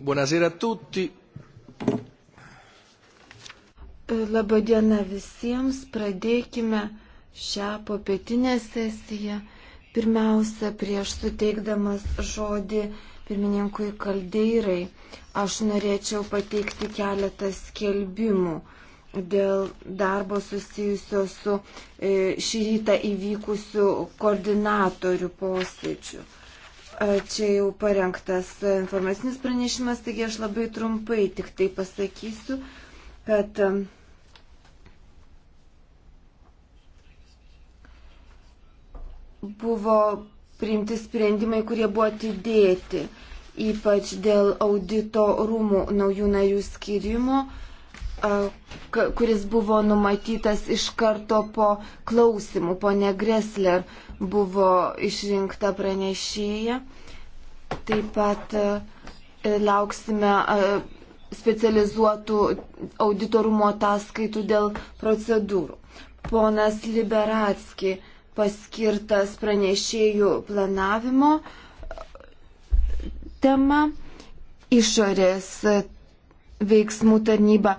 Buonasera a tutti. Labadiena visiems, pradėkime šią popietinę sesiją. Pirmiausia, prieš suteikdamas žodį pirmininkui Kaldeirai, aš norėčiau pateikti keletą skelbimų dėl darbo susijusio su e, šį rytą įvykusiu koordinatorių posėdžiu. Čia jau parengtas informacinis pranešimas, taigi aš labai trumpai tik tai pasakysiu, kad buvo priimti sprendimai, kurie buvo atidėti, ypač dėl audito rūmų naujų narių skirimo. Na, kuris buvo numatytas iš karto po klausimų. Pone Gressler buvo išrinkta pranešėja. Taip pat e, lauksime specializuotų auditorumo ataskaitų dėl procedūrų. Ponas Liberatski paskirtas pranešėjų planavimo tema išorės veiksmų tarnyba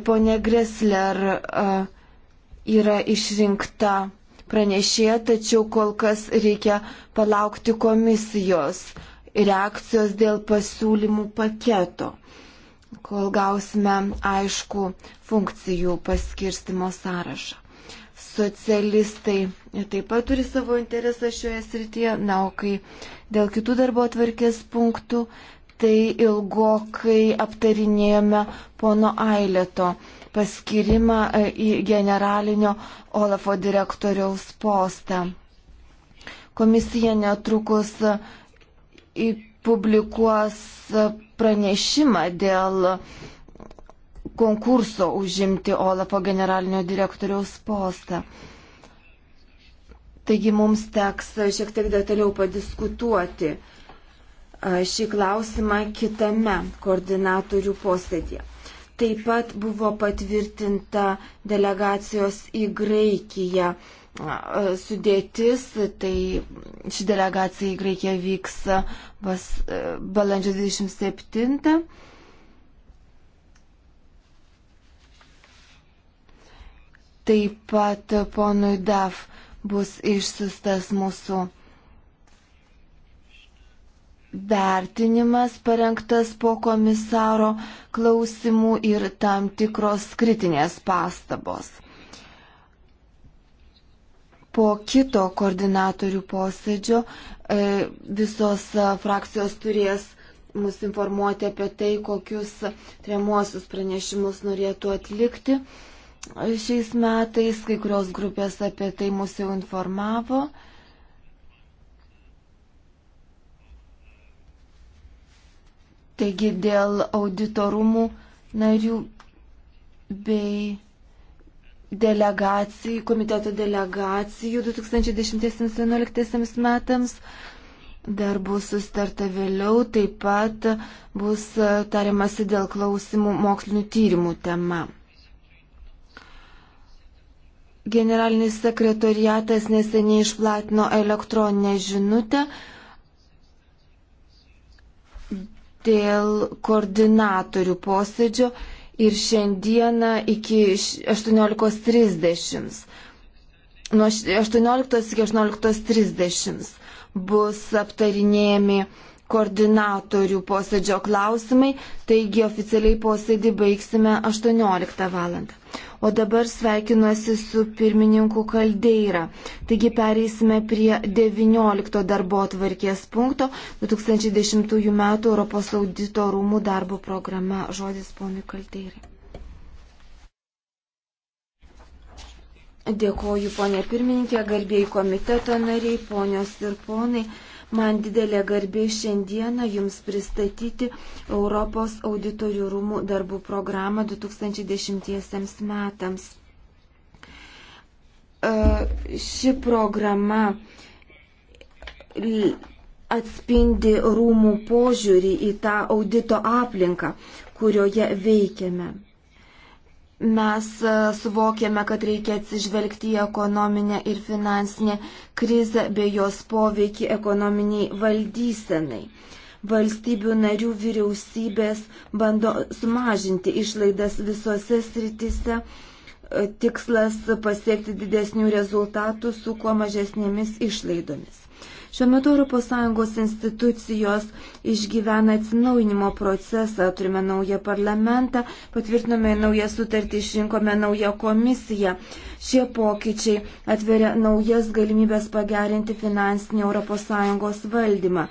Pone Gresler yra išrinkta pranešėja, tačiau kol kas reikia palaukti komisijos reakcijos dėl pasiūlymų paketo, kol gausime aišku funkcijų paskirstimo sąrašą. Socialistai taip pat turi savo interesą šioje srityje, na, o kai dėl kitų darbo atvarkės punktų, tai ilgokai aptarinėjome pono Ailėto paskirimą e, į generalinio Olafo direktoriaus postą. Komisija netrukus e, publikuos pranešimą dėl konkurso užimti Olafo generalinio direktoriaus postą. Taigi mums teks šiek tiek detaliau padiskutuoti šį klausimą kitame koordinatorių posėdėje. Taip pat buvo patvirtinta delegacijos į Graikiją sudėtis, tai ši delegacija į Graikiją vyks bas, balandžio 27. Taip pat ponui DAF bus išsiustas mūsų vertinimas parengtas po komisaro klausimų ir tam tikros kritinės pastabos. Po kito koordinatorių posėdžio e, visos frakcijos turės mus informuoti apie tai, kokius tremuosius pranešimus norėtų atlikti e, šiais metais. Kai kurios grupės apie tai mus jau informavo. Taigi dėl auditorumų narių bei delegacijų, komiteto delegacijų 2010-2011 metams dar bus sustarta vėliau, taip pat bus tariamasi dėl klausimų mokslinių tyrimų tema. Generalinis sekretoriatas neseniai išplatino elektroninę žinutę, dėl koordinatorių posėdžio ir šiandieną iki 18.30. Nuo 18 iki 18.30 bus aptarinėjami koordinatorių posėdžio klausimai, taigi oficialiai posėdį baigsime 18 val. O dabar sveikinuosi su pirmininku Kaldeira. Taigi pereisime prie 19 darbo tvarkės punkto 2010 m. Europos audito rūmų darbo programa. Žodis ponui Kaldeirai. Dėkoju, ponė pirmininkė, garbėjai komiteto nariai, ponios ir ponai. Man didelė garbė šiandieną Jums pristatyti Europos auditorių rūmų darbų programą 2010 metams. E, ši programa atspindi rūmų požiūrį į tą audito aplinką, kurioje veikiame mes e, suvokėme, kad reikia atsižvelgti į ekonominę ir finansinę krizę bei jos poveikį ekonominiai valdysenai. Valstybių narių vyriausybės bando sumažinti išlaidas visose sritise. E, tikslas pasiekti didesnių rezultatų su kuo mažesnėmis išlaidomis. Šiuo metu ES institucijos išgyvena atsinaujinimo procesą, turime naują parlamentą, patvirtinome naują sutartį, išrinkome naują komisiją. Šie pokyčiai atveria naujas galimybės pagerinti finansinį ES valdymą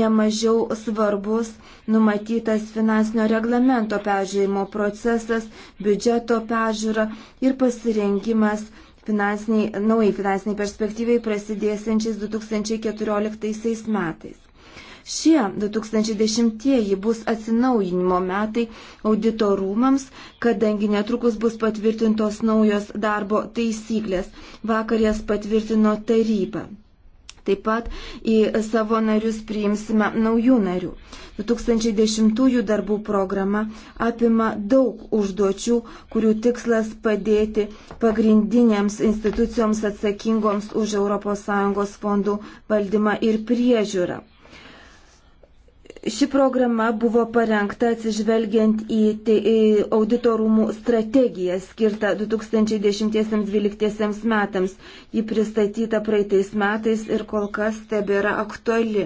nemažiau svarbus numatytas finansinio reglamento peržiūrėjimo procesas, biudžeto peržiūra ir pasirengimas finansiniai, naujai finansiniai perspektyvai prasidėsiančiais 2014 metais. Šie 2010-ieji bus atsinaujinimo metai auditorumams, kadangi netrukus bus patvirtintos naujos darbo taisyklės, vakar jas patvirtino taryba. Taip pat į savo narius priimsime naujų narių. 2010 darbų programa apima daug užduočių, kurių tikslas padėti pagrindinėms institucijoms atsakingoms už ES fondų valdymą ir priežiūrą. Ši programa buvo parengta atsižvelgiant į, į auditorumų strategiją skirtą 2010-2012 metams. Ji pristatyta praeitais metais ir kol kas tebėra aktuali.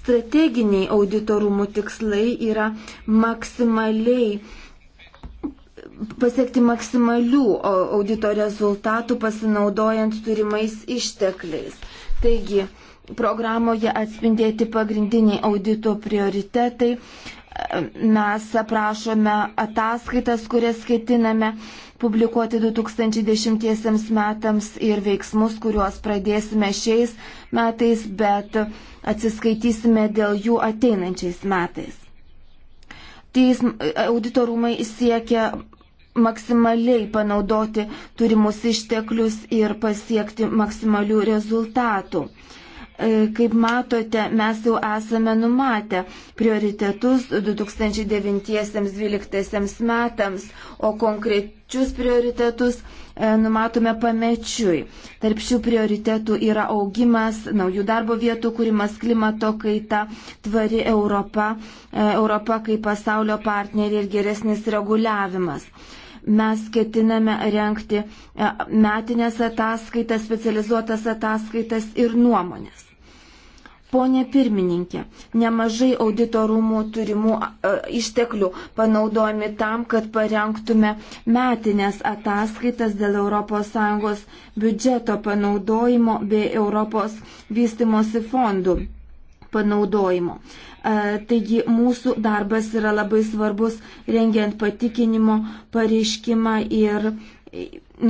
Strateginiai auditorumų tikslai yra maksimaliai pasiekti maksimalių audito rezultatų pasinaudojant turimais ištekliais. Taigi, programoje atspindėti pagrindiniai audito prioritetai. Mes aprašome ataskaitas, kurias ketiname publikuoti 2010 metams ir veiksmus, kuriuos pradėsime šiais metais, bet atsiskaitysime dėl jų ateinančiais metais. Teism, auditorumai siekia maksimaliai panaudoti turimus išteklius ir pasiekti maksimalių rezultatų. E, kaip matote, mes jau esame numatę prioritetus 2009-2012 metams, o konkrečius prioritetus e, numatome pamečiui. Tarp šių prioritetų yra augimas, naujų darbo vietų kūrimas, klimato kaita, tvari Europa, e, Europa kaip pasaulio partneriai ir geresnis reguliavimas. Mes ketiname renkti metinės ataskaitas, specializuotas ataskaitas ir nuomonės. Pone pirmininkė, nemažai auditorumų turimų išteklių panaudojami tam, kad parengtume metinės ataskaitas dėl ES biudžeto panaudojimo bei Europos vystimosi fondų panaudojimo. Taigi mūsų darbas yra labai svarbus rengiant patikinimo pareiškimą ir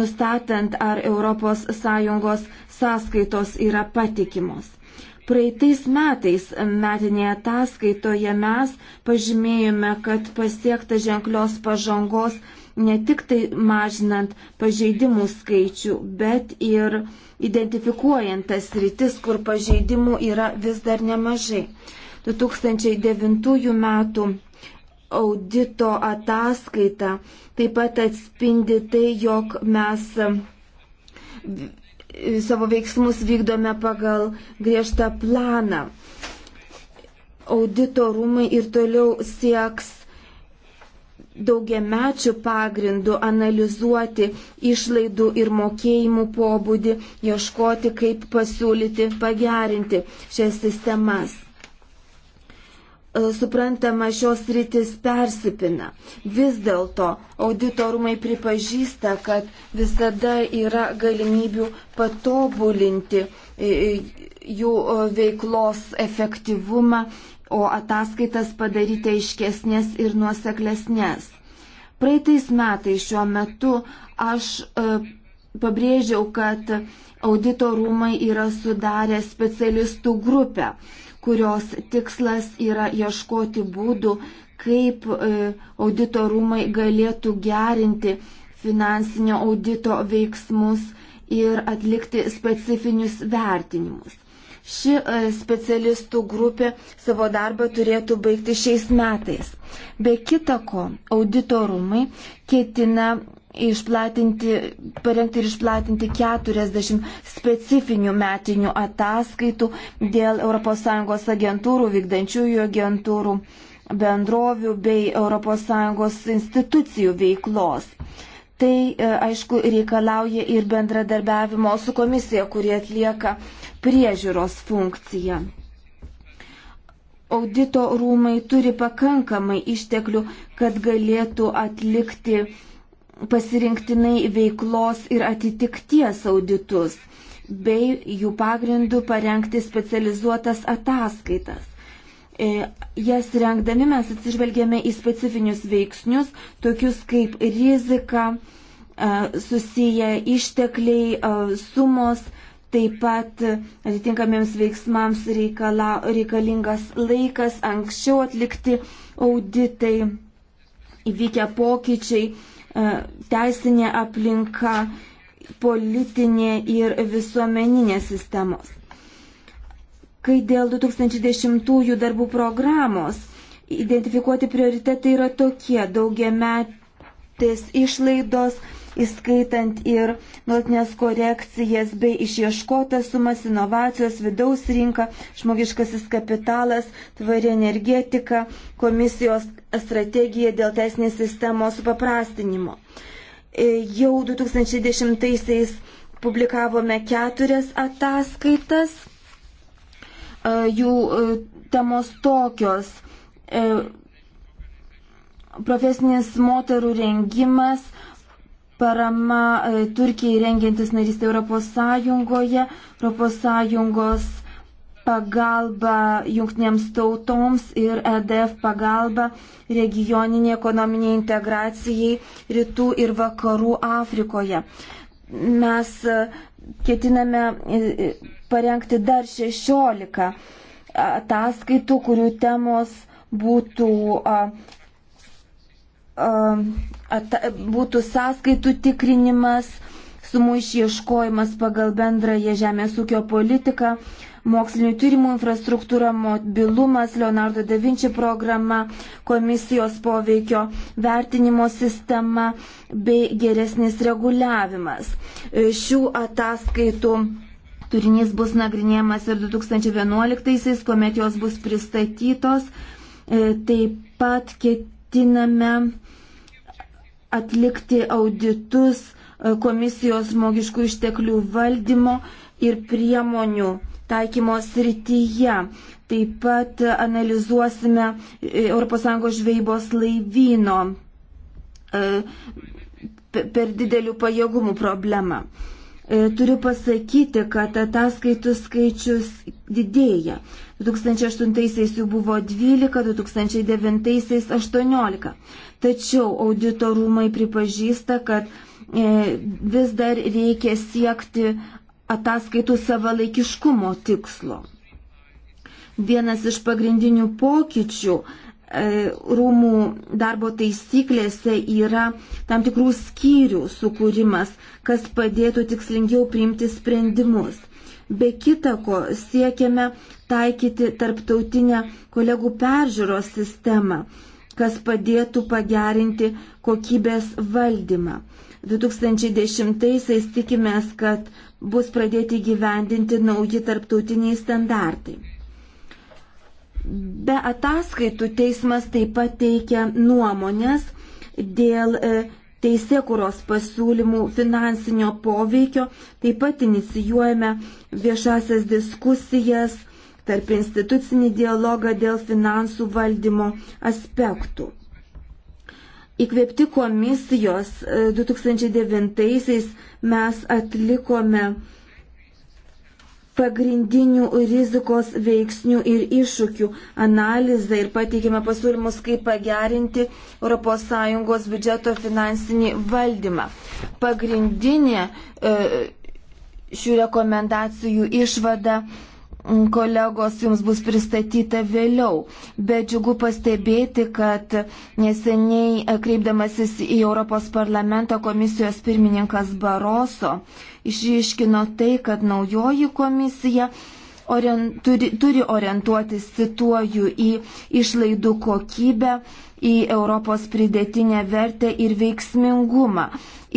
nustatant, ar ES sąskaitos yra patikimos. Praeitais metais metinėje ataskaitoje mes pažymėjome, kad pasiekta ženklios pažangos ne tik tai mažinant pažeidimų skaičių, bet ir identifikuojant tas rytis, kur pažeidimų yra vis dar nemažai. 2009 metų audito ataskaita taip pat atspindi tai, jog mes savo veiksmus vykdome pagal griežtą planą. Audito rūmai ir toliau sieks daugiamečių pagrindų analizuoti išlaidų ir mokėjimų pobūdį, ieškoti, kaip pasiūlyti pagerinti šias sistemas. E, suprantama, šios rytis persipina. Vis dėlto auditorumai pripažįsta, kad visada yra galimybių patobulinti e, e, jų veiklos efektyvumą, o ataskaitas padaryti aiškesnės ir nuoseklesnės. Praeitais metais šiuo metu aš pabrėžiau, kad audito rūmai yra sudarę specialistų grupę kurios tikslas yra ieškoti būdų, kaip e, auditorumai galėtų gerinti finansinio audito veiksmus ir atlikti specifinius vertinimus. Ši e, specialistų grupė savo darbą turėtų baigti šiais metais. Be kita ko, auditorumai ketina išplatinti, parengti ir išplatinti 40 specifinių metinių ataskaitų dėl ES agentūrų, vykdančiųjų agentūrų, bendrovių bei ES institucijų veiklos. Tai, e, aišku, reikalauja ir bendradarbiavimo su komisija, kurie atlieka priežiūros funkciją. Audito rūmai turi pakankamai išteklių, kad galėtų atlikti uh, pasirinktinai veiklos ir atitikties auditus bei jų pagrindų parengti specializuotas ataskaitas. E, jas rengdami mes atsižvelgėme į specifinius veiksnius, tokius kaip rizika, e, susiję ištekliai, e, sumos, taip pat atitinkamiems veiksmams reikala, reikalingas laikas, anksčiau atlikti auditai, įvykę pokyčiai E, teisinė aplinka, politinė ir visuomeninė sistemos. Kai dėl 2010 darbų programos identifikuoti prioritetai yra tokie - daugiametės išlaidos, įskaitant ir nuolatinės korekcijas bei išieškotas sumas, inovacijos, vidaus rinka, žmogiškasis kapitalas, tvari energetika, komisijos strategiją dėl teisinės sistemos supaprastinimo. E, jau 2010-aisiais publikavome keturias ataskaitas, e, jų e, temos tokios - profesinis moterų rengimas, parama Turkijai rengiantis narystė Europos Sąjungoje, Europos Sąjungos pagalba jungtinėms tautoms ir EDF pagalba regioniniai ekonominiai integracijai rytų ir vakarų Afrikoje. Mes e, ketiname e, e, parengti dar 16 ataskaitų, kurių temos būtų, a, a, at, būtų sąskaitų tikrinimas, sumų išieškojimas pagal bendrąją žemės ūkio politiką, mokslinio tyrimų infrastruktūra, mobilumas, Leonardo da Vinci programa, komisijos poveikio vertinimo sistema bei geresnis reguliavimas. E, šių ataskaitų turinys bus nagrinėjamas ir 2011-aisiais, kuomet jos bus pristatytos. E, taip pat ketiname atlikti auditus e, komisijos žmogiškų išteklių valdymo ir priemonių taikymos rytyje. Taip pat analizuosime ES žvejybos laivyno e, per didelių pajėgumų problemą. E, turiu pasakyti, kad ataskaitų skaičius didėja. 2008-aisiais jų buvo 12, 2009-aisiais 18. Tačiau auditorumai pripažįsta, kad e, vis dar reikia siekti ataskaitų savalaikiškumo tikslo. Vienas iš pagrindinių pokyčių e, rūmų darbo taisyklėse yra tam tikrų skyrių sukūrimas, kas padėtų tikslingiau priimti sprendimus. Be kitako siekiame taikyti tarptautinę kolegų peržiūros sistemą, kas padėtų pagerinti kokybės valdymą. 2010-aisiais tikimės, kad bus pradėti gyvendinti nauji tarptautiniai standartai. Be ataskaitų teismas taip pat teikia nuomonės dėl e, teisėkuros pasiūlymų finansinio poveikio, taip pat inicijuojame viešasias diskusijas tarp institucinį dialogą dėl finansų valdymo aspektų. Įkvėpti komisijos 2009-aisiais e, mes atlikome pagrindinių rizikos veiksnių ir iššūkių analizą ir pateikėme pasiūlymus, kaip pagerinti ES biudžeto finansinį valdymą. Pagrindinė e, šių rekomendacijų išvada kolegos jums bus pristatyta vėliau, bet džiugu pastebėti, kad neseniai kreipdamasis į Europos parlamentą komisijos pirmininkas Baroso išryškino tai, kad naujoji komisija orient, turi, turi orientuotis, cituoju, į išlaidų kokybę, į Europos pridėtinę vertę ir veiksmingumą.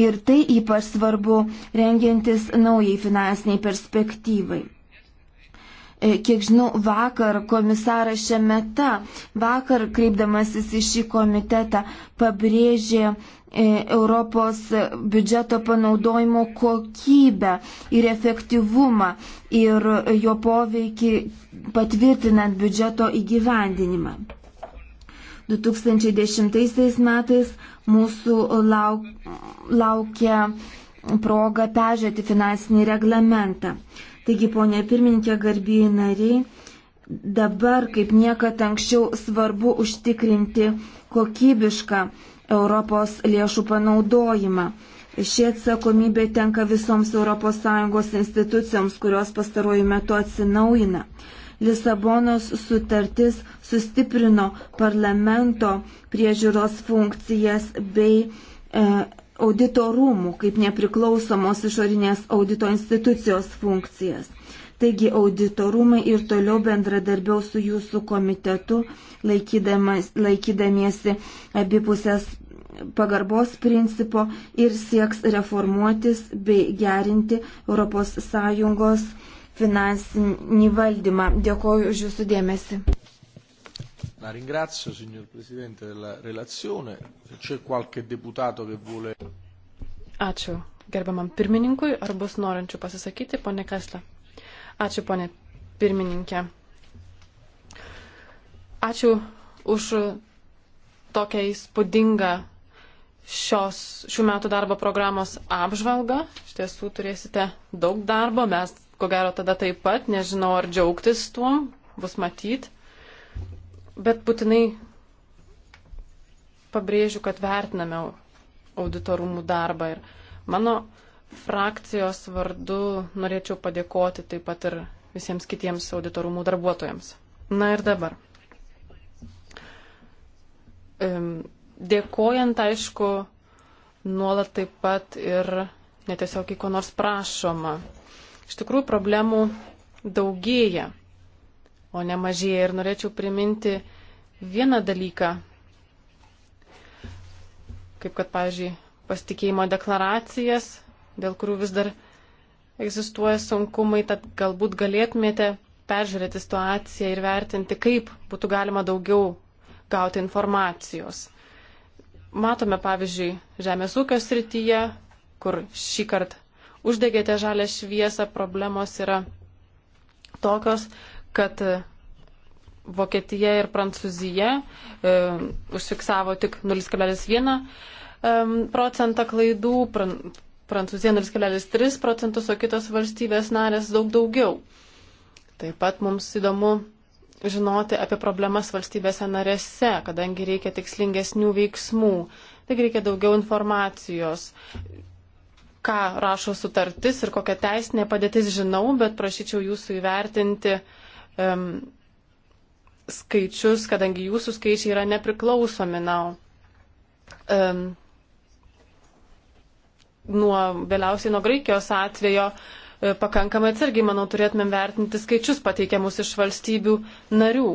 Ir tai ypač svarbu rengiantis naujai finansiniai perspektyvai. E, kiek žinau, vakar komisaras Šemeta, vakar kreipdamasis į šį komitetą, pabrėžė e, Europos biudžeto panaudojimo kokybę ir efektyvumą ir jo poveikį patvirtinant biudžeto įgyvendinimą. 2010 metais mūsų lauk, laukia proga peržiūrėti finansinį reglamentą. Taigi, ponė pirmininkė, garbėjai nariai, dabar kaip niekad anksčiau svarbu užtikrinti kokybišką Europos lėšų panaudojimą. Ši atsakomybė tenka visoms ES institucijoms, kurios pastaruoju metu atsinaujina. Lisabonos sutartis sustiprino parlamento priežiūros funkcijas bei e, auditorumų kaip nepriklausomos išorinės audito institucijos funkcijas. Taigi auditorumai ir toliau bendradarbiaus su jūsų komitetu, laikydamiesi abipusės pagarbos principo ir sieks reformuotis bei gerinti ES finansinį valdymą. Dėkoju už jūsų dėmesį. La ringrazio, signor Presidente, della relazione. Se c'è qualche deputato che vuole. Ačiū gerbiamam pirmininkui. Ar bus norinčių pasisakyti, ponė Kesla? Ačiū, ponė pirmininkė. Ačiū už tokią įspūdingą šios, šių metų darbo programos apžvalgą. Iš tiesų turėsite daug darbo, mes ko gero tada taip pat, nežinau ar džiaugtis tuom, bus matyti bet būtinai pabrėžiu, kad vertiname auditorumų darbą ir mano frakcijos vardu norėčiau padėkoti taip pat ir visiems kitiems auditorumų darbuotojams. Na ir dabar. Dėkojant, aišku, nuolat taip pat ir netiesiog į ko nors prašoma. Iš tikrųjų, problemų daugėja o ne mažėja. Ir norėčiau priminti vieną dalyką, kaip kad, pavyzdžiui, pasitikėjimo deklaracijas, dėl kurių vis dar egzistuoja sunkumai, tad galbūt galėtumėte peržiūrėti situaciją ir vertinti, kaip būtų galima daugiau gauti informacijos. Matome, pavyzdžiui, žemės ūkio srityje, kur šį kartą uždegėte žalę šviesą, problemos yra tokios, kad e, Vokietija ir Prancūzija e, užfiksavo tik 0,1 e, procentą klaidų, pran, Prancūzija 0,3 procentus, o kitos valstybės narės daug daugiau. Taip pat mums įdomu žinoti apie problemas valstybėse narėse, kadangi reikia tikslingesnių veiksmų, taigi reikia daugiau informacijos ką rašo sutartis ir kokia teisinė padėtis žinau, bet prašyčiau jūsų įvertinti uh, um, skaičius, kadangi jūsų skaičiai yra nepriklausomi na, um, nuo vėliausiai nuo Graikijos atvejo. E, pakankamai atsargiai, manau, turėtumėm vertinti skaičius pateikiamus iš valstybių narių.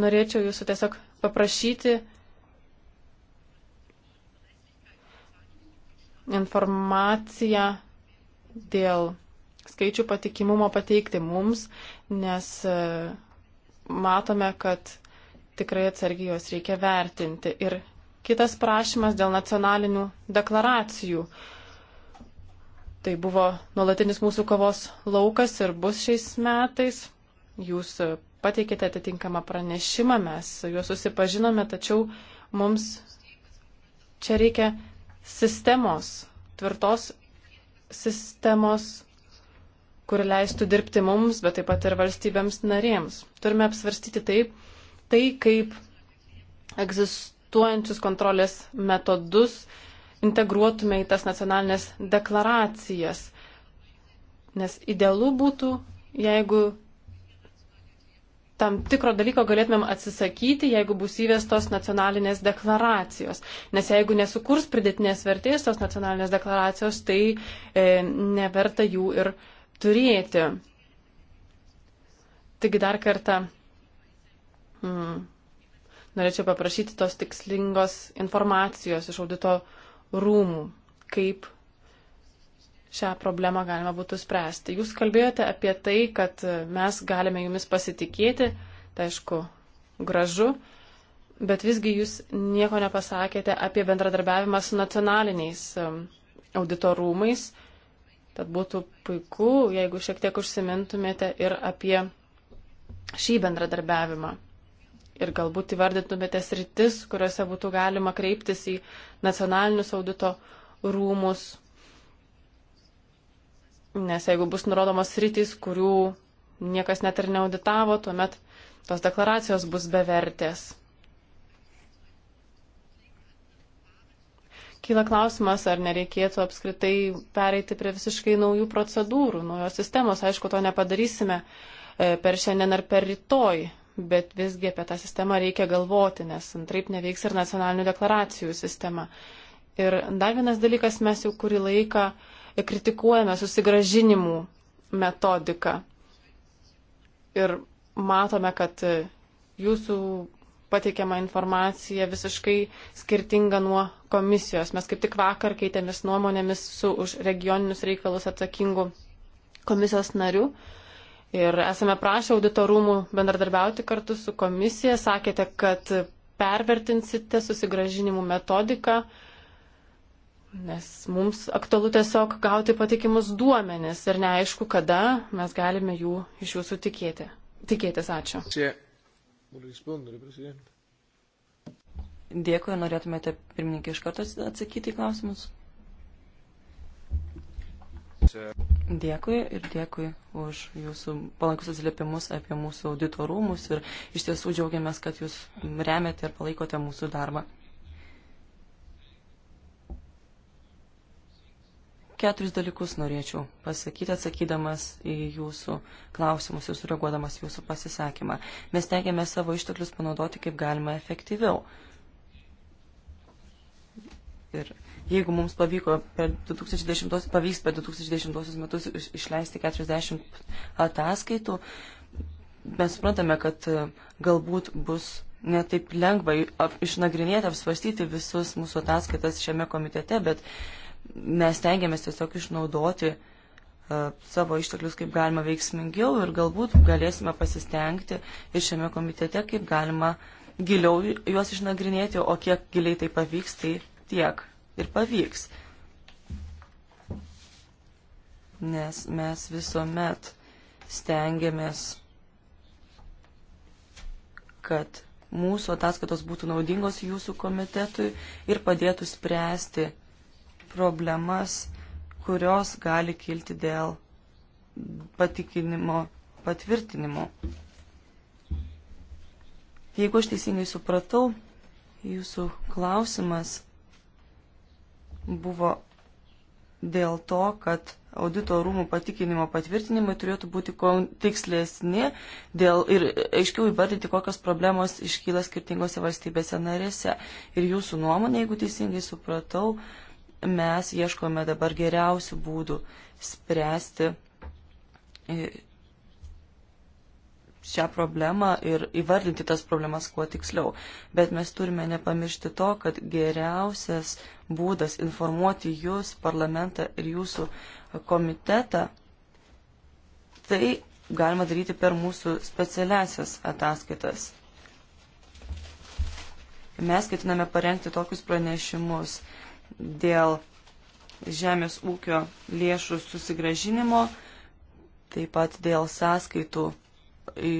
Norėčiau jūsų tiesiog paprašyti informaciją dėl skaičių patikimumo pateikti mums, nes e, matome, kad tikrai atsargiai juos reikia vertinti. Ir kitas prašymas dėl nacionalinių deklaracijų. Tai buvo nuolatinis mūsų kovos laukas ir bus šiais metais. Jūs pateikėte atitinkamą pranešimą, mes juos susipažinome, tačiau mums čia reikia sistemos, tvirtos sistemos kuri leistų dirbti mums, bet taip pat ir valstybėms narėms. Turime apsvarstyti taip, tai kaip egzistuojančius kontrolės metodus integruotume į tas nacionalinės deklaracijas. Nes idealu būtų, jeigu tam tikro dalyko galėtumėm atsisakyti, jeigu bus įvestos nacionalinės deklaracijos. Nes jeigu nesukurs pridėtinės vertės tos nacionalinės deklaracijos, tai e, neverta jų ir turėti. Taigi dar kartą mm, norėčiau paprašyti tos tikslingos informacijos iš audito rūmų, kaip šią problemą galima būtų spręsti. Jūs kalbėjote apie tai, kad mes galime jumis pasitikėti, tai aišku, gražu, bet visgi jūs nieko nepasakėte apie bendradarbiavimą su nacionaliniais mm, auditorumais Tad būtų puiku, jeigu šiek tiek užsimintumėte ir apie šį bendradarbiavimą. Ir galbūt įvardytumėte sritis, kuriuose būtų galima kreiptis į nacionalinius audito rūmus. Nes jeigu bus nurodomos sritys, kurių niekas net ir neauditavo, tuomet tos deklaracijos bus bevertės. kyla klausimas, ar nereikėtų apskritai pereiti prie visiškai naujų procedūrų, naujos sistemos. Aišku, to nepadarysime e, per šiandien ar per rytoj, bet visgi apie tą sistemą reikia galvoti, nes antraip neveiks ir nacionalinių deklaracijų sistema. Ir dar vienas dalykas, mes jau kurį laiką kritikuojame susigražinimų metodiką. Ir matome, kad e, jūsų pateikiama informacija visiškai skirtinga nuo komisijos. Mes kaip tik vakar keitėmis nuomonėmis su už regioninius reikalus atsakingu komisijos nariu. Ir esame prašę auditorumų bendradarbiauti kartu su komisija. Sakėte, kad pervertinsite susigražinimų metodiką, nes mums aktualu tiesiog gauti patikimus duomenis ir neaišku, kada mes galime jų iš jūsų tikėti. Tikėtis, ačiū. Čia. Vuole rispondere, Presidente? Dėkui, norėtumėte pirmininkė iš karto atsakyti į klausimus? Dėkui ir dėkui už jūsų palankus atsiliepimus apie mūsų auditorumus ir iš tiesų džiaugiamės, kad jūs remiate ir palaikote mūsų darbą. keturis dalykus norėčiau pasakyti, atsakydamas į jūsų klausimus ir sureaguodamas jūsų pasisakymą. Mes tengiame savo išteklius panaudoti kaip galima efektyviau. Ir jeigu mums pavyko per 2010, pavyks per 2010 metus išleisti 40 ataskaitų, mes suprantame, kad e, galbūt bus netaip lengva išnagrinėti, apsvarstyti visus mūsų ataskaitas šiame komitete, bet uh, mes tengiamės tiesiog išnaudoti e, savo išteklius kaip galima veiksmingiau ir galbūt galėsime pasistengti ir šiame komitete kaip galima giliau juos išnagrinėti, o kiek giliai tai pavyks, tai tiek ir pavyks. Nes mes visuomet stengiamės, kad mūsų ataskaitos būtų naudingos jūsų komitetui ir padėtų spręsti problemas, kurios gali kilti dėl patikinimo patvirtinimo. Jeigu aš teisingai supratau, jūsų klausimas buvo dėl to, kad audito rūmų patikinimo patvirtinimai turėtų būti tikslesni dėl, ir aiškiau įvardyti, kokios problemos iškyla skirtingose valstybėse narėse. Ir jūsų nuomonė, jeigu teisingai supratau, uh, mes ieškome dabar geriausių būdų spręsti e, šią problemą ir įvardinti tas problemas kuo tiksliau. Bet mes turime nepamiršti to, kad geriausias būdas informuoti jūs, parlamentą ir jūsų komitetą, tai galima daryti per mūsų specialiasias ataskaitas. Mes ketiname parengti tokius pranešimus dėl žemės ūkio lėšų susigražinimo, taip pat dėl sąskaitų e,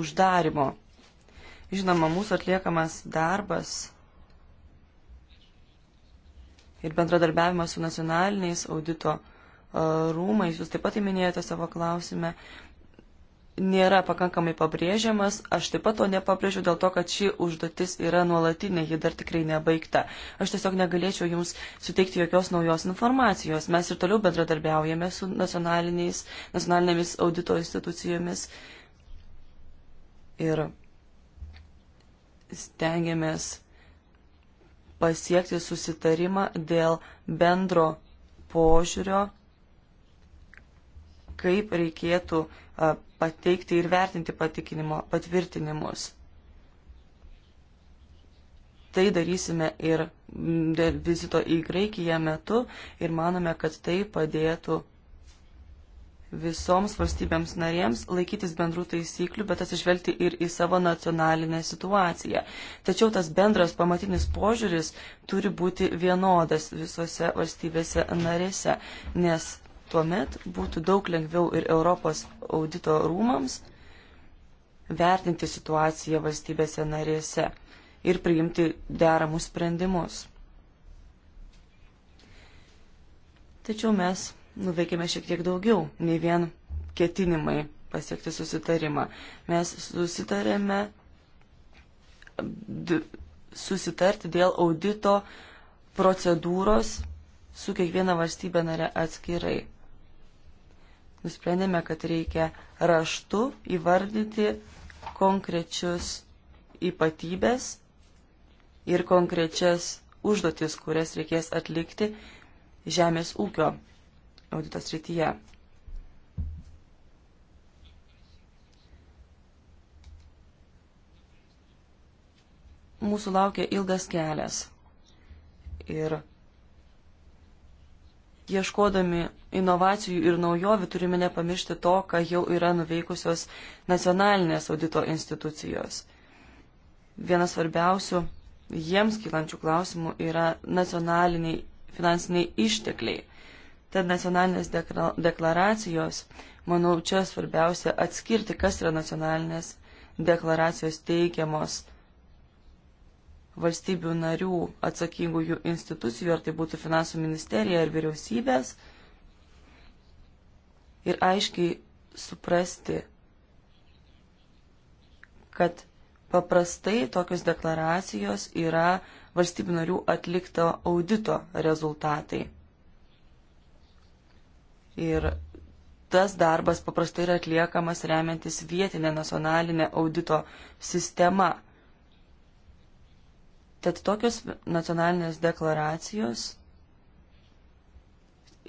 uždarimo. Žinoma, mūsų atliekamas darbas ir bendradarbiavimas su nacionaliniais audito e, rūmais, jūs taip pat įminėjote savo klausime, nėra pakankamai pabrėžiamas. Aš taip pat to nepabrėžiu dėl to, kad ši užduotis yra nuolatinė, ji dar tikrai nebaigta. Aš tiesiog negalėčiau Jums suteikti jokios naujos informacijos. Mes ir toliau bendradarbiaujame su nacionalinėmis audito institucijomis ir stengiamės pasiekti susitarimą dėl bendro požiūrio, kaip reikėtų pateikti ir vertinti patvirtinimus. Tai darysime ir vizito į Graikiją metu ir manome, kad tai padėtų visoms valstybėms narėms laikytis bendrų taisyklių, bet atsižvelgti ir į savo nacionalinę situaciją. Tačiau tas bendras pamatinis požiūris turi būti vienodas visose valstybėse narėse, nes Tuomet būtų daug lengviau ir Europos audito rūmams vertinti situaciją valstybėse narėse ir priimti deramus sprendimus. Tačiau mes nuveikėme šiek tiek daugiau nei vien ketinimai pasiekti susitarimą. Mes susitarėme susitarti dėl audito procedūros su kiekviena valstybė nare atskirai nusprendėme, kad reikia raštu įvardyti konkrečius ypatybės ir konkrečias užduotis, kurias reikės atlikti žemės ūkio audito srityje. Mūsų laukia ilgas kelias ir ieškodami inovacijų ir naujovių turime nepamiršti to, ką jau yra nuveikusios nacionalinės audito institucijos. Vienas svarbiausių jiems kylančių klausimų yra nacionaliniai finansiniai ištekliai. Tad nacionalinės deklaracijos, manau, čia svarbiausia atskirti, kas yra nacionalinės deklaracijos teikiamos valstybių narių atsakingųjų institucijų, ar tai būtų finansų ministerija ar vyriausybės, ir aiškiai suprasti, kad paprastai tokios deklaracijos yra valstybių narių atlikto audito rezultatai. Ir tas darbas paprastai yra atliekamas remiantis vietinė nacionalinė audito sistema – Tad tokios nacionalinės deklaracijos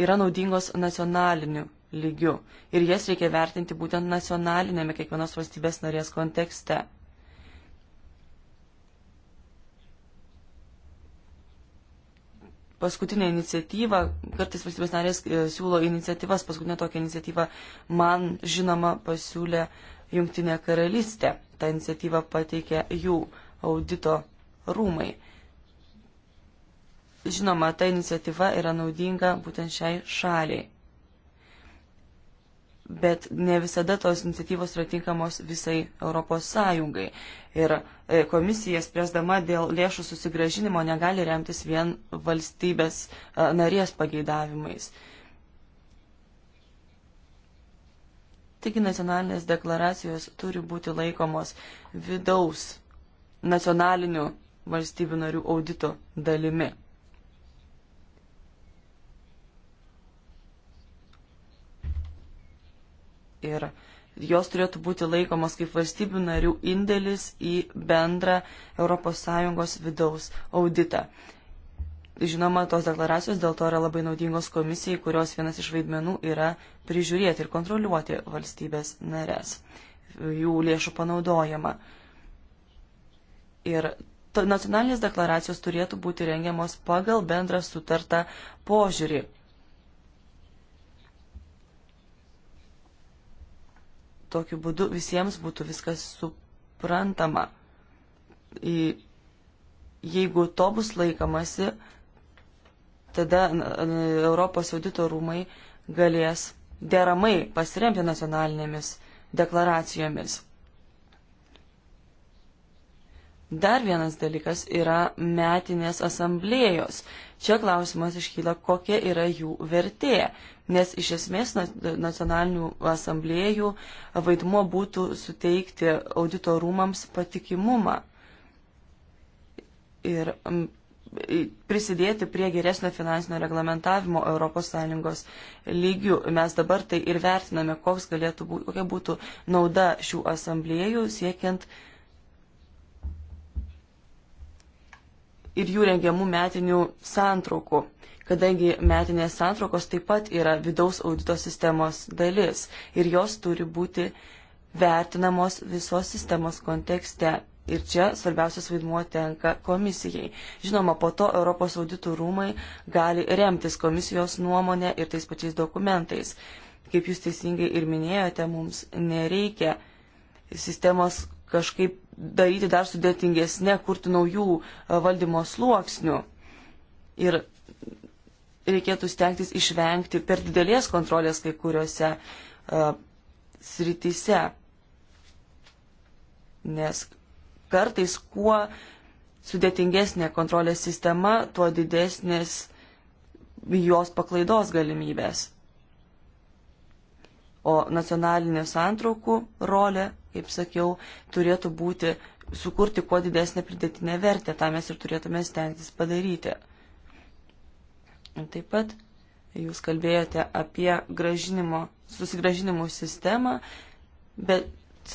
yra naudingos nacionaliniu lygiu ir jas reikia vertinti būtent nacionalinėme kiekvienos valstybės narės kontekste. Paskutinė iniciatyva, kartais valstybės narės e, siūlo iniciatyvas, paskutinė tokia iniciatyva man žinoma pasiūlė Jungtinė karalystė. Ta iniciatyva pateikė jų audito rūmai. Žinoma, ta iniciatyva yra naudinga būtent šiai šaliai. Bet ne visada tos iniciatyvos yra tinkamos visai Europos Sąjungai. Ir e, komisija, spręsdama dėl lėšų susigražinimo, negali remtis vien valstybės e, narės pageidavimais. Taigi nacionalinės deklaracijos turi būti laikomos vidaus nacionalinių valstybių narių audito dalimi. Ir jos turėtų būti laikomos kaip valstybių narių indėlis į bendrą ES vidaus auditą. Žinoma, tos deklaracijos dėl to yra labai naudingos komisijai, kurios vienas iš vaidmenų yra prižiūrėti ir kontroliuoti valstybės narės, jų lėšų panaudojimą. Ir nacionalinės deklaracijos turėtų būti rengiamos pagal bendrą sutartą požiūrį. Tokiu būdu visiems būtų viskas suprantama. Jeigu to bus laikomasi, tada Europos audito rūmai galės deramai pasiremti nacionalinėmis deklaracijomis. Dar vienas dalykas yra metinės asamblėjos. Čia klausimas iškyla, kokia yra jų vertė, nes iš esmės nacionalinių asamblėjų vaidmuo būtų suteikti auditorumams patikimumą ir prisidėti prie geresnio finansinio reglamentavimo ES lygių. Mes dabar tai ir vertiname, koks galėtų būti, kokia būtų nauda šių asamblėjų siekiant uh, ir jų rengiamų metinių santraukų, kadangi metinės santraukos taip pat yra vidaus audito sistemos dalis ir jos turi būti vertinamos visos sistemos kontekste. Ir čia svarbiausias vaidmuo tenka komisijai. Žinoma, po to Europos auditų rūmai gali remtis komisijos nuomonę ir tais pačiais dokumentais. Kaip jūs teisingai ir minėjote, mums nereikia sistemos kažkaip daryti dar sudėtingesnė, kurti naujų e, valdymo sluoksnių. Ir reikėtų stengtis išvengti per didelės kontrolės kai kuriuose uh, srityse. Nes kartais kuo sudėtingesnė kontrolės sistema, tuo didesnis jos paklaidos galimybės. O nacionalinių santraukų rolė kaip sakiau, turėtų būti sukurti kuo didesnę pridėtinę vertę, tą mes ir turėtume stengtis padaryti. Taip pat jūs kalbėjote apie gražinimo, susigražinimų sistemą, bet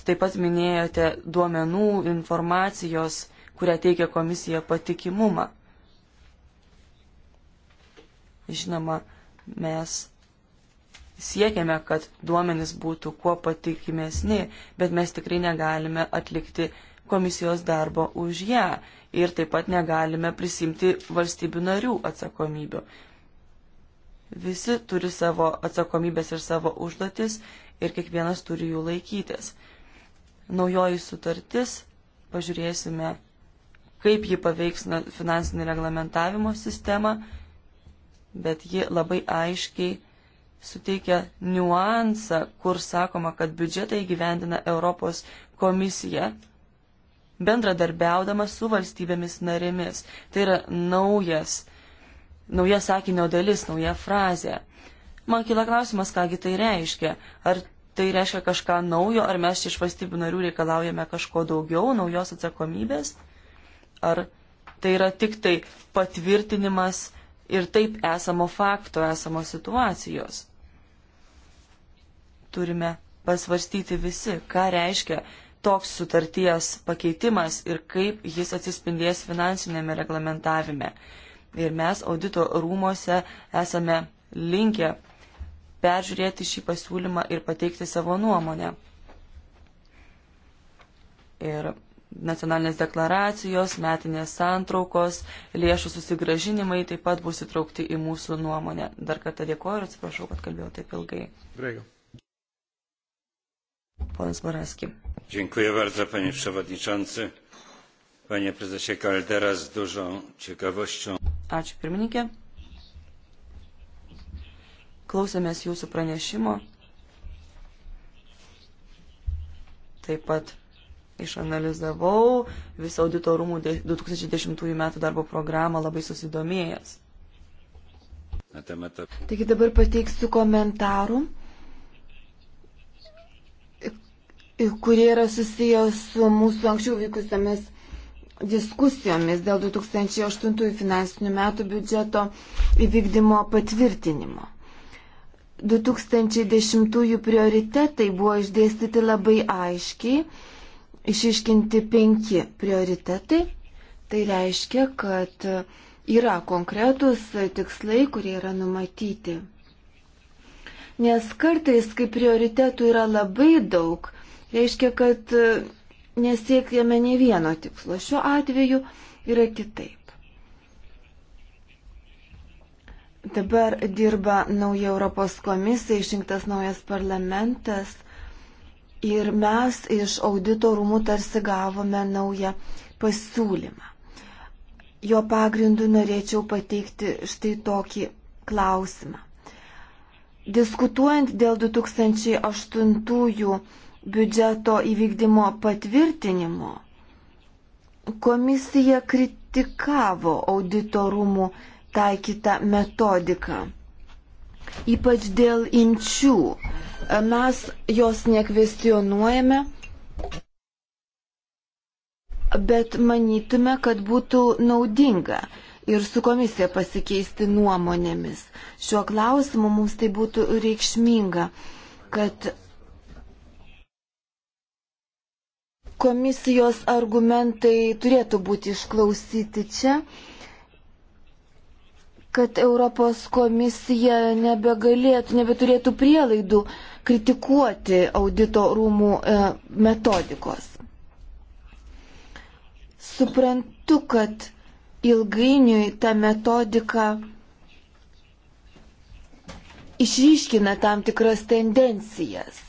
taip pat minėjote duomenų, informacijos, kurią teikia komisija patikimumą. Žinoma, mes siekiame, kad duomenys būtų kuo patikimesni, bet mes tikrai negalime atlikti komisijos darbo už ją ir taip pat negalime prisimti valstybių narių atsakomybių. Visi turi savo atsakomybės ir savo užduotis ir kiekvienas turi jų laikytis. Naujoji sutartis, pažiūrėsime, kaip ji paveiks finansinį reglamentavimo sistemą, bet ji labai aiškiai suteikia niuansą, kur sakoma, kad biudžetą įgyvendina Europos komisija bendradarbiaudama su valstybėmis narėmis. Tai yra naujas, nauja sakinio dalis, nauja frazė. Man kila klausimas, kągi tai reiškia. Ar tai reiškia kažką naujo, ar mes iš valstybių narių reikalaujame kažko daugiau, naujos atsakomybės, ar tai yra tik tai patvirtinimas ir taip esamo fakto, esamos situacijos turime pasvarstyti visi, ką reiškia toks sutarties pakeitimas ir kaip jis atsispindės finansinėme reglamentavime. Ir mes audito rūmose esame linkę peržiūrėti šį pasiūlymą ir pateikti savo nuomonę. Ir nacionalinės deklaracijos, metinės santraukos, lėšų susigražinimai taip pat bus įtraukti į mūsų nuomonę. Dar kartą dėkoju ir atsiprašau, kad kalbėjau taip ilgai. Reikia. Ponas Baraski. Dziękuję bardzo, panie przewodniczący. Panie prezesie Caldera, z dużą ciekawością. Ačiū pirmininkė. Klausėmės jūsų pranešimo. Taip pat išanalizavau visą auditorumų 2010 m. darbo programą labai susidomėjęs. Taigi dabar pateiksiu komentarų kurie yra susijęs su mūsų anksčiau vykusiamis diskusijomis dėl 2008 finansinių metų biudžeto įvykdymo patvirtinimo. 2010 prioritetai buvo išdėstyti labai aiškiai, išiškinti penki prioritetai. Tai reiškia, kad yra konkretus tikslai, kurie yra numatyti. Nes kartais, kai prioritetų yra labai daug, reiškia, kad e, nesiekėme ne vieno tikslo. Šiuo atveju yra kitaip. Dabar dirba nauja Europos komisija, išrinktas naujas parlamentas ir mes iš audito rūmų tarsi gavome naują pasiūlymą. Jo pagrindu norėčiau pateikti štai tokį klausimą. Diskutuojant dėl 2008 biudžeto įvykdymo patvirtinimo. Komisija kritikavo auditorumų taikytą metodiką, ypač dėl inčių. Mes jos nekvestionuojame, bet manytume, kad būtų naudinga ir su komisija pasikeisti nuomonėmis. Šiuo klausimu mums tai būtų reikšminga, kad Komisijos argumentai turėtų būti išklausyti čia, kad Europos komisija nebegalėtų, nebeturėtų prielaidų kritikuoti audito rūmų e, metodikos. Suprantu, kad ilgainiui ta metodika išryškina tam tikras tendencijas.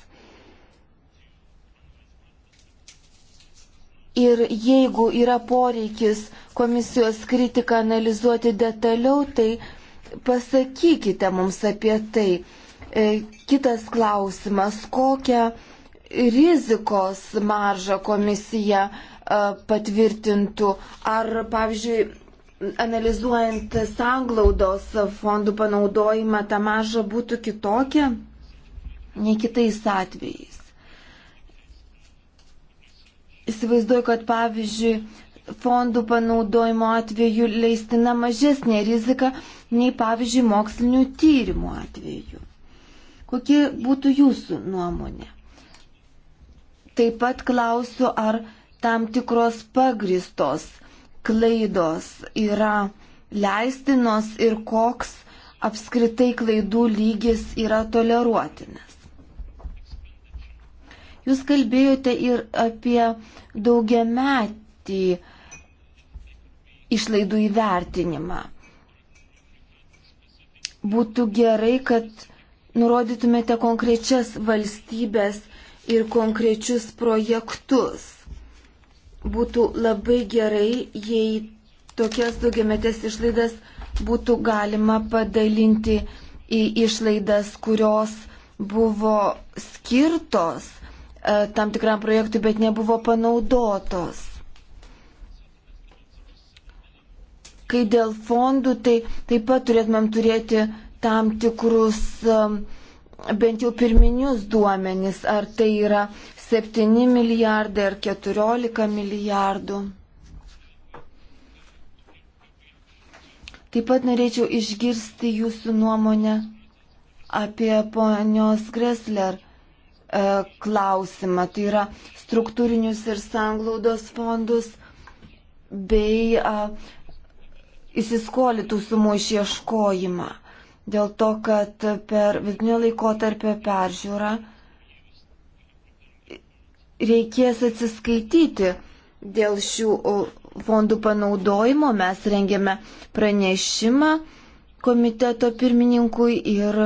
Ir jeigu yra poreikis komisijos kritiką analizuoti detaliau, tai pasakykite mums apie tai. E, kitas klausimas, kokią rizikos maržą komisija e, patvirtintų, ar, pavyzdžiui, analizuojant sanglaudos fondų panaudojimą, ta marža būtų kitokia nei kitais atvejais. Įsivaizduoju, kad pavyzdžiui, fondų panaudojimo atveju leistina mažesnė rizika nei, pavyzdžiui, mokslinių tyrimų atveju. Kokie būtų jūsų nuomonė? Taip pat klausiu, ar tam tikros pagristos klaidos yra leistinos ir koks apskritai klaidų lygis yra toleruotinas. Jūs kalbėjote ir apie daugiametį išlaidų įvertinimą. Būtų gerai, kad nurodytumėte konkrečias valstybės ir konkrečius projektus. Būtų labai gerai, jei tokias daugiametės išlaidas būtų galima padalinti į išlaidas, kurios buvo skirtos E, tam tikram projektui, bet nebuvo panaudotos. Kai dėl fondų, tai taip pat turėtumėm turėti tam tikrus e, bent jau pirminius duomenis, ar tai yra 7 milijardai ar 14 milijardų. Taip pat norėčiau išgirsti jūsų nuomonę apie ponios Gressler E, klausimą, tai yra struktūrinius ir sanglaudos fondus bei e, įsiskolytų sumų išieškojimą. Dėl to, kad per vidinio laikotarpio peržiūrą reikės atsiskaityti dėl šių fondų panaudojimo. Mes rengėme pranešimą komiteto pirmininkui ir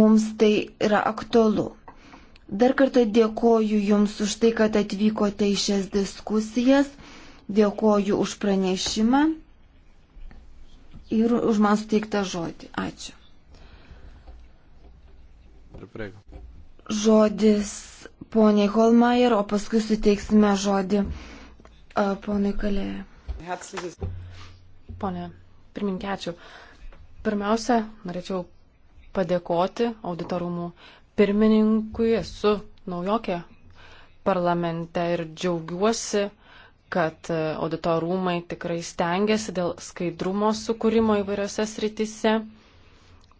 mums tai yra aktualu. Dar kartą dėkoju Jums už tai, kad atvykote į šias diskusijas, dėkoju už pranešimą ir už man suteiktą žodį. Ačiū. Žodis poniai Holmeier, o paskui suteiksime žodį poniai Kalėjai. Pone, pirminkėčiau. Pirmiausia, norėčiau padėkoti auditorumų pirmininkui, esu naujokė parlamente ir džiaugiuosi, kad auditorumai tikrai stengiasi dėl skaidrumo sukūrimo įvairiose sritise.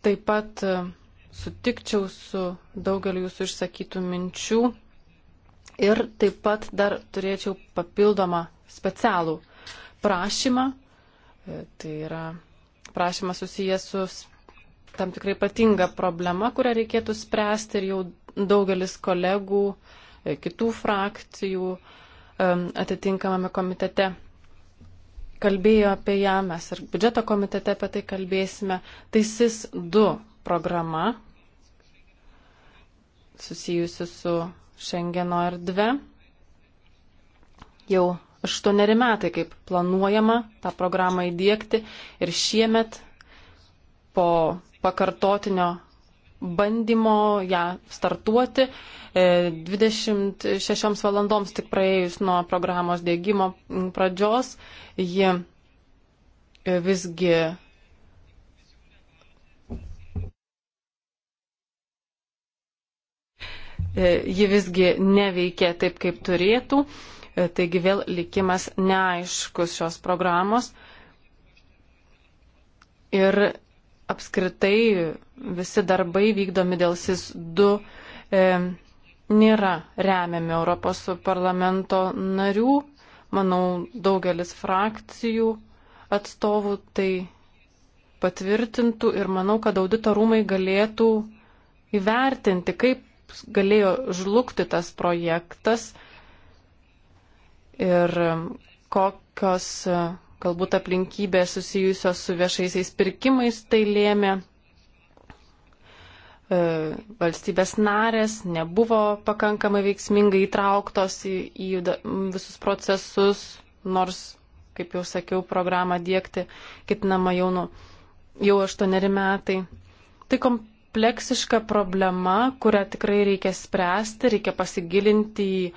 Taip pat e, sutikčiau su daugeliu jūsų išsakytų minčių ir taip pat dar turėčiau papildomą specialų prašymą. E, tai yra prašymas susijęs su tam tikrai ypatinga problema, kurią reikėtų spręsti ir jau daugelis kolegų, e, kitų frakcijų atitinkamame komitete kalbėjo apie ją, mes ir biudžeto komitete apie tai kalbėsime. Tai SIS 2 programa susijusi su Šengeno erdve. Jau aštuoneri metai, kaip planuojama tą programą įdėkti ir šiemet po pakartotinio bandymo ją ja, startuoti. 26 e, valandoms tik praėjus nuo programos dėgymo pradžios ji e, visgi e, ji visgi neveikė taip, kaip turėtų. Taigi vėl likimas neaiškus šios programos. Ir apskritai visi darbai vykdomi dėl SIS 2 e, nėra remiami Europos parlamento narių. Manau, daugelis frakcijų atstovų tai patvirtintų ir manau, kad audito rūmai galėtų įvertinti, kaip galėjo žlugti tas projektas ir kokios galbūt aplinkybės susijusios su viešaisiais pirkimais tai lėmė. E, valstybės narės nebuvo pakankamai veiksmingai įtrauktos į, į visus procesus, nors, kaip jau sakiau, programą dėkti ketinama jau, nu, jau aštuoneri metai. Tai kompleksiška problema, kurią tikrai reikia spręsti, reikia pasigilinti į e,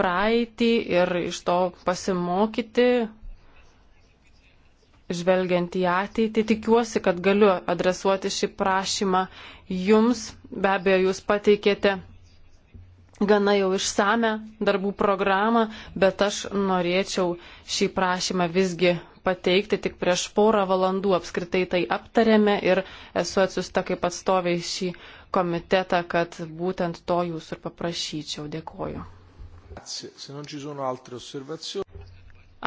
praeitį ir iš to pasimokyti, žvelgiant į ateitį. Tikiuosi, kad galiu adresuoti šį prašymą jums. Be abejo, jūs pateikėte gana jau išsame darbų programą, bet aš norėčiau šį prašymą visgi pateikti. Tik prieš porą valandų apskritai tai aptarėme ir esu atsiusta kaip atstoviai šį komitetą, kad būtent to jūs ir paprašyčiau. Dėkoju.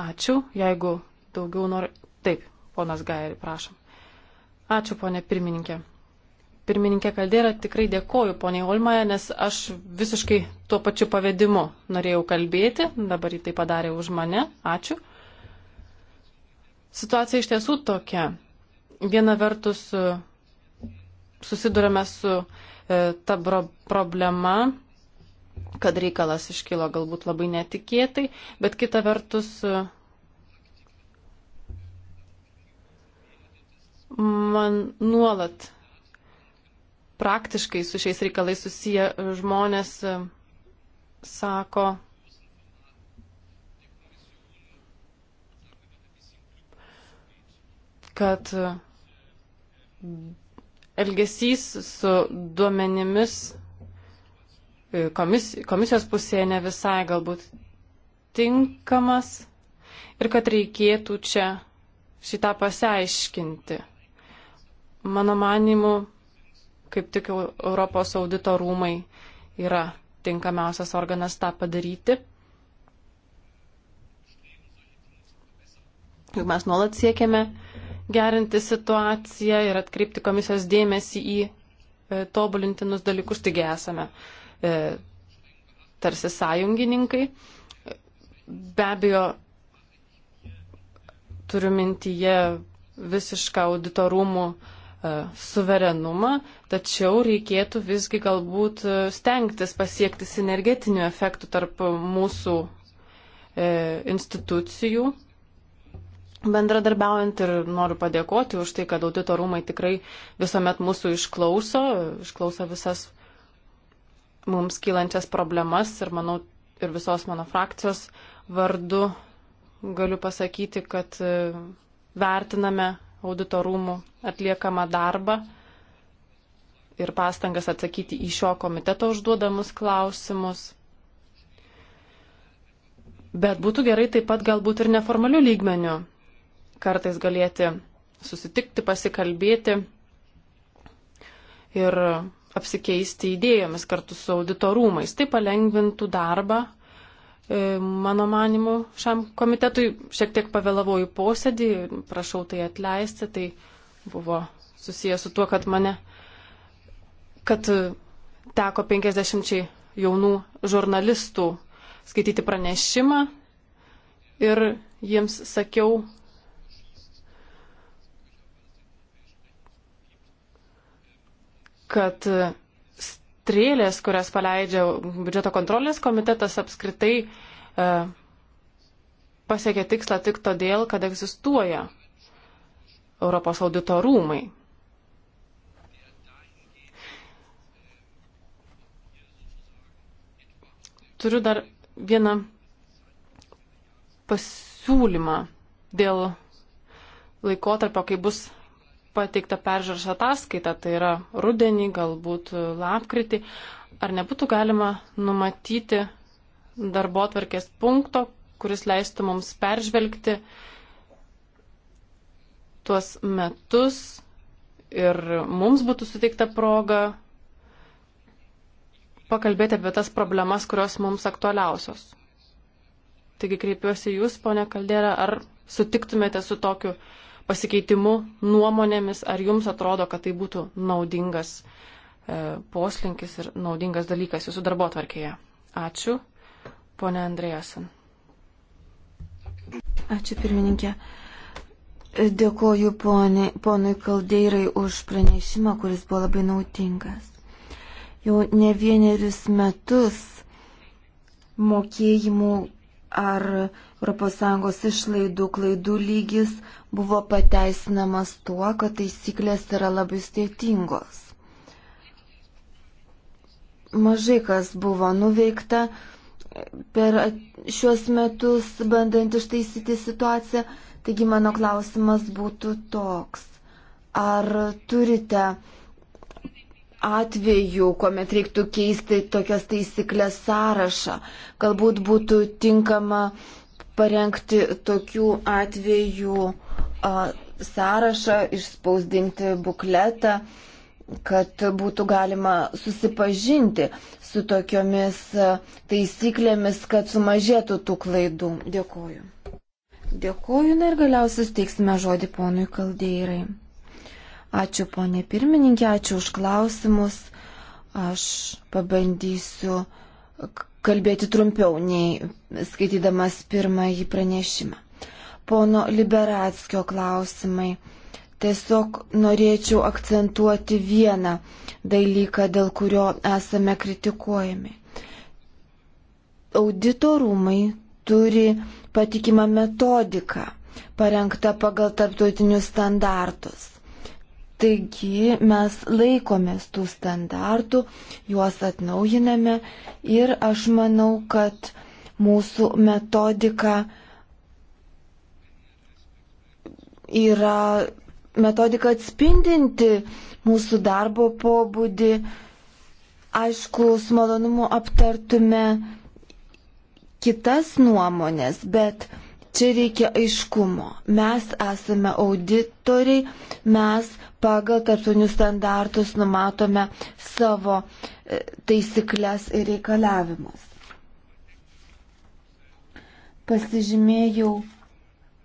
Ačiū. Jeigu daugiau nor... Taip, ponas Gairi, prašom. Ačiū, ponė pirmininkė. Pirmininkė Kaldėra, tikrai dėkoju poniai Olmaja, nes aš visiškai tuo pačiu pavedimu norėjau kalbėti, dabar jį tai padarė už mane. Ačiū. Situacija iš tiesų tokia. Viena vertus e, susidurėme su e, ta bro, problema, kad reikalas iškilo galbūt labai netikėtai, bet kita vertus e, man nuolat praktiškai su šiais reikalais susiję žmonės e, sako, kad e, elgesys su duomenimis e, komis, komisijos pusėje ne visai galbūt tinkamas ir kad reikėtų čia šitą pasiaiškinti. Mano manimu, kaip tik Europos audito rūmai yra tinkamiausias organas tą padaryti. Juk mes nuolat siekiame gerinti situaciją ir atkreipti komisijos dėmesį į e, tobulintinus dalykus, taigi esame e, tarsi sąjungininkai. Be abejo, turiu mintyje visišką auditorumų e, E, suverenumą, tačiau reikėtų visgi galbūt e, stengtis pasiekti sinergetinių efektų tarp mūsų e, institucijų bendradarbiaujant ir noriu padėkoti už tai, kad audito rūmai tikrai visuomet mūsų išklauso, išklauso visas mums kylančias problemas ir manau ir visos mano frakcijos vardu galiu pasakyti, kad vertiname auditorumų atliekamą darbą ir pastangas atsakyti į šio komiteto užduodamus klausimus. Bet būtų gerai taip pat galbūt ir neformalių lygmenių kartais galėti susitikti, pasikalbėti ir apsikeisti idėjomis kartu su auditorumais. Tai palengvintų darbą E, mano manimu, šiam komitetui. Šiek tiek pavėlavau į posėdį, prašau tai atleisti, tai buvo susijęs su tuo, kad mane, kad teko 50 jaunų žurnalistų skaityti pranešimą ir jiems sakiau, kad strėlės, kurias paleidžia biudžeto kontrolės komitetas apskritai e, pasiekia tikslą tik todėl, kad egzistuoja Europos audito rūmai. Turiu dar vieną pasiūlymą dėl laikotarpio, kai bus pateiktą peržiūros ataskaitą, tai yra rudenį, galbūt lapkritį, ar nebūtų galima numatyti darbo atvarkės punkto, kuris leistų mums peržvelgti tuos metus ir mums būtų suteikta proga pakalbėti apie tas problemas, kurios mums aktualiausios. Taigi kreipiuosi jūs, ponė Kaldėra, ar sutiktumėte su tokiu uh, pasikeitimu nuomonėmis, ar jums atrodo, kad tai būtų naudingas e, poslinkis ir naudingas dalykas jūsų darbo tvarkėje. Ačiū, ponė Andrėjasin. Ačiū, pirmininkė. Dėkoju ponė, ponui Kaldeirai už pranešimą, kuris buvo labai naudingas. Jau ne vienerius metus mokėjimų ar ES išlaidų klaidų lygis buvo pateisinamas tuo, kad taisyklės yra labai stėtingos. Mažai kas buvo nuveikta per šiuos metus bandant ištaisyti situaciją, taigi mano klausimas būtų toks. Ar turite atvejų, kuomet reiktų keisti tokias taisyklės sąrašą? Galbūt būtų tinkama uh, parengti tokių atvejų sąrašą, išspausdinti bukletą, kad būtų galima susipažinti su tokiomis taisyklėmis, kad sumažėtų tų klaidų. Dėkuoju. Dėkuoju na, ir galiausiai suteiksime žodį ponui Kaldeirai. Ačiū ponė pirmininkė, ačiū už klausimus. Aš pabandysiu kalbėti trumpiau nei skaitydamas pirmąjį pranešimą. Pono Liberatskio klausimai. Tiesiog norėčiau akcentuoti vieną dalyką, dėl kurio esame kritikuojami. Auditorumai turi patikimą metodiką, parengtą pagal tarptautinius standartus. Taigi mes laikomės tų standartų, juos atnaujiname ir aš manau, kad mūsų metodika yra metodika atspindinti mūsų darbo pobūdį. Aišku, su malonumu aptartume kitas nuomonės, bet Čia reikia aiškumo. Mes esame auditoriai, mes pagal tarptautinius standartus numatome savo e, taisyklės ir reikalavimus. Pasižymėjau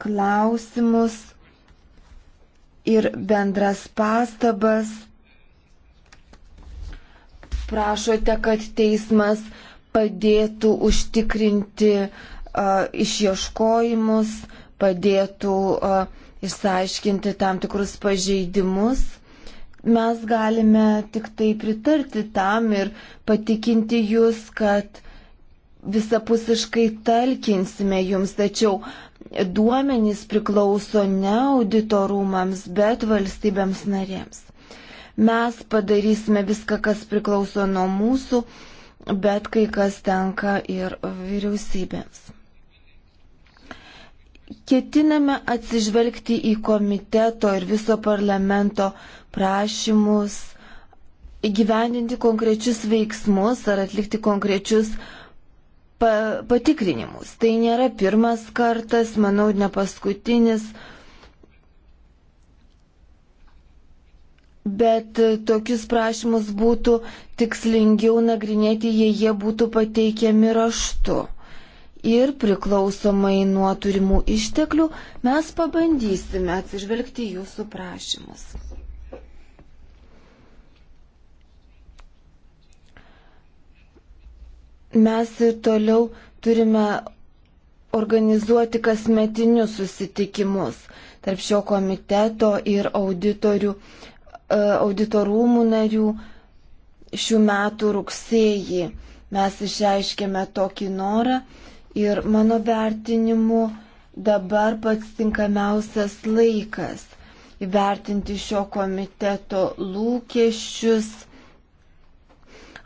klausimus ir bendras pastabas. Prašote, kad teismas padėtų užtikrinti uh, išieškojimus, padėtų išsiaiškinti tam tikrus pažeidimus. Mes galime tik tai pritarti tam ir patikinti jūs, kad visapusiškai talkinsime jums, tačiau duomenys priklauso ne auditorumams, bet valstybėms narėms. Mes padarysime viską, kas priklauso nuo mūsų, bet kai kas tenka ir vyriausybėms ketiname atsižvelgti į komiteto ir viso parlamento prašymus įgyvendinti konkrečius veiksmus ar atlikti konkrečius pa patikrinimus. Tai nėra pirmas kartas, manau, ne paskutinis. Bet tokius prašymus būtų tikslingiau nagrinėti, jei jie būtų pateikiami raštu ir priklausomai nuo turimų išteklių mes pabandysime atsižvelgti jūsų prašymus. Mes toliau turime organizuoti kasmetinius susitikimus tarp šio komiteto ir auditorių, e, auditorumų narių šių metų rugsėjį. Mes išreiškėme tokį norą Ir mano vertinimu dabar pats tinkamiausias laikas įvertinti šio komiteto lūkesčius,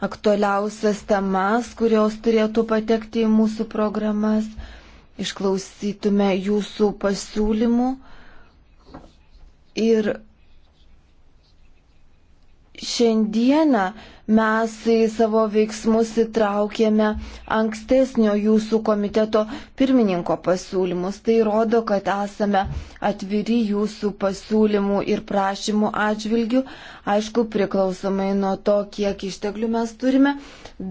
aktualiausias temas, kurios turėtų patekti į mūsų programas, išklausytume jūsų pasiūlymų ir šiandieną mes į savo veiksmus įtraukėme ankstesnio jūsų komiteto pirmininko pasiūlymus. Tai rodo, kad esame atviri jūsų pasiūlymų ir prašymų atžvilgių. Aišku, priklausomai nuo to, kiek išteklių mes turime,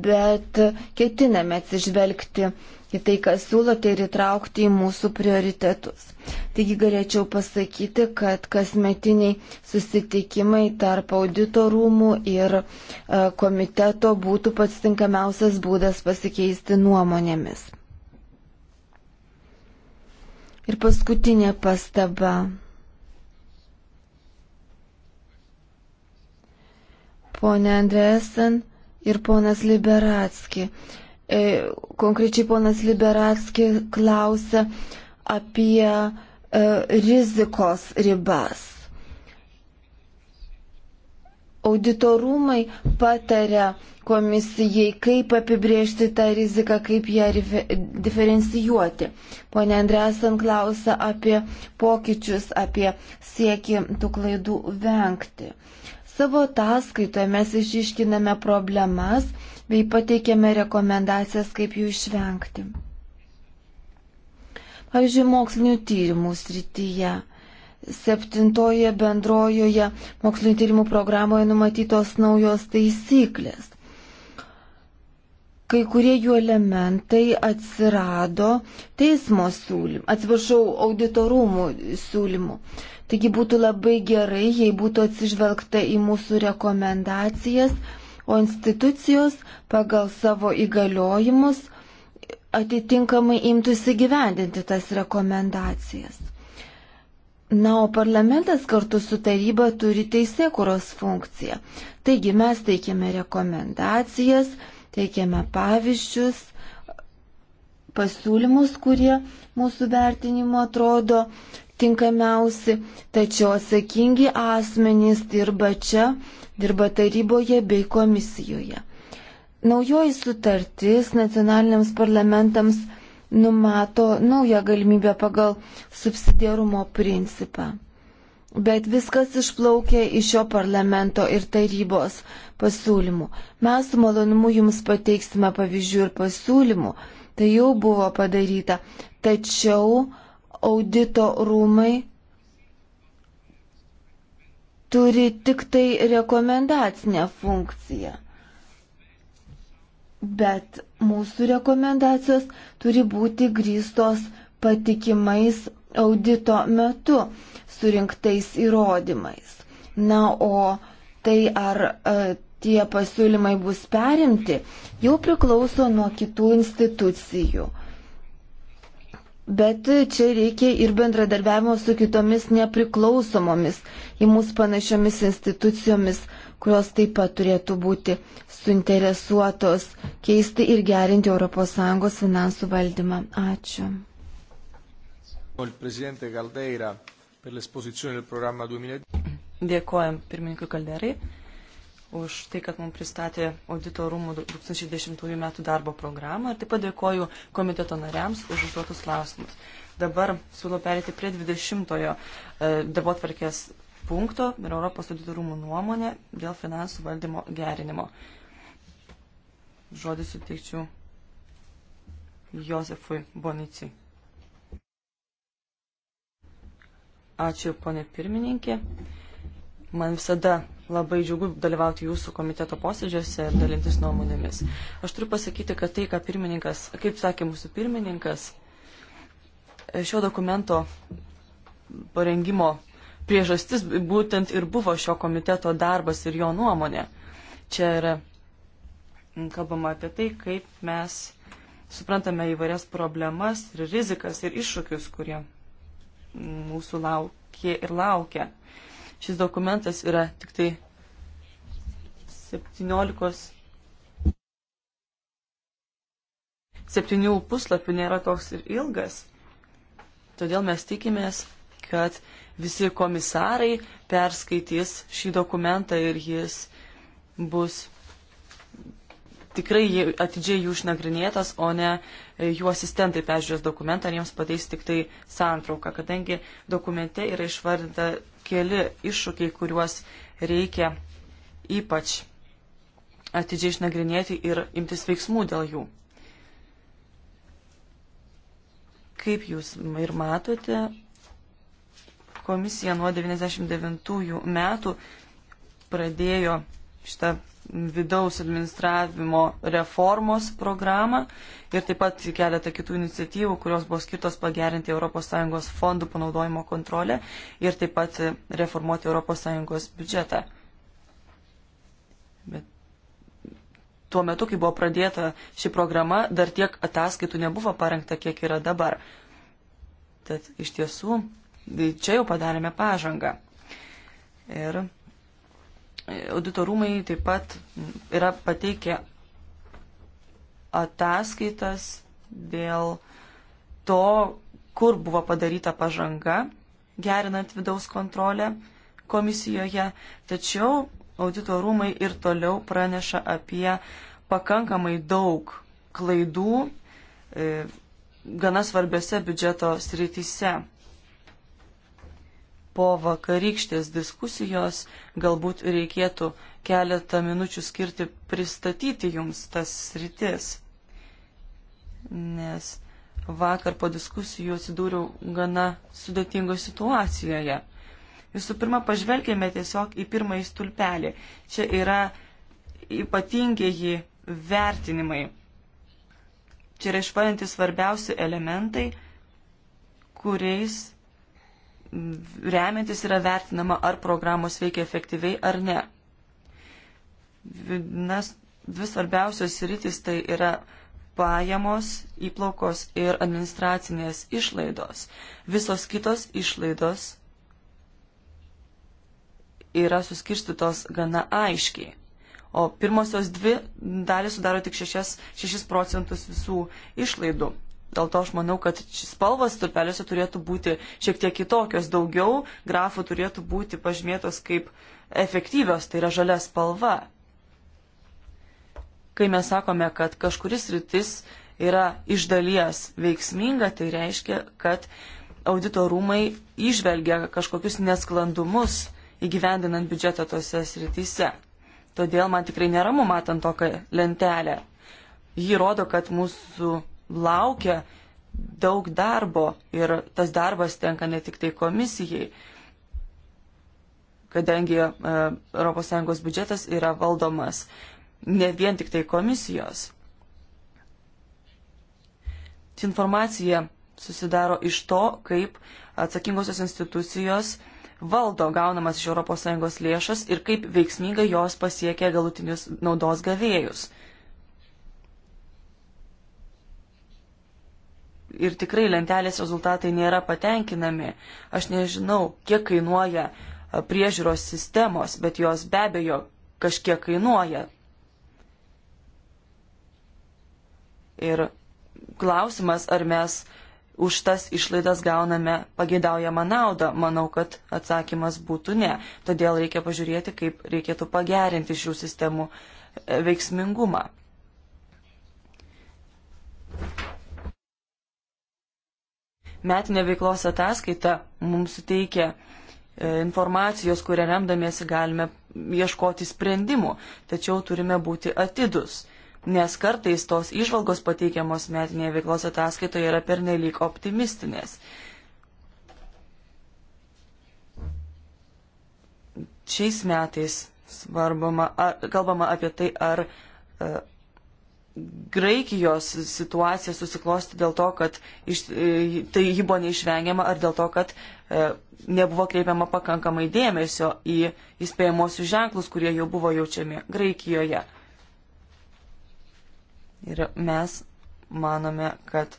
bet ketiname atsižvelgti į tai, ką siūlote ir įtraukti į mūsų prioritetus. Taigi galėčiau pasakyti, kad kasmetiniai susitikimai tarp audito rūmų ir e, komiteto būtų pats tinkamiausias būdas pasikeisti nuomonėmis. Ir paskutinė pastaba. Pone Andresen ir ponas Liberatski E, konkrečiai ponas Liberatski klausė apie e, rizikos ribas. Auditorumai pataria komisijai, kaip apibriežti tą riziką, kaip ją diferencijuoti. Pone Andresan klausia apie pokyčius, apie siekį tų klaidų vengti. Savo ataskaitoje mes išiškiname problemas bei pateikėme rekomendacijas, kaip jų išvengti. Pavyzdžiui, mokslinių tyrimų srityje. Septintoje bendrojoje mokslinių tyrimų programoje numatytos naujos taisyklės. Kai kurie jų elementai atsirado teismo siūlymų, atsiprašau, auditorumų siūlymų. Taigi būtų labai gerai, jei būtų atsižvelgta į mūsų rekomendacijas o institucijos pagal savo įgaliojimus atitinkamai imtųsi gyvendinti tas rekomendacijas. Na, o parlamentas kartu su taryba turi teisėkuros funkciją. Taigi mes teikiame rekomendacijas, teikiame pavyzdžius, pasiūlymus, kurie mūsų vertinimo atrodo tinkamiausi, tačiau atsakingi asmenys dirba čia, dirba taryboje bei komisijoje. Naujoji sutartis nacionaliniams parlamentams numato naują galimybę pagal subsidiarumo principą. Bet viskas išplaukė iš šio parlamento ir tarybos pasiūlymų. Mes su malonumu jums pateiksime pavyzdžių ir pasiūlymų, tai jau buvo padaryta, tačiau audito rūmai turi tik tai rekomendacinę funkciją. Bet mūsų rekomendacijos turi būti grįstos patikimais audito metu surinktais įrodymais. Na, o tai ar e, tie pasiūlymai bus perimti, jau priklauso nuo kitų institucijų. Bet čia reikia ir bendradarbiavimo su kitomis nepriklausomomis į mūsų panašiomis institucijomis, kurios taip pat turėtų būti suinteresuotos keisti ir gerinti ES finansų valdymą. Ačiū. Dėkojam pirmininkui Kalderai už tai, kad mums pristatė audito rūmų 2010 metų darbo programą ir taip pat dėkoju komiteto nariams už užduotus klausimus. Dabar siūlau perėti prie 20-ojo e, darbo tvarkės punkto ir Europos audito rūmų nuomonė dėl finansų valdymo gerinimo. Žodį suteikčiau Josefui Bonicijai. Ačiū, ponė pirmininkė. Man visada Labai džiugu dalyvauti jūsų komiteto posėdžiuose ir dalintis nuomonėmis. Aš turiu pasakyti, kad tai, ką pirmininkas, kaip sakė mūsų pirmininkas, šio dokumento parengimo priežastis būtent ir buvo šio komiteto darbas ir jo nuomonė. Čia yra kalbama apie tai, kaip mes suprantame įvairias problemas ir rizikas ir iššūkius, kurie mūsų laukia ir laukia. Šis dokumentas yra tik tai 17 septynių puslapių nėra toks ir ilgas. Todėl mes tikimės, kad visi komisarai perskaitys šį dokumentą ir jis bus tikrai atidžiai jų išnagrinėtas, o ne jų asistentai peržiūrės dokumentą ir jiems pateiks tik tai santrauką, kadangi dokumente yra išvardinta keli iššūkiai, kuriuos reikia ypač atidžiai išnagrinėti ir imtis veiksmų dėl jų. Kaip jūs ir matote, komisija nuo 99 metų pradėjo šitą vidaus administravimo reformos programą ir taip pat keletą kitų iniciatyvų, kurios buvo skirtos pagerinti ES fondų panaudojimo kontrolę ir taip pat reformuoti ES biudžetą. Bet tuo metu, kai buvo pradėta ši programa, dar tiek ataskaitų nebuvo parengta, kiek yra dabar. Tad iš tiesų, tai čia jau padarėme pažangą. Ir Auditorumai taip pat yra pateikę ataskaitas dėl to, kur buvo padaryta pažanga, gerinant vidaus kontrolę komisijoje, tačiau audito rūmai ir toliau praneša apie pakankamai daug klaidų e, gana svarbiose biudžeto srityse po vakarykštės diskusijos galbūt reikėtų keletą minučių skirti pristatyti jums tas sritis. Nes vakar po diskusijų atsidūriau gana sudėtingoje situacijoje. Visų pirma, pažvelgėme tiesiog į pirmąjį stulpelį. Čia yra ypatingieji vertinimai. Čia yra išvardinti svarbiausi elementai, kuriais remiantis yra vertinama, ar programos veikia efektyviai ar ne. Nes dvi svarbiausios rytis tai yra pajamos, įplaukos ir administracinės išlaidos. Visos kitos išlaidos yra suskirstytos gana aiškiai. O pirmosios dvi dalys sudaro tik 6, 6 procentus visų išlaidų. Dėl to aš manau, kad spalvas stulpeliuose turėtų būti šiek tiek kitokios. Daugiau grafų turėtų būti pažymėtos kaip efektyvios, tai yra žalia spalva. Kai mes sakome, kad kažkuris rytis yra iš dalies veiksminga, tai reiškia, kad audito rūmai išvelgia kažkokius nesklandumus įgyvendinant biudžetą tose srityse. Todėl man tikrai neramu matant tokią lentelę. Ji rodo, kad mūsų laukia daug darbo ir tas darbas tenka ne tik tai komisijai, kadangi e, ES biudžetas yra valdomas ne vien tik tai komisijos. Informacija susidaro iš to, kaip atsakingosios institucijos valdo gaunamas iš ES lėšas ir kaip veiksmingai jos pasiekia galutinius naudos gavėjus. ir tikrai lentelės rezultatai nėra patenkinami. Aš nežinau, kiek kainuoja priežiūros sistemos, bet jos be abejo kažkiek kainuoja. Ir klausimas, ar mes už tas išlaidas gauname pageidaujamą naudą, manau, kad atsakymas būtų ne. Todėl reikia pažiūrėti, kaip reikėtų pagerinti šių sistemų e, veiksmingumą metinė veiklos ataskaita mums suteikia e, informacijos, kurią remdamiesi galime ieškoti sprendimų, tačiau turime būti atidus, nes kartais tos išvalgos pateikiamos metinėje veiklos ataskaitoje yra pernelyg optimistinės. Šiais metais svarbama, ar, kalbama apie tai, ar e, Graikijos situacija susiklosti dėl to, kad iš, e, tai ji buvo neišvengiama ar dėl to, kad e, nebuvo kreipiama pakankamai dėmesio į įspėjamosius ženklus, kurie jau buvo jaučiami Graikijoje. Ir mes manome, kad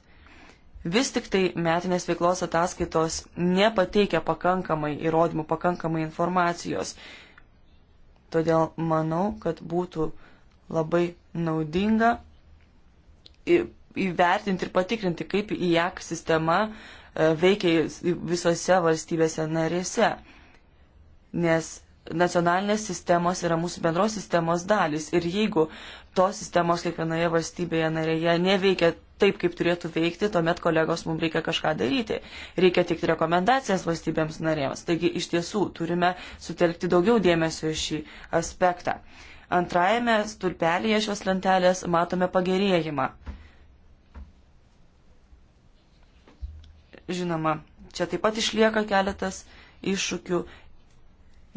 vis tik tai metinės veiklos ataskaitos nepateikia pakankamai įrodymų, pakankamai informacijos. Todėl manau, kad būtų labai naudinga įvertinti ir patikrinti, kaip IAK sistema e, veikia visose valstybėse narėse. Nes nacionalinės sistemos yra mūsų bendros sistemos dalis. Ir jeigu tos sistemos kiekvienoje valstybėje narėje neveikia taip, kaip turėtų veikti, tuomet kolegos mums reikia kažką daryti. Reikia teikti rekomendacijas valstybėms narėms. Taigi iš tiesų turime sutelkti daugiau dėmesio į šį aspektą. Uh, Antrajame stulpelėje šios lentelės matome pagerėjimą. Žinoma, čia taip pat išlieka keletas iššūkių.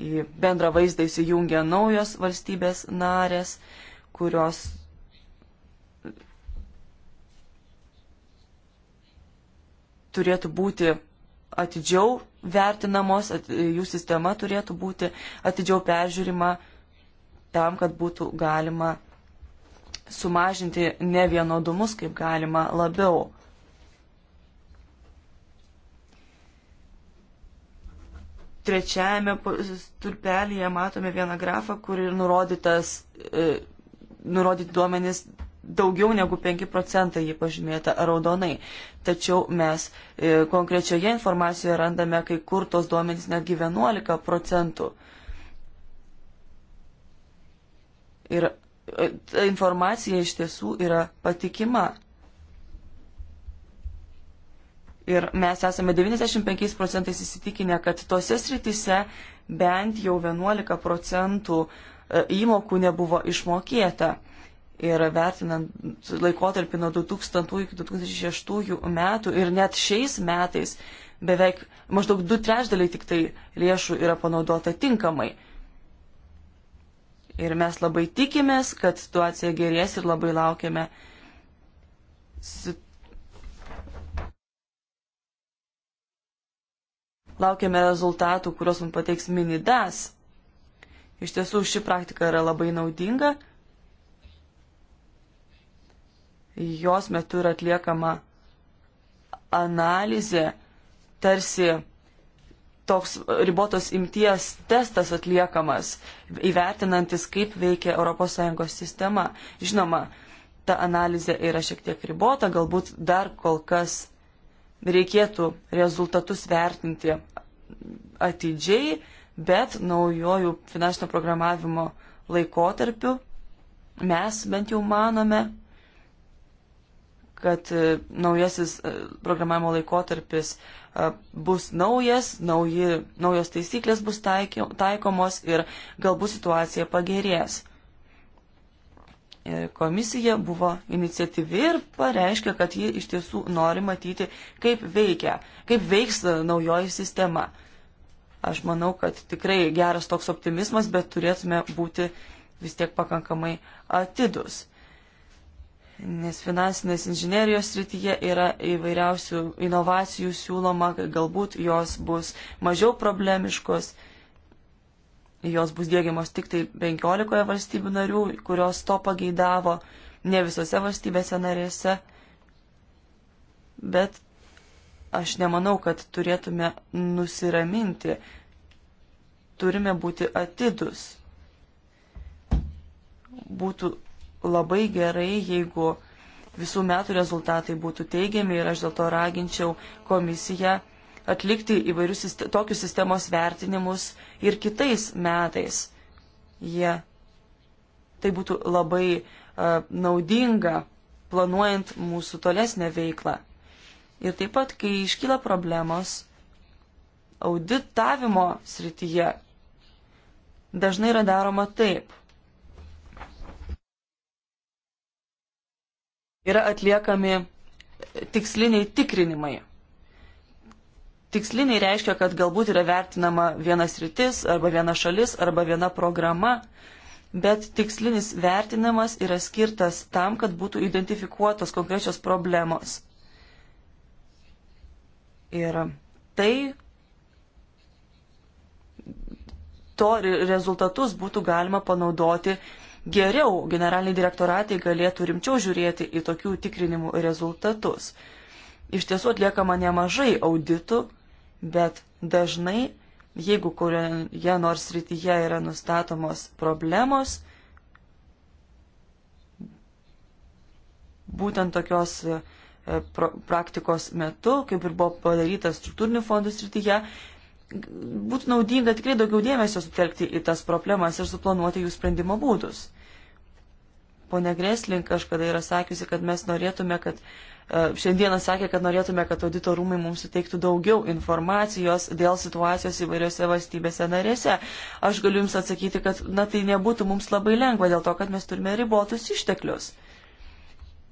Į bendrą vaizdą įsijungia naujos valstybės narės, kurios turėtų būti atidžiau vertinamos, at, jų sistema turėtų būti atidžiau peržiūrima tam, kad būtų galima sumažinti nevienodumus kaip galima labiau. Trečiajame stulpelėje matome vieną grafą, kur ir nurodytas, e, nurodyti duomenys daugiau negu 5 procentai jį pažymėta raudonai. Tačiau mes e, konkrečioje informacijoje randame kai kur tos duomenys netgi 11 procentų. E, Ir e, ta informacija iš tiesų yra patikima. Ir mes esame 95 procentais įsitikinę, kad tose sritise bent jau 11 procentų e, įmokų nebuvo išmokėta. Ir vertinant laikotarpį nuo 2000 iki 2006 metų ir net šiais metais beveik maždaug du trešdaliai tik tai lėšų yra panaudota tinkamai. Ir mes labai tikimės, kad situacija gerės ir labai laukiame su... laukiame rezultatų, kuriuos mums pateiks minidas. Iš tiesų ši praktika yra labai naudinga. Jos metu yra atliekama analizė, tarsi toks ribotos imties testas atliekamas, įvertinantis, kaip veikia ES sistema. Žinoma, ta analizė yra šiek tiek ribota, galbūt dar kol kas reikėtų rezultatus vertinti atidžiai, bet naujojų finansinio programavimo laikotarpiu mes bent jau manome, kad naujasis e, programavimo laikotarpis uh, bus naujas, nauji, naujos taisyklės bus taikio, taikomos ir galbūt situacija pagerės. Ir komisija buvo iniciatyvi ir pareiškė, kad ji iš tiesų nori matyti, kaip veikia, kaip veiks naujoji sistema. Aš manau, kad tikrai geras toks optimizmas, bet turėtume būti vis tiek pakankamai atidus. Nes finansinės inžinerijos srityje yra įvairiausių inovacijų siūloma, galbūt jos bus mažiau problemiškos, jos bus dėgiamos tik tai 15 valstybių narių, kurios to pageidavo, ne visose valstybėse narėse. Bet aš nemanau, kad turėtume nusiraminti, turime būti atidus. Būtų labai gerai, jeigu visų metų rezultatai būtų teigiami ir aš dėl to raginčiau komisiją atlikti įvairius tokius sistemos vertinimus ir kitais metais. Jie yeah. tai būtų labai uh, naudinga planuojant mūsų tolesnę veiklą. Ir taip pat, kai iškyla problemos auditavimo srityje, dažnai yra daroma taip – yra atliekami tiksliniai tikrinimai. Tiksliniai reiškia, kad galbūt yra vertinama vienas rytis arba viena šalis arba viena programa, bet tikslinis vertinimas yra skirtas tam, kad būtų identifikuotos konkrečios problemos. Ir tai to rezultatus būtų galima panaudoti geriau generaliniai direktoratai galėtų rimčiau žiūrėti į tokių tikrinimų rezultatus. Iš tiesų atliekama nemažai auditų, bet dažnai, jeigu kurioje nors rytyje yra nustatomos problemos, būtent tokios e, praktikos metu, kaip ir buvo padaryta struktūrinių fondų srityje, būtų naudinga tikrai daugiau dėmesio sutelkti į tas problemas ir suplanuoti jų sprendimo būdus. Pone Greslink kažkada yra sakiusi, kad mes norėtume, kad e, šiandieną sakė, kad norėtume, kad audito rūmai mums suteiktų daugiau informacijos dėl situacijos įvairiose valstybėse narėse. Aš galiu Jums atsakyti, kad na, tai nebūtų mums labai lengva dėl to, kad mes turime ribotus išteklius.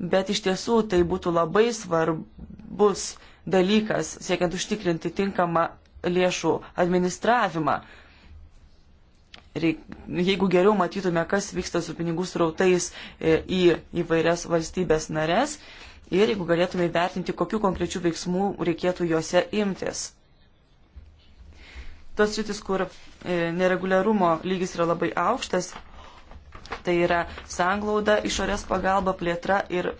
Bet iš tiesų tai būtų labai svarbus dalykas, siekiant užtikrinti tinkamą lėšų administravimą. Reik, jeigu geriau matytume, kas vyksta su pinigų srautais e, į įvairias valstybės nares ir jeigu galėtume įvertinti, kokiu konkrečiu veiksmu reikėtų juose imtis. Tos rytis, kur e, nereguliarumo lygis yra labai aukštas, tai yra sanglauda, išorės pagalba, plėtra ir e,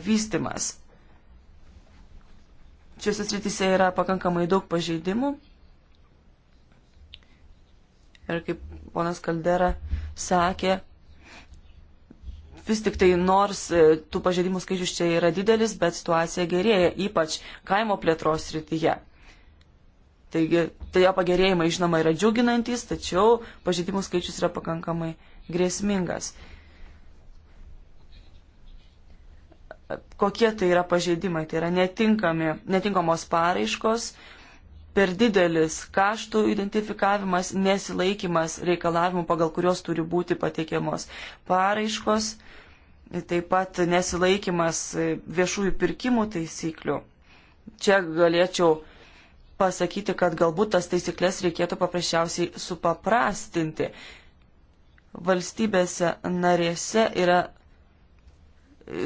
vystimas. Šiuose srityse yra pakankamai daug pažeidimų. Ir kaip ponas Kaldera sakė, vis tik tai nors e, tų pažeidimų skaičius čia yra didelis, bet situacija gerėja, ypač kaimo plėtros srityje. Taigi, tai jo pagerėjimai, žinoma, yra džiuginantis, tačiau pažeidimų skaičius yra pakankamai grėsmingas. kokie tai yra pažeidimai. Tai yra netinkamos paraiškos, per didelis kaštų identifikavimas, nesilaikimas reikalavimų, pagal kurios turi būti pateikiamos paraiškos, taip pat nesilaikimas viešųjų pirkimų taisyklių. Čia galėčiau pasakyti, kad galbūt tas taisyklės reikėtų paprasčiausiai supaprastinti. Valstybėse narėse yra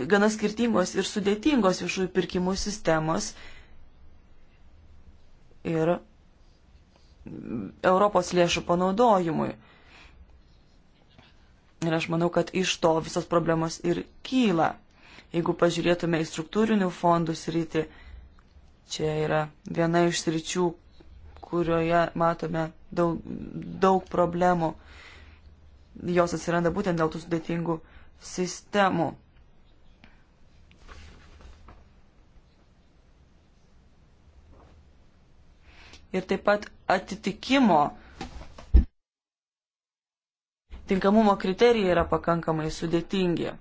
gana skirtingos ir sudėtingos viešųjų pirkimų sistemos. Ir Europos lėšų panaudojimui. Ir aš manau, kad iš to visos problemos ir kyla. Jeigu pažiūrėtume į struktūrinių fondų sritį, čia yra viena iš sričių, kurioje matome daug, daug problemų. Jos atsiranda būtent dėl tų sudėtingų sistemų. ir taip pat atitikimo tinkamumo kriterijai yra pakankamai sudėtingi.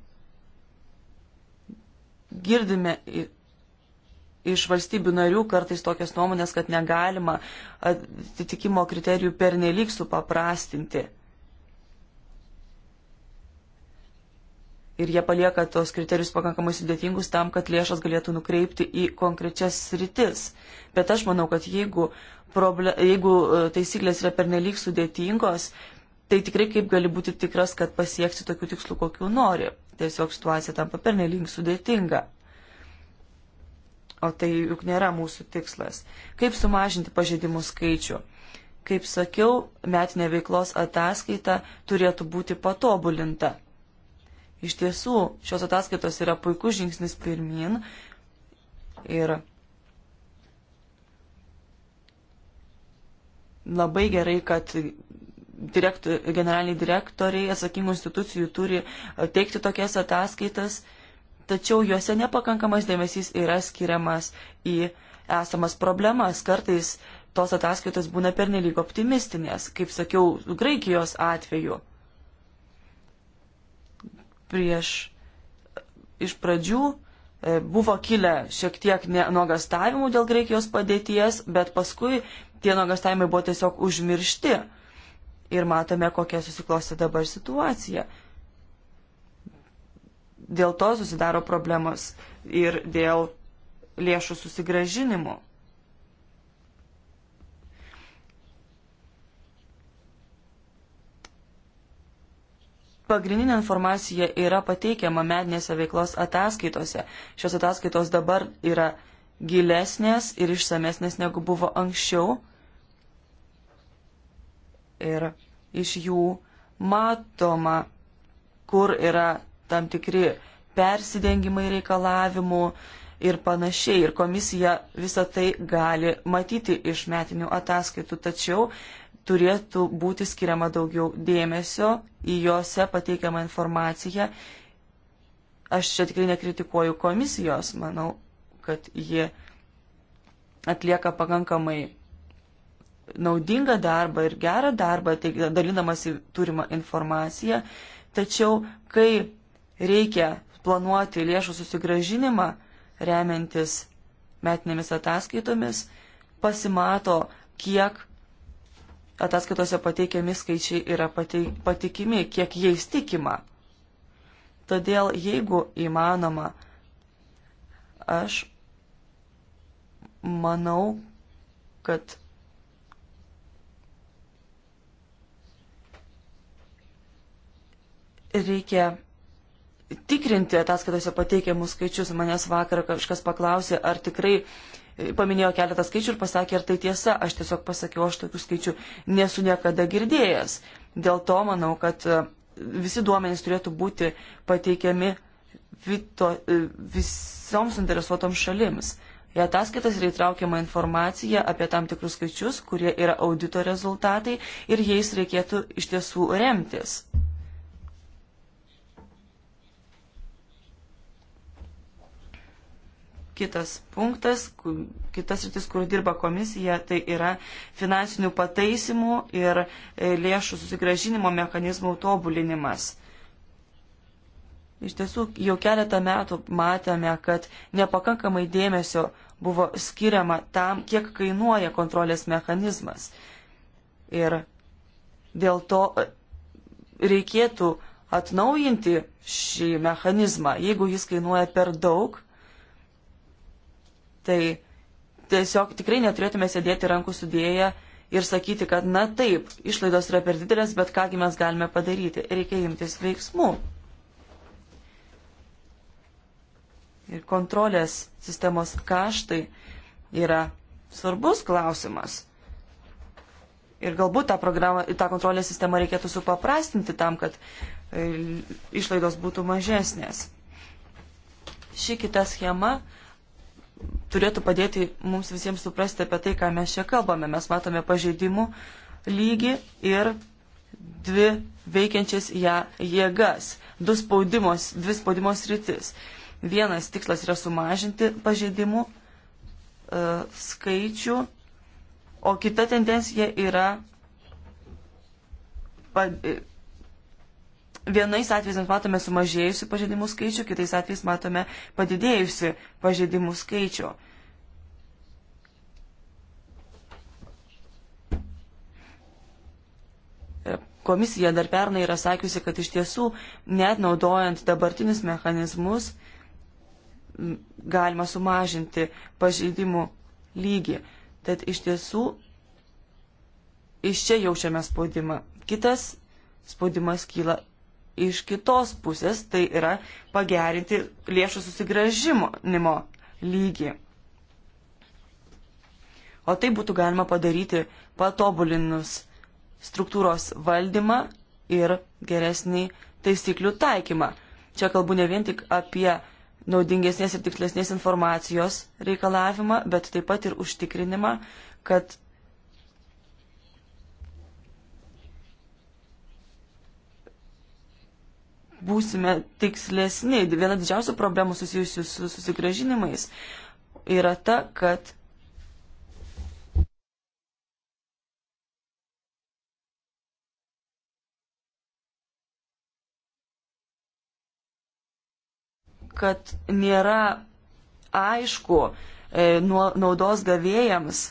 Girdime iš valstybių narių kartais tokias nuomonės, kad negalima atitikimo kriterijų pernelyg supaprastinti. ir jie palieka tos kriterijus pakankamai sudėtingus tam, kad lėšas galėtų nukreipti į konkrečias sritis. Bet aš manau, kad jeigu proble, jeigu e, taisyklės yra pernelyg sudėtingos, tai tikrai kaip gali būti tikras, kad pasieksi tokių tikslų, kokių nori. Tiesiog situacija tampa pernelyg sudėtinga. O tai juk nėra mūsų tikslas. Kaip sumažinti pažeidimų skaičių? Kaip sakiau, metinė veiklos ataskaita turėtų būti patobulinta. Iš tiesų, šios ataskaitos yra puikus žingsnis pirmin ir Labai gerai, kad direktor, generaliniai direktoriai atsakingų institucijų turi e, teikti tokias ataskaitas, tačiau juose nepakankamas dėmesys yra skiriamas į esamas problemas. Kartais tos ataskaitos būna pernelyg optimistinės, kaip sakiau, Graikijos atveju. Prieš e, iš pradžių e, buvo kilę šiek tiek nuogastavimų dėl Graikijos padėties, bet paskui tie nuogastavimai buvo tiesiog užmiršti. Ir matome, kokia susiklosti dabar situacija. Dėl to susidaro problemos ir dėl lėšų susigražinimo. Pagrindinė informacija yra pateikiama medinėse veiklos ataskaitose. Šios ataskaitos dabar yra gilesnės ir išsamesnės negu buvo anksčiau ir iš jų matoma, kur yra tam tikri persidengimai reikalavimų ir panašiai. Ir komisija visą tai gali matyti iš metinių ataskaitų, tačiau turėtų būti skiriama daugiau dėmesio į juose pateikiamą informaciją. Aš čia tikrai nekritikuoju komisijos, manau, kad ji atlieka pakankamai naudingą darbą ir gerą darbą, tai dalinamasi turimą informaciją, tačiau kai reikia planuoti lėšų susigražinimą remiantis metinėmis ataskaitomis, pasimato, kiek ataskaitose pateikiami skaičiai yra patikimi, kiek jais tikima. Todėl, jeigu įmanoma, aš manau, kad reikia tikrinti ataskaitose pateikiamus skaičius. Manęs vakar kažkas paklausė, ar tikrai paminėjo keletą skaičių ir pasakė, ar tai tiesa. Aš tiesiog pasakiau, aš tokių skaičių nesu niekada girdėjęs. Dėl to manau, kad e, visi duomenys turėtų būti pateikiami vito, e, visoms interesuotoms šalims. Į ataskaitas yra įtraukiama informacija apie tam tikrus skaičius, kurie yra audito rezultatai ir jais reikėtų iš tiesų remtis. Kitas punktas, kitas rytis, kur dirba komisija, tai yra finansinių pataisimų ir e, lėšų susigražinimo mechanizmų tobulinimas. Iš tiesų, jau keletą metų matėme, kad nepakankamai dėmesio buvo skiriama tam, kiek kainuoja kontrolės mechanizmas. Ir dėl to e, reikėtų atnaujinti šį mechanizmą, jeigu jis kainuoja per daug Tai tiesiog tikrai neturėtume sėdėti rankų sudėję ir sakyti, kad na taip, išlaidos yra per didelės, bet kągi mes galime padaryti. Reikia imtis veiksmų. Ir kontrolės sistemos kaštai yra svarbus klausimas. Ir galbūt tą, programą, tą kontrolės sistemą reikėtų supaprastinti tam, kad e, išlaidos būtų mažesnės. Ši kita schema turėtų padėti mums visiems suprasti apie tai, ką mes čia kalbame. Mes matome pažeidimų lygį ir dvi veikiančias ją jėgas, du spaudimos, dvi spaudimos rytis. Vienas tikslas yra sumažinti pažeidimų uh, skaičių, o kita tendencija yra pad, vienais atvejais mes matome sumažėjusių pažeidimų skaičių, kitais atvejais matome padidėjusių pažeidimų skaičių. Komisija dar pernai yra sakiusi, kad iš tiesų net naudojant dabartinius mechanizmus galima sumažinti pažeidimų lygį. Tad iš tiesų iš čia jaučiame spaudimą. Kitas spaudimas kyla iš kitos pusės, tai yra pagerinti lėšų susigražimo lygį. O tai būtų galima padaryti patobulinus struktūros valdymą ir geresnį taisyklių taikymą. Čia kalbu ne vien tik apie naudingesnės ir tikslesnės informacijos reikalavimą, bet taip pat ir užtikrinimą, kad būsime tikslesni. Viena didžiausių problemų susijusių su susigražinimais yra ta, kad kad nėra aišku e, nuo, naudos gavėjams,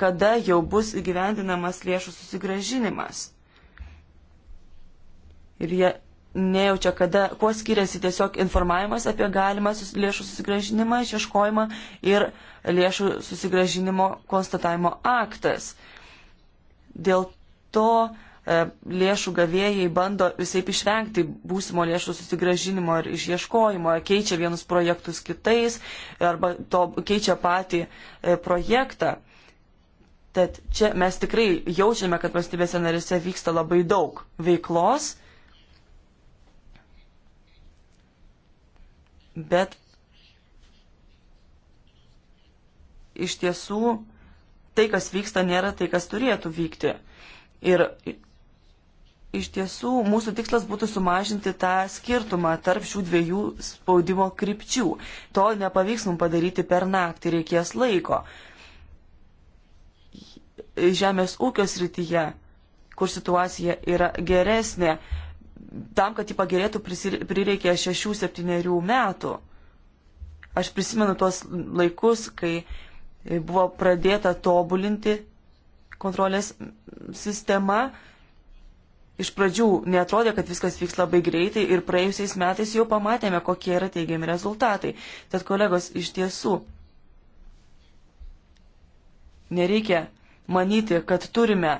kada jau bus įgyvendinamas lėšų susigražinimas. Ir jie nejaučia, kada, kuo skiriasi tiesiog informavimas apie galimą sus, lėšų susigražinimą, išieškojimą ir lėšų susigražinimo konstatavimo aktas. Dėl to e, lėšų gavėjai bando visai išvengti būsimo lėšų susigražinimo ir išieškojimo, keičia vienus projektus kitais arba to keičia patį e, projektą. Tad čia mes tikrai jaučiame, kad valstybėse narėse vyksta labai daug veiklos bet iš tiesų tai, kas vyksta, nėra tai, kas turėtų vykti. Ir iš tiesų mūsų tikslas būtų sumažinti tą skirtumą tarp šių dviejų spaudimo krypčių. To nepavyks mums padaryti per naktį, reikės laiko. Žemės ūkio srityje, kur situacija yra geresnė, tam, kad ji pagerėtų, prireikė 6-7 metų. Aš prisimenu tuos laikus, kai buvo pradėta tobulinti kontrolės sistema. Iš pradžių netrodė, kad viskas vyks labai greitai ir praėjusiais metais jau pamatėme, kokie yra teigiami rezultatai. Tad kolegos, iš tiesų, nereikia manyti, kad turime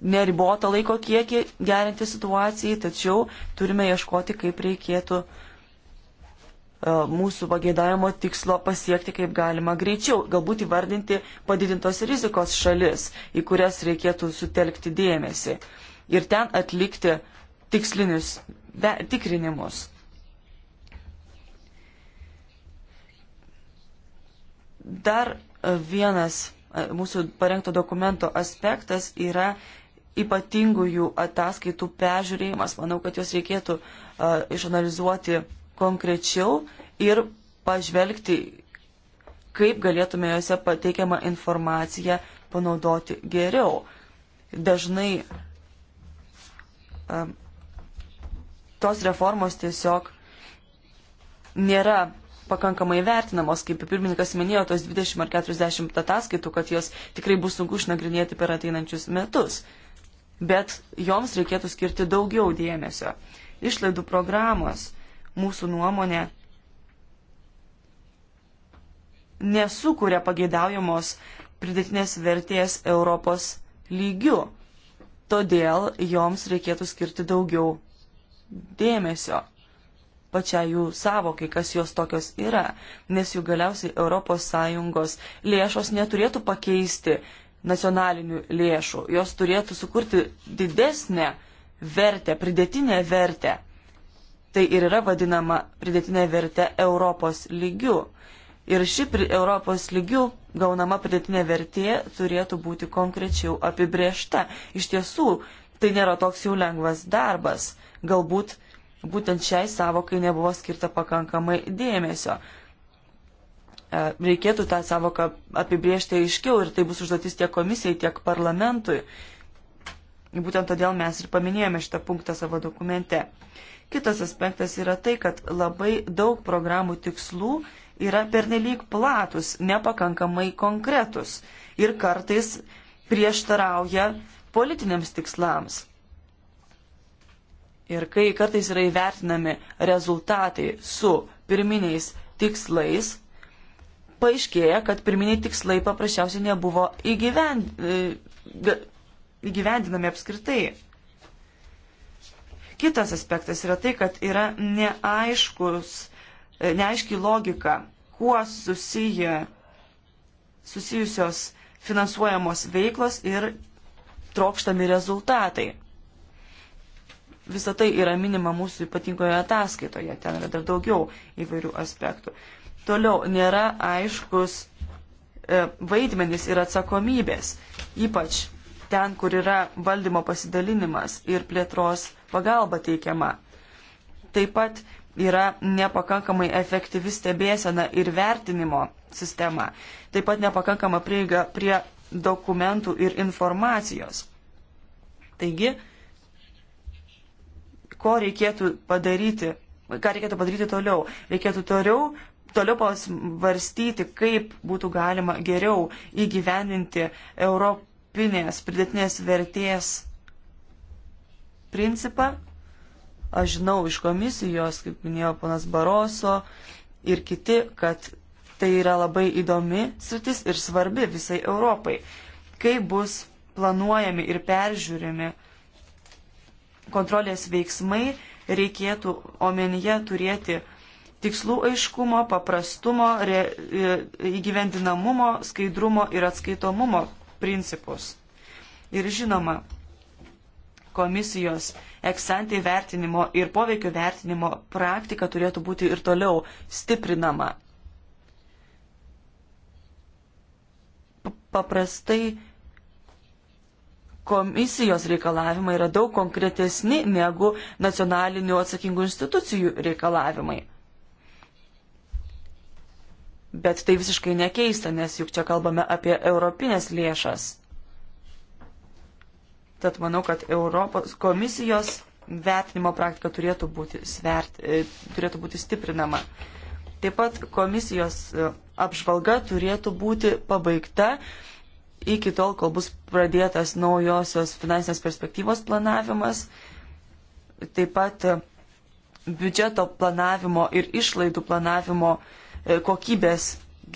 neribotą laiko kiekį gerinti situacijai, tačiau turime ieškoti, kaip reikėtų e, mūsų pageidavimo tikslo pasiekti kaip galima greičiau, galbūt įvardinti padidintos rizikos šalis, į kurias reikėtų sutelkti dėmesį ir ten atlikti tikslinius tikrinimus. Dar e, vienas e, mūsų parengto dokumento aspektas yra ypatingų jų ataskaitų peržiūrėjimas. Manau, kad juos reikėtų uh, išanalizuoti konkrečiau ir pažvelgti, kaip galėtume juose pateikiamą informaciją panaudoti geriau. Dažnai um, tos reformos tiesiog nėra pakankamai vertinamos, kaip pirmininkas minėjo, tos 20 ar 40 ataskaitų, kad jos tikrai bus sunku išnagrinėti per ateinančius metus. Uh, bet joms reikėtų skirti daugiau dėmesio. Išlaidų programos mūsų nuomonė nesukuria pageidaujamos pridėtinės vertės Europos lygių. Todėl joms reikėtų skirti daugiau dėmesio pačiai jų savokai, kas jos tokios yra, nes jų galiausiai ES lėšos neturėtų pakeisti nacionalinių lėšų. Jos turėtų sukurti didesnę vertę, pridėtinę vertę. Tai ir yra vadinama pridėtinė vertė Europos lygių. Ir ši Europos lygių gaunama pridėtinė vertė turėtų būti konkrečiau apibriešta. Iš tiesų, tai nėra toks jau lengvas darbas. Galbūt būtent šiai savokai nebuvo skirta pakankamai dėmesio. E, reikėtų tą savoką apibriežti aiškiau ir tai bus užduotis tiek komisijai, tiek parlamentui. Būtent todėl mes ir paminėjome šitą punktą savo dokumente. Kitas aspektas yra tai, kad labai daug programų tikslų yra pernelyg platus, nepakankamai konkretus ir kartais prieštarauja politiniams tikslams. Ir kai kartais yra įvertinami rezultatai su pirminiais tikslais, paaiškėja, kad pirminiai tikslai paprasčiausiai nebuvo įgyvend... E, įgyvendinami apskritai. Kitas aspektas yra tai, kad yra neaiškus, e, neaiški logika, kuo susiję, susijusios finansuojamos veiklos ir trokštami rezultatai. Visą tai yra minima mūsų ypatingoje ataskaitoje, ten yra dar daugiau įvairių aspektų. Toliau nėra aiškus e, vaidmenys ir atsakomybės, ypač ten, kur yra valdymo pasidalinimas ir plėtros pagalba teikiama. Taip pat yra nepakankamai efektyvi stebėsena ir vertinimo sistema, taip pat nepakankama prieiga prie dokumentų ir informacijos. Taigi, ko reikėtų padaryti, ką reikėtų padaryti toliau? Reikėtų toliau toliau pasvarstyti, kaip būtų galima geriau įgyveninti europinės pridėtinės vertės principą. Aš žinau iš komisijos, kaip minėjo ponas Baroso ir kiti, kad tai yra labai įdomi sritis ir svarbi visai Europai. Kaip bus planuojami ir peržiūrimi kontrolės veiksmai, reikėtų omenyje turėti tikslų aiškumo, paprastumo, re, e, įgyvendinamumo, skaidrumo ir atskaitomumo principus. Ir žinoma, komisijos eksantį vertinimo ir poveikio vertinimo praktika turėtų būti ir toliau stiprinama. Paprastai komisijos reikalavimai yra daug konkretesni negu nacionalinių atsakingų institucijų reikalavimai. Bet tai visiškai nekeista, nes juk čia kalbame apie europinės lėšas. Tad manau, kad Europos komisijos vertinimo praktika turėtų būti, svert, e, turėtų būti stiprinama. Taip pat komisijos e, apžvalga turėtų būti pabaigta iki tol, kol bus pradėtas naujosios finansinės perspektyvos planavimas. Taip pat e, biudžeto planavimo ir išlaidų planavimo uh, E, kokybės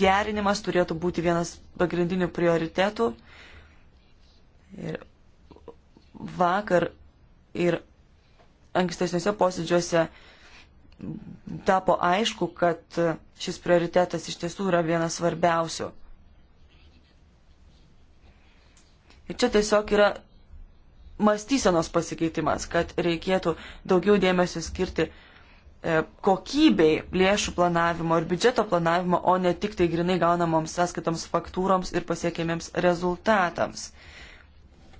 gerinimas turėtų būti vienas pagrindinių prioritetų. Ir vakar ir ankstesniuose posėdžiuose tapo aišku, kad šis prioritetas iš tiesų yra vienas svarbiausių. Ir čia tiesiog yra mąstysenos pasikeitimas, kad reikėtų daugiau dėmesio skirti E, kokybei lėšų planavimo ir biudžeto planavimo, o ne tik tai grinai gaunamoms sąskaitoms faktūroms ir pasiekėmiems rezultatams.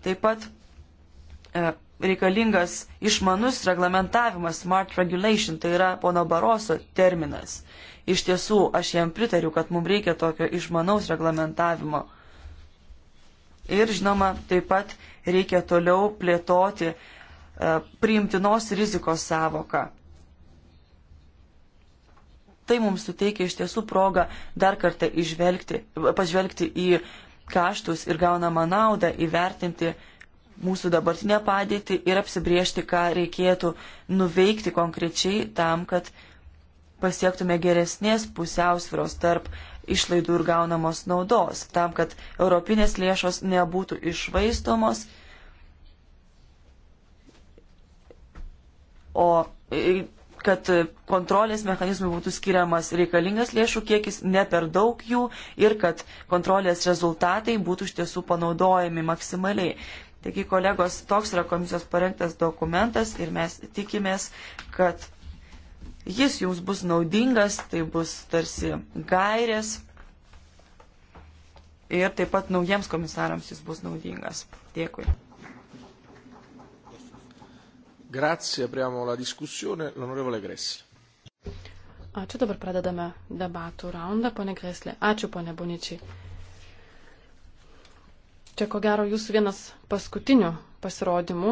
Taip pat e, reikalingas išmanus reglamentavimas, smart regulation, tai yra pono Baroso terminas. Iš tiesų, aš jam pritariu, kad mums reikia tokio išmanaus reglamentavimo. Ir, žinoma, taip pat reikia toliau plėtoti e, priimtinos rizikos savoką tai mums suteikia iš tiesų progą dar kartą išvelgti, pažvelgti į kaštus ir gaunamą naudą, įvertinti mūsų dabartinę padėtį ir apsibriežti, ką reikėtų nuveikti konkrečiai tam, kad pasiektume geresnės pusiausviros tarp išlaidų ir gaunamos naudos, tam, kad europinės lėšos nebūtų išvaistomos, o kad kontrolės mechanizmui būtų skiriamas reikalingas lėšų kiekis, ne per daug jų ir kad kontrolės rezultatai būtų iš tiesų panaudojami maksimaliai. Taigi, kolegos, toks yra komisijos parengtas dokumentas ir mes tikimės, kad jis jums bus naudingas, tai bus tarsi gairės ir taip pat naujiems komisarams jis bus naudingas. Dėkui. Grazie, apriamo la discussione. L'onorevole Gressle. Ačiū, dabar pradedame debatų raundą, ponė Greslė. Ačiū, ponė Buničiai. Čia ko gero jūsų vienas paskutinių pasirodymų,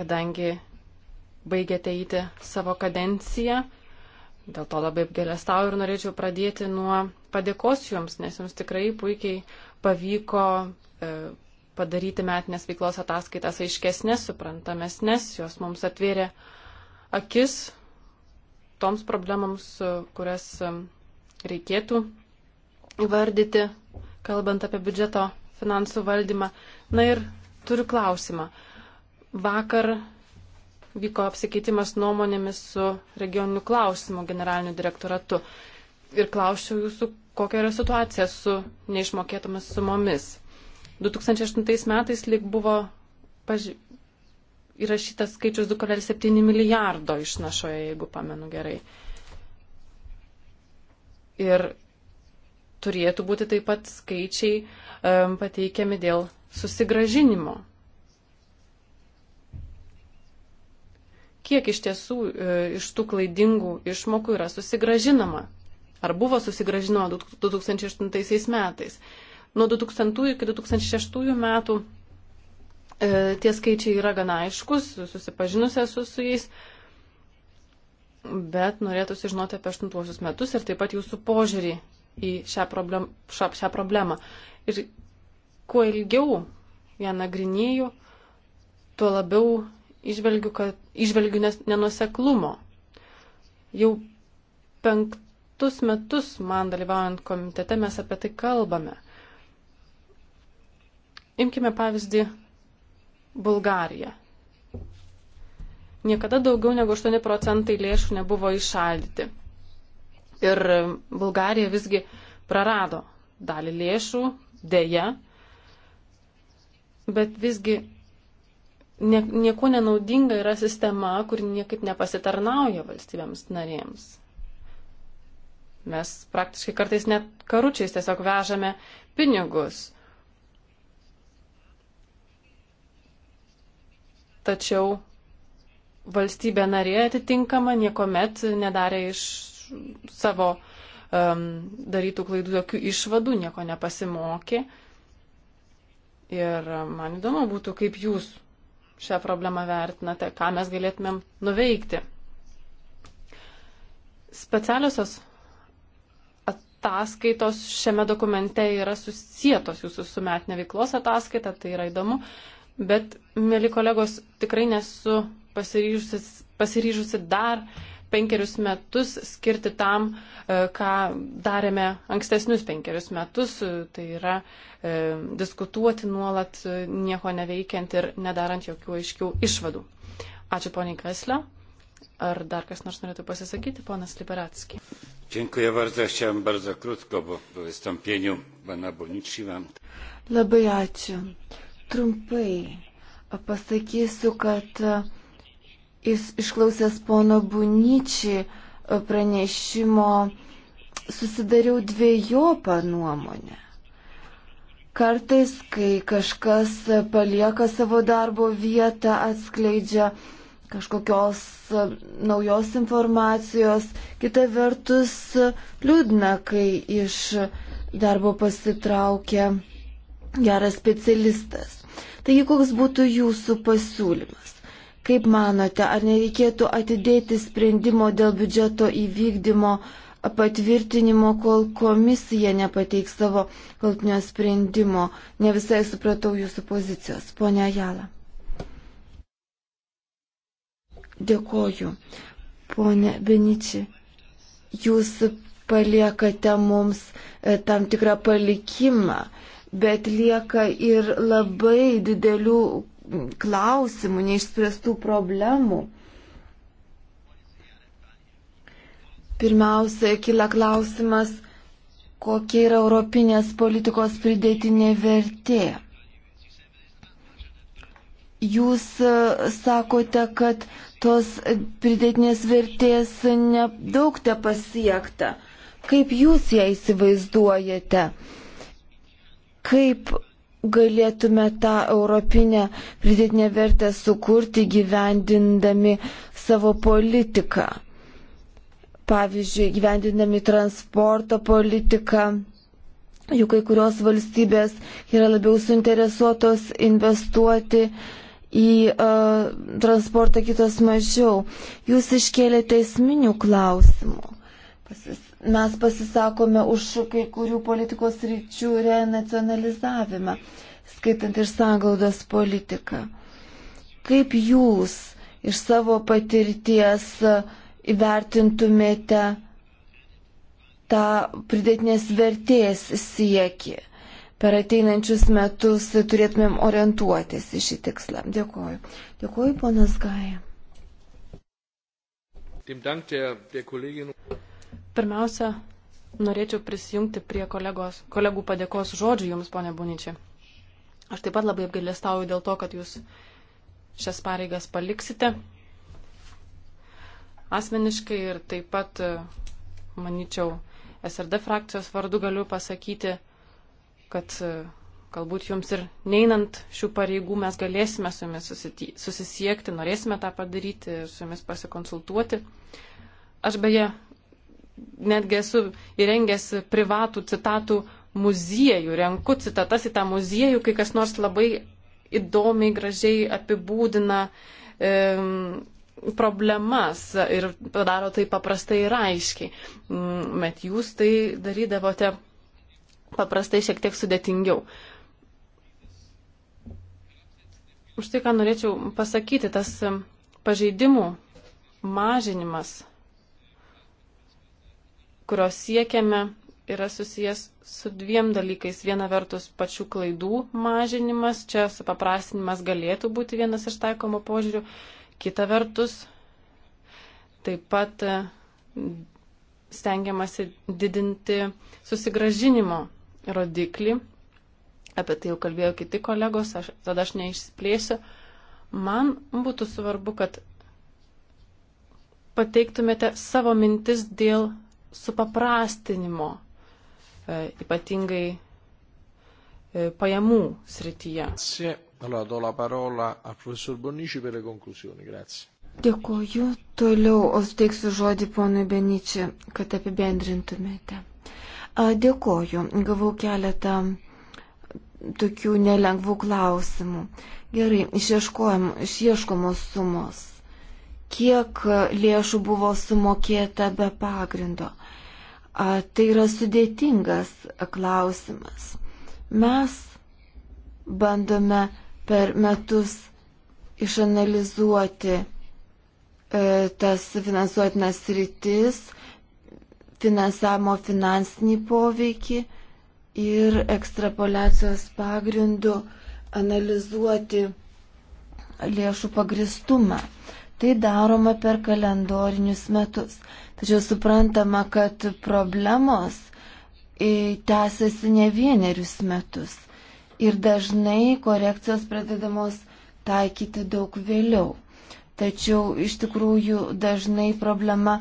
kadangi baigėte įti savo kadenciją. Dėl to labai apgėlestau ir norėčiau pradėti nuo padėkos jums, nes jums tikrai puikiai pavyko e, padaryti metinės veiklos ataskaitas aiškesnės, suprantamesnės, jos mums atvėrė akis toms problemams, kurias um, reikėtų įvardyti, kalbant apie biudžeto finansų valdymą. Na ir turiu klausimą. Vakar vyko apsikeitimas nuomonėmis su regioniniu klausimu generaliniu direktoratu ir klausiau jūsų, kokia yra situacija su neišmokėtomis sumomis. 2008 metais lik buvo paž... įrašytas skaičius 2,7 milijardo išnašoje, jeigu pamenu gerai. Ir turėtų būti taip pat skaičiai um, pateikiami dėl susigražinimo. Kiek iš tiesų e, iš tų klaidingų išmokų yra susigražinama? Ar buvo susigražinama 2008 metais? Nuo 2000 iki 2006 metų e, tie skaičiai yra gana aiškus, susipažinus esu su jais, bet norėtųsi žinoti apie 8 metus ir taip pat jūsų požiūrį į šią, problem, šią, šią problemą. Ir kuo ilgiau ją nagrinėjau, tuo labiau išvelgiu, kad, išvelgiu nenuseklumo. Jau penktus metus man dalyvaujant komitete mes apie tai kalbame. Imkime pavyzdį Bulgariją. Niekada daugiau negu 8 procentai lėšų nebuvo išaldyti. Ir Bulgarija visgi prarado dalį lėšų, dėja, bet visgi nie, nieko nenaudinga yra sistema, kuri niekaip nepasitarnauja valstybėms narėms. Mes praktiškai kartais net karučiais tiesiog vežame pinigus tačiau valstybė narė atitinkama niekuomet nedarė iš savo um, darytų klaidų jokių išvadų, nieko nepasimokė. Ir um, man įdomu būtų, kaip jūs šią problemą vertinate, ką mes galėtumėm nuveikti. Specialiosios ataskaitos šiame dokumente yra susijėtos jūsų su metinė veiklos ataskaita, tai yra įdomu, Bet, mėly kolegos, tikrai nesu pasiryžusi, pasiryžusi dar penkerius metus skirti tam, e, ką darėme ankstesnius penkerius metus, tai yra e, diskutuoti nuolat e, nieko neveikiant ir nedarant jokių aiškių išvadų. Ačiū poniai Kreslio. Ar dar kas nors norėtų pasisakyti, ponas Liberatski? Dziękuję bardzo. Chciałem bardzo krótko, bo po wystąpieniu pana Boniciwa. Labai ačiū. Trumpai pasakysiu, kad jis e, išklausęs pono Bunyčiai e, pranešimo susidariau dviejopą nuomonę. Kartais, kai kažkas palieka savo darbo vietą, atskleidžia kažkokios e, naujos informacijos, kita vertus liūdna, kai iš darbo pasitraukia geras specialistas. Taigi, koks būtų jūsų pasiūlymas? Kaip manote, ar nereikėtų atidėti sprendimo dėl biudžeto įvykdymo patvirtinimo, kol komisija nepateiks savo galtinio sprendimo? Ne visai supratau jūsų pozicijos, ponia Jala. Dėkoju, ponia Beničiai. Jūs paliekate mums e, tam tikrą palikimą bet lieka ir labai didelių klausimų, neišspręstų problemų. Pirmiausia, kila klausimas, kokia yra europinės politikos pridėtinė vertė. Jūs e, sakote, kad tos pridėtinės vertės nedaug te pasiekta. Kaip jūs ją įsivaizduojate? kaip galėtume tą europinę pridėtinę vertę sukurti gyvendindami savo politiką. Pavyzdžiui, gyvendindami transporto politiką, juk kai kurios valstybės yra labiau suinteresuotos investuoti į uh, transportą, kitos mažiau. Jūs iškėlėte esminių klausimų. Pasis Mes pasisakome už kai kurių politikos ryčių renacionalizavimą, skaitant ir sanglaudos politiką. Kaip jūs iš savo patirties įvertintumėte tą pridėtinės vertės siekį? per ateinančius metus turėtumėm orientuotis į šį tikslą. Dėkuoju. Dėkuoju, ponas Gaja. Pirmiausia, norėčiau prisijungti prie kolegos, kolegų padėkos žodžių Jums, ponė Buničiai. Aš taip pat labai apgailestauju dėl to, kad Jūs šias pareigas paliksite asmeniškai ir taip pat, manyčiau, SRD frakcijos vardu galiu pasakyti, kad galbūt jums ir neinant šių pareigų mes galėsime su jumis susisiekti, norėsime tą padaryti ir su jumis pasikonsultuoti. Aš beje netgi esu įrengęs privatų citatų muziejų, renku citatas į tą muziejų, kai kas nors labai įdomiai, gražiai apibūdina e, problemas ir padaro tai paprastai ir aiškiai. Mm, bet jūs tai darydavote paprastai šiek tiek sudėtingiau. Už tai, ką norėčiau pasakyti, tas pažeidimų mažinimas kurios siekiame, yra susijęs su dviem dalykais. Viena vertus pačių klaidų mažinimas, čia supaprastinimas galėtų būti vienas iš taikomo požiūrių. Kita vertus, taip pat e, stengiamasi didinti susigražinimo rodiklį. Apie tai jau kalbėjo kiti kolegos, aš, tada aš neišsiplėsiu. Man būtų svarbu, kad pateiktumėte savo mintis dėl supaprastinimo, e, ypatingai e, pajamų srityje. Dėkuoju. Toliau suteiksiu žodį ponui Beničiui, kad apibendrintumėte. Dėkuoju. Gavau keletą tokių nelengvų klausimų. Gerai, išieškomos sumos. Kiek lėšų buvo sumokėta be pagrindo? Tai yra sudėtingas klausimas. Mes bandome per metus išanalizuoti e, tas finansuotinas rytis, finansavimo finansinį poveikį ir ekstrapolacijos pagrindų analizuoti lėšų pagristumą. Tai daroma per kalendorinius metus. Tačiau suprantama, kad problemos e, tęsiasi ne vienerius metus ir dažnai korekcijos pradedamos taikyti daug vėliau. Tačiau iš tikrųjų dažnai problema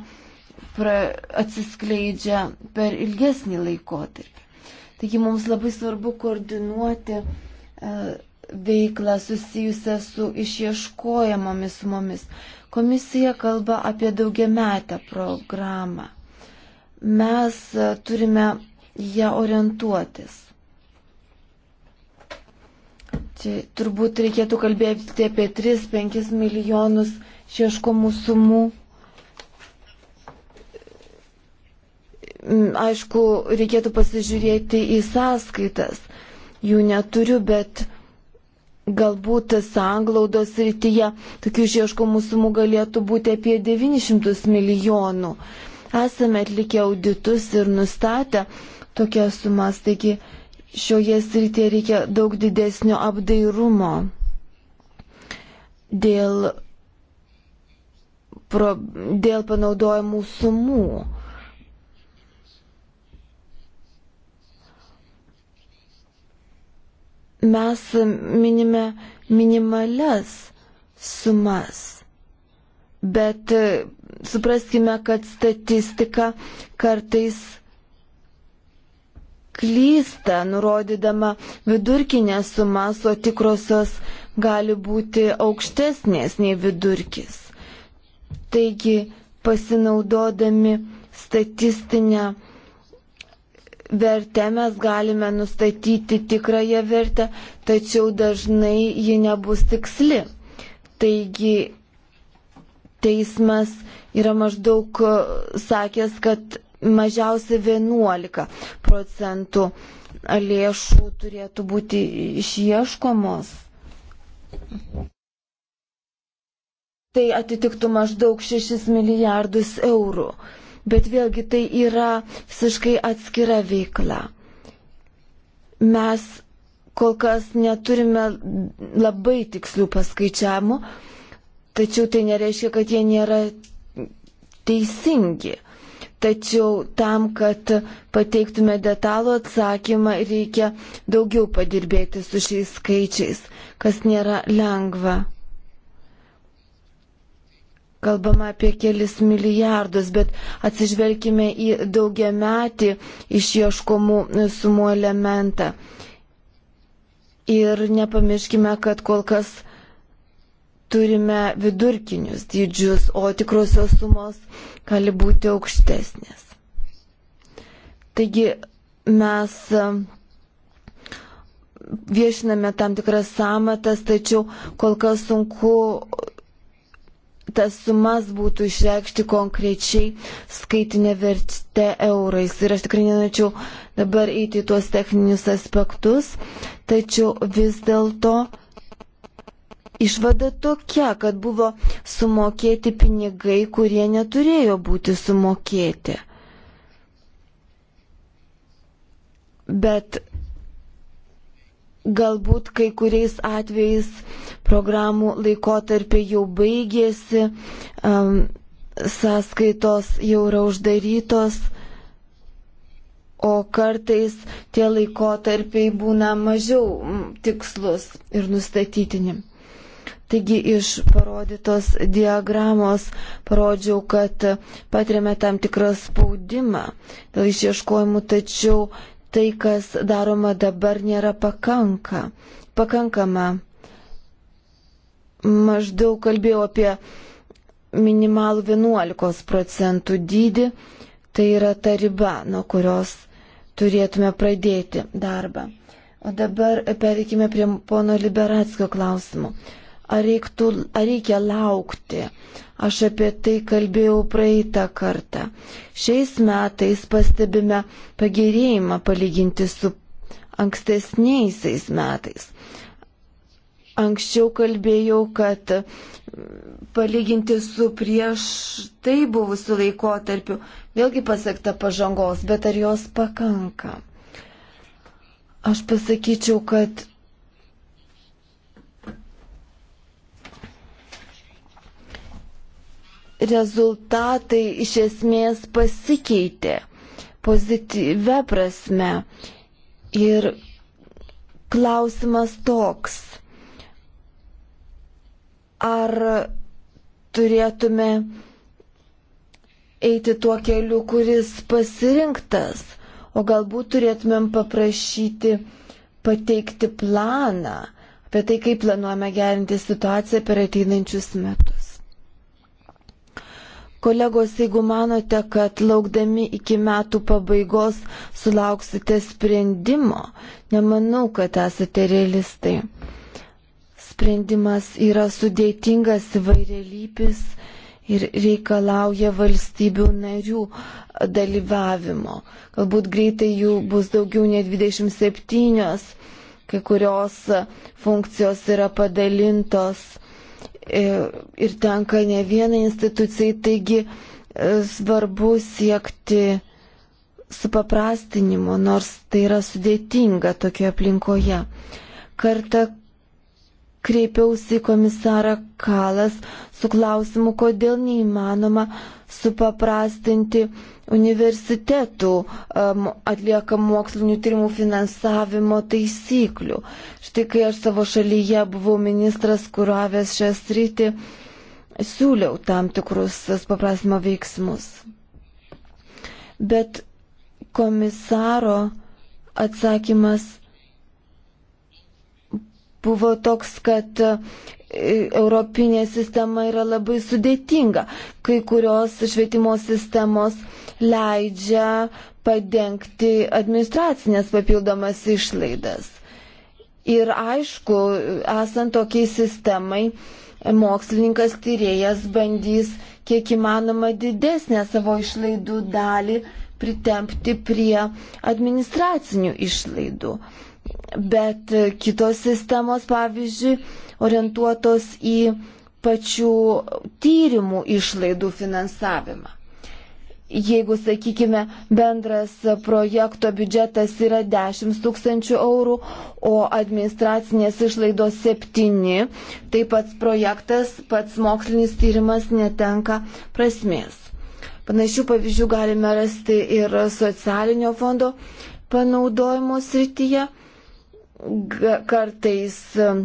pra, atsiskleidžia per ilgesnį laikotarpį. Taigi mums labai svarbu koordinuoti e, veiklą susijusią su išieškojamomis sumomis. Komisija kalba apie daugiametę programą. Mes e, turime ją orientuotis. Čia turbūt reikėtų kalbėti apie 3-5 milijonus išieškomų sumų. Mm, aišku, reikėtų pasižiūrėti į sąskaitas. Jų neturiu, bet Galbūt sanglaudos rytyje tokių išieškomų sumų galėtų būti apie 900 milijonų. Esame atlikę auditus ir nustatę tokias sumas, taigi šioje srityje reikia daug didesnio apdairumo dėl, pro, dėl panaudojimų sumų. mes minime minimales sumas. Bet e, supraskime, kad statistika kartais klysta, nurodydama vidurkinės sumas, o tikrosios gali būti aukštesnės nei vidurkis. Taigi, pasinaudodami statistinę vertę mes galime nustatyti tikrąją vertę, tačiau dažnai ji nebus tiksli. Taigi teismas yra maždaug e, sakęs, kad mažiausiai 11 procentų lėšų turėtų būti išieškomos. Tai atitiktų maždaug 6 milijardus eurų bet vėlgi tai yra visiškai atskira veikla. Mes kol kas neturime labai tikslių paskaičiavimų, tačiau tai nereiškia, kad jie nėra teisingi. Tačiau tam, kad pateiktume detalų atsakymą, reikia daugiau padirbėti su šiais skaičiais, kas nėra lengva kalbama apie kelis milijardus, bet atsižvelgime į daugiametį išieškomų sumų elementą. Ir nepamirškime, kad kol kas turime vidurkinius dydžius, o tikrosios sumos gali būti aukštesnės. Taigi mes e, viešiname tam tikras samatas, tačiau kol kas sunku tas sumas būtų išreikšti konkrečiai skaitinė vertė eurais. Ir aš tikrai nenorėčiau dabar eiti į tuos techninius aspektus, tačiau vis dėlto išvada tokia, kad buvo sumokėti pinigai, kurie neturėjo būti sumokėti. Bet galbūt kai kuriais atvejais programų laikotarpiai jau baigėsi, um, sąskaitos jau yra uždarytos, o kartais tie laikotarpiai būna mažiau tikslus ir nustatytini. Taigi iš parodytos diagramos parodžiau, kad patiriame tam tikrą spaudimą dėl išieškojimų, tačiau tai, kas daroma dabar, nėra pakanka. pakankama. Maždaug kalbėjau apie minimalų 11 procentų dydį, tai yra ta riba, nuo kurios turėtume pradėti darbą. O dabar perikime prie pono Liberatskio klausimų ar, reiktų, ar reikia laukti. Aš apie tai kalbėjau praeitą kartą. Šiais metais pastebime pagerėjimą palyginti su ankstesniaisiais metais. Anksčiau kalbėjau, kad palyginti su prieš tai buvusiu laikotarpiu vėlgi pasiekta pažangos, bet ar jos pakanka? Aš pasakyčiau, kad rezultatai iš esmės pasikeitė pozityvę prasme. Ir klausimas toks, ar turėtume eiti tuo keliu, kuris pasirinktas, o galbūt turėtumėm paprašyti pateikti planą apie tai, kaip planuojame gerinti situaciją per ateinančius metus. Kolegos, jeigu manote, kad laukdami iki metų pabaigos sulauksite sprendimo, nemanau, kad esate realistai. Sprendimas yra sudėtingas įvairialypis ir reikalauja valstybių narių dalyvavimo. Galbūt greitai jų bus daugiau nei 27, kai kurios funkcijos yra padalintos E, ir tenka ne vienai institucijai, taigi e, svarbu siekti supaprastinimo, nors tai yra sudėtinga tokioje aplinkoje. Kartą kreipiausi į komisarą Kalas su klausimu, kodėl neįmanoma supaprastinti universitetų um, atliekamų mokslinių tyrimų finansavimo taisyklių. Štai kai aš savo šalyje buvau ministras, kuravęs šią sritį, siūliau tam tikrus supaprastinimo veiksmus. Bet komisaro atsakymas buvo toks, kad e, Europinė sistema yra labai sudėtinga. Kai kurios švietimo sistemos leidžia padengti administracinės papildomas išlaidas. Ir aišku, esant tokiai sistemai, mokslininkas tyrėjas bandys kiek įmanoma didesnę savo išlaidų dalį pritempti prie administracinių išlaidų bet kitos sistemos, pavyzdžiui, orientuotos į pačių tyrimų išlaidų finansavimą. Jeigu, sakykime, bendras projekto biudžetas yra 10 tūkstančių eurų, o administracinės išlaidos 7, tai pats projektas, pats mokslinis tyrimas netenka prasmės. Panašių pavyzdžių galime rasti ir socialinio fondo panaudojimo srityje kartais um,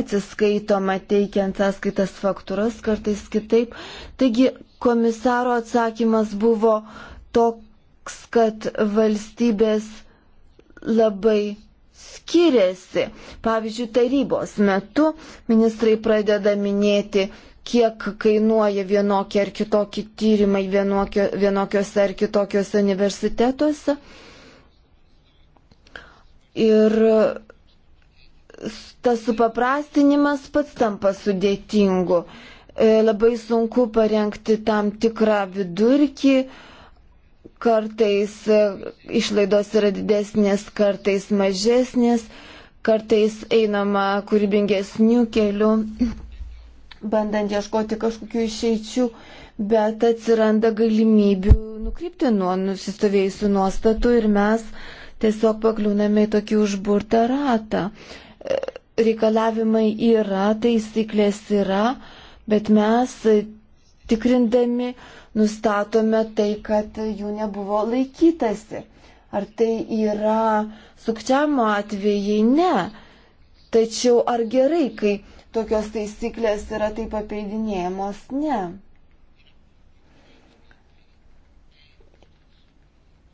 atsiskaitoma teikiant sąskaitas faktūras, kartais kitaip. Taigi komisaro atsakymas buvo toks, kad valstybės labai skiriasi. Pavyzdžiui, tarybos metu ministrai pradeda minėti kiek kainuoja vienokie ar kitokie tyrimai vienokio, vienokiose ar kitokiose universitetuose. Ir tas supaprastinimas pats tampa sudėtingu. E, labai sunku parengti tam tikrą vidurkį, kartais e, išlaidos yra didesnės, kartais mažesnės, kartais einama kūrybingesnių kelių, bandant ieškoti kažkokių išeičių, bet atsiranda galimybių nukrypti nuo nusistovėjusių nuostatų ir mes uh, tiesiog pakliūname į tokį užburtą ratą. E, reikalavimai yra, taisyklės yra, bet mes tikrindami nustatome tai, kad jų nebuvo laikytasi. Ar tai yra sukčiamo atvejai? Ne. Tačiau ar gerai, kai tokios taisyklės yra taip apeidinėjamos? Ne.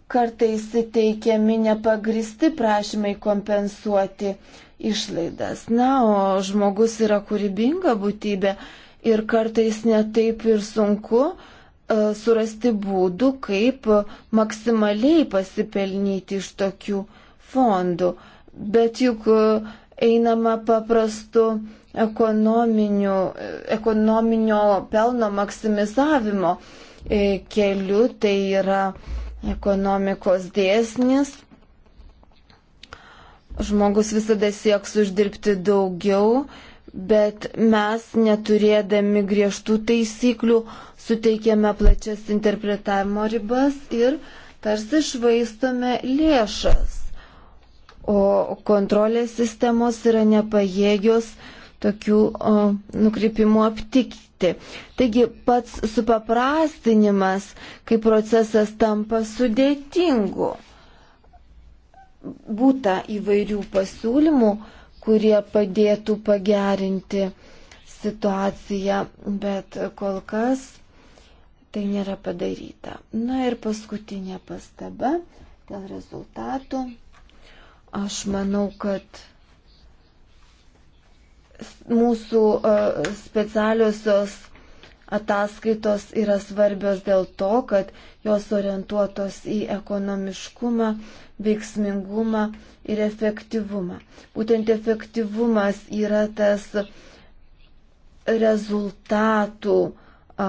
kartais teikiami nepagristi prašymai kompensuoti išlaidas. Na, o žmogus yra kūrybinga būtybė ir kartais netaip ir sunku e, surasti būdų, kaip maksimaliai pasipelnyti iš tokių fondų. Bet juk e, einama paprastu e, ekonominio pelno maksimizavimo keliu, tai yra ekonomikos dėsnis. Žmogus visada sieks uždirbti daugiau, bet mes neturėdami griežtų taisyklių suteikiame plačias interpretavimo ribas ir tarsi švaistome lėšas. O kontrolės sistemos yra nepajėgios uh, tokių o, nukrypimų aptikti. Taigi pats supaprastinimas, kai procesas tampa sudėtingu. Būta įvairių pasiūlymų, kurie padėtų pagerinti situaciją, bet kol kas tai nėra padaryta. Na ir paskutinė pastaba dėl rezultatų. Aš manau, kad mūsų e, specialiosios ataskaitos yra svarbios dėl to, kad jos orientuotos į ekonomiškumą, veiksmingumą ir efektyvumą. Būtent efektyvumas yra tas rezultatų a,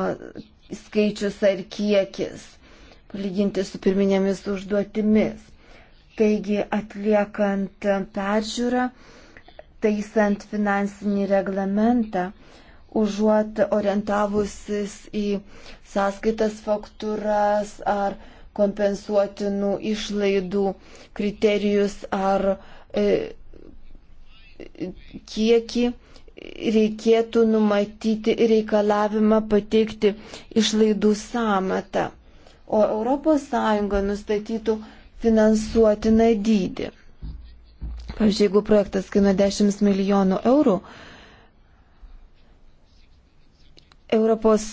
skaičius ar kiekis, palyginti su pirminėmis užduotimis. Taigi atliekant peržiūrą, a, taisant finansinį reglamentą, užuot orientavusis į sąskaitas faktūras ar kompensuotinų išlaidų kriterijus ar e, kiekį, reikėtų numatyti reikalavimą pateikti išlaidų samatą, o ES nustatytų finansuotiną dydį. Pavyzdžiui, jeigu projektas kainuoja 10 milijonų eurų, ES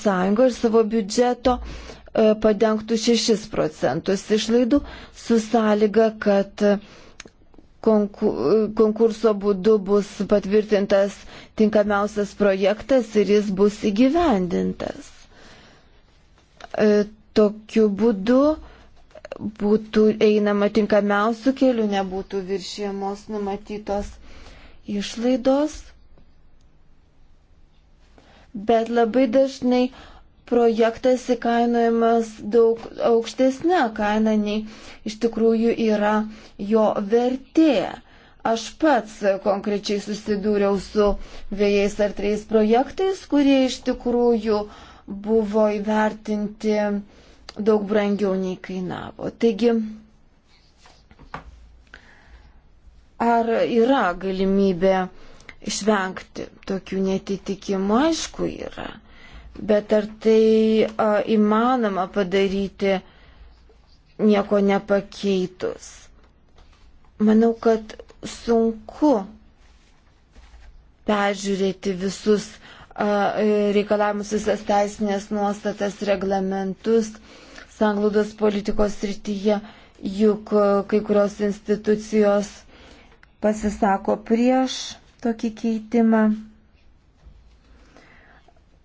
iš savo biudžeto e, padengtų 6 procentus išlaidų su sąlyga, kad e, e, konkurso būdu bus patvirtintas tinkamiausias projektas ir jis bus įgyvendintas. Tokiu būdu būtų einama tinkamiausių kelių, nebūtų viršėjamos numatytos išlaidos. Bet labai dažnai projektas įkainuojamas daug aukštesnė kaina nei iš tikrųjų yra jo vertė. Aš pats konkrečiai susidūriau su vėjais ar trejais projektais, kurie iš tikrųjų buvo įvertinti uh, daug brangiau nei kainavo. Taigi, ar yra galimybė išvengti tokių netitikimų? Aišku, yra. Bet ar tai a, įmanoma padaryti nieko nepakeitus? Manau, kad sunku peržiūrėti visus reikalavimus, visas teisinės nuostatas, reglamentus. A, sanglaudos politikos srityje, juk e, kai kurios institucijos pasisako prieš tokį keitimą.